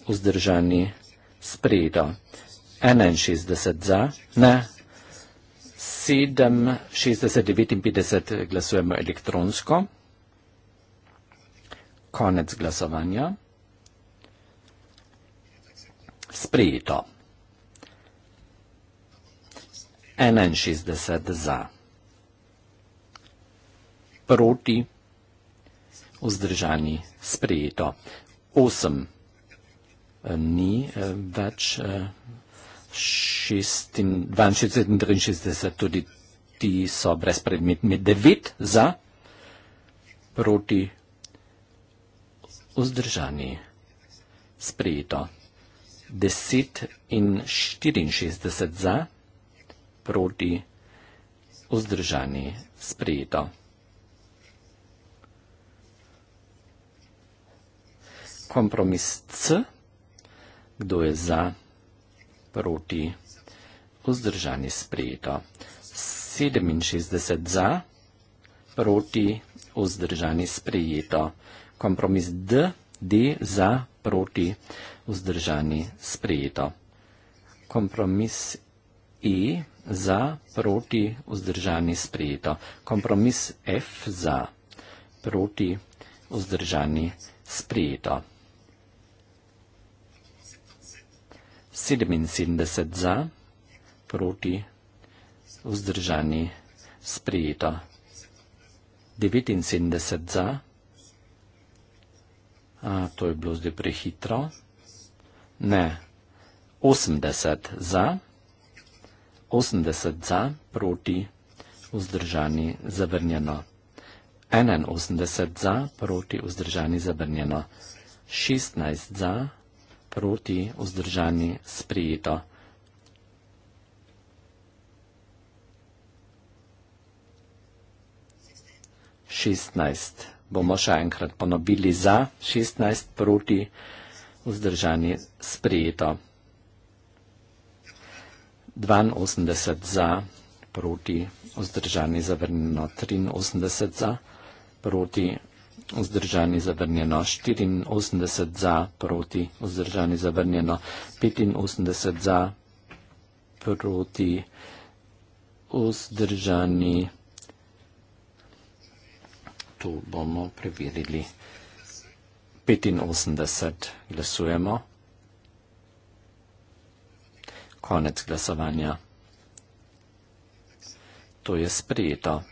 [SPEAKER 2] vzdržani, sprejeto. 61 za, ne. 67, 59 glasujemo elektronsko. Konec glasovanja. Sprejeto. 61 za. Proti, vzdržani, sprejeto. 8 ni eh, več 62 eh, in 63, tudi ti so brezpredmetni. 9 za, proti, vzdržani, sprejeto. 10 in 64 za, sprejeto proti, vzdržani, sprejeto. Kompromis C, kdo je za, proti, vzdržani, sprejeto. 67 za, proti, vzdržani, sprejeto. Kompromis D, D za, proti, vzdržani, sprejeto. Kompromis E za, proti, vzdržani, sprejeto. Kompromis F za, proti, vzdržani, sprejeto. 77 za, proti, vzdržani, sprejeto. 79 za, a to je bilo zdaj prehitro, ne, 80 za, proti, vzdržani, sprejeto. 80 za, proti, vzdržani, zavrnjeno. 81 za, proti, vzdržani, zavrnjeno. 16 za, proti, vzdržani, sprijeto. Šestnajst. Bomo še enkrat ponobili za, šestnajst proti, vzdržani sprejeto. 82 za, proti vzdržani zavrnjeno 83 za, proti vzdržani zavrnjeno 84 za, proti vzdržani zavrnjeno 85 za, proti vzdržani, tu bomo preverili, 85 glasujemo. Konec glasovanja. To je sprejeto.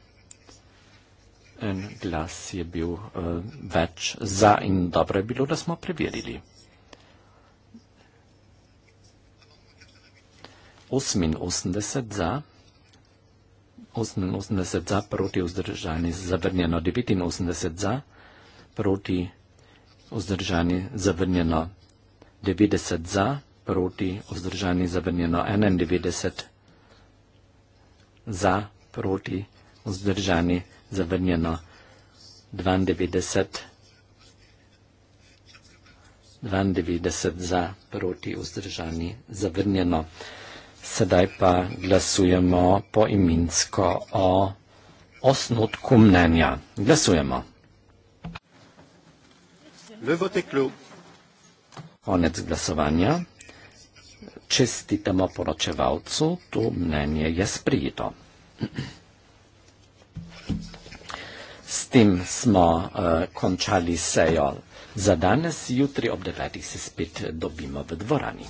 [SPEAKER 2] En glas je bil uh, več za in dobro je bilo, da smo preverili. 88 za, 88 za, proti vzdržani, zavrnjeno 89 za, proti vzdržani, zavrnjeno 90 za proti vzdržani zavrnjeno 91, za proti vzdržani zavrnjeno 92, 92 za proti vzdržani zavrnjeno. Sedaj pa glasujemo poiminsko o osnutku mnenja. Glasujemo. Le vote clos. Konec glasovanja čestitemu poročevalcu, to mnenje je sprijeto. S tem smo uh, končali sejo za danes, jutri ob 9. se spet dobimo v dvorani.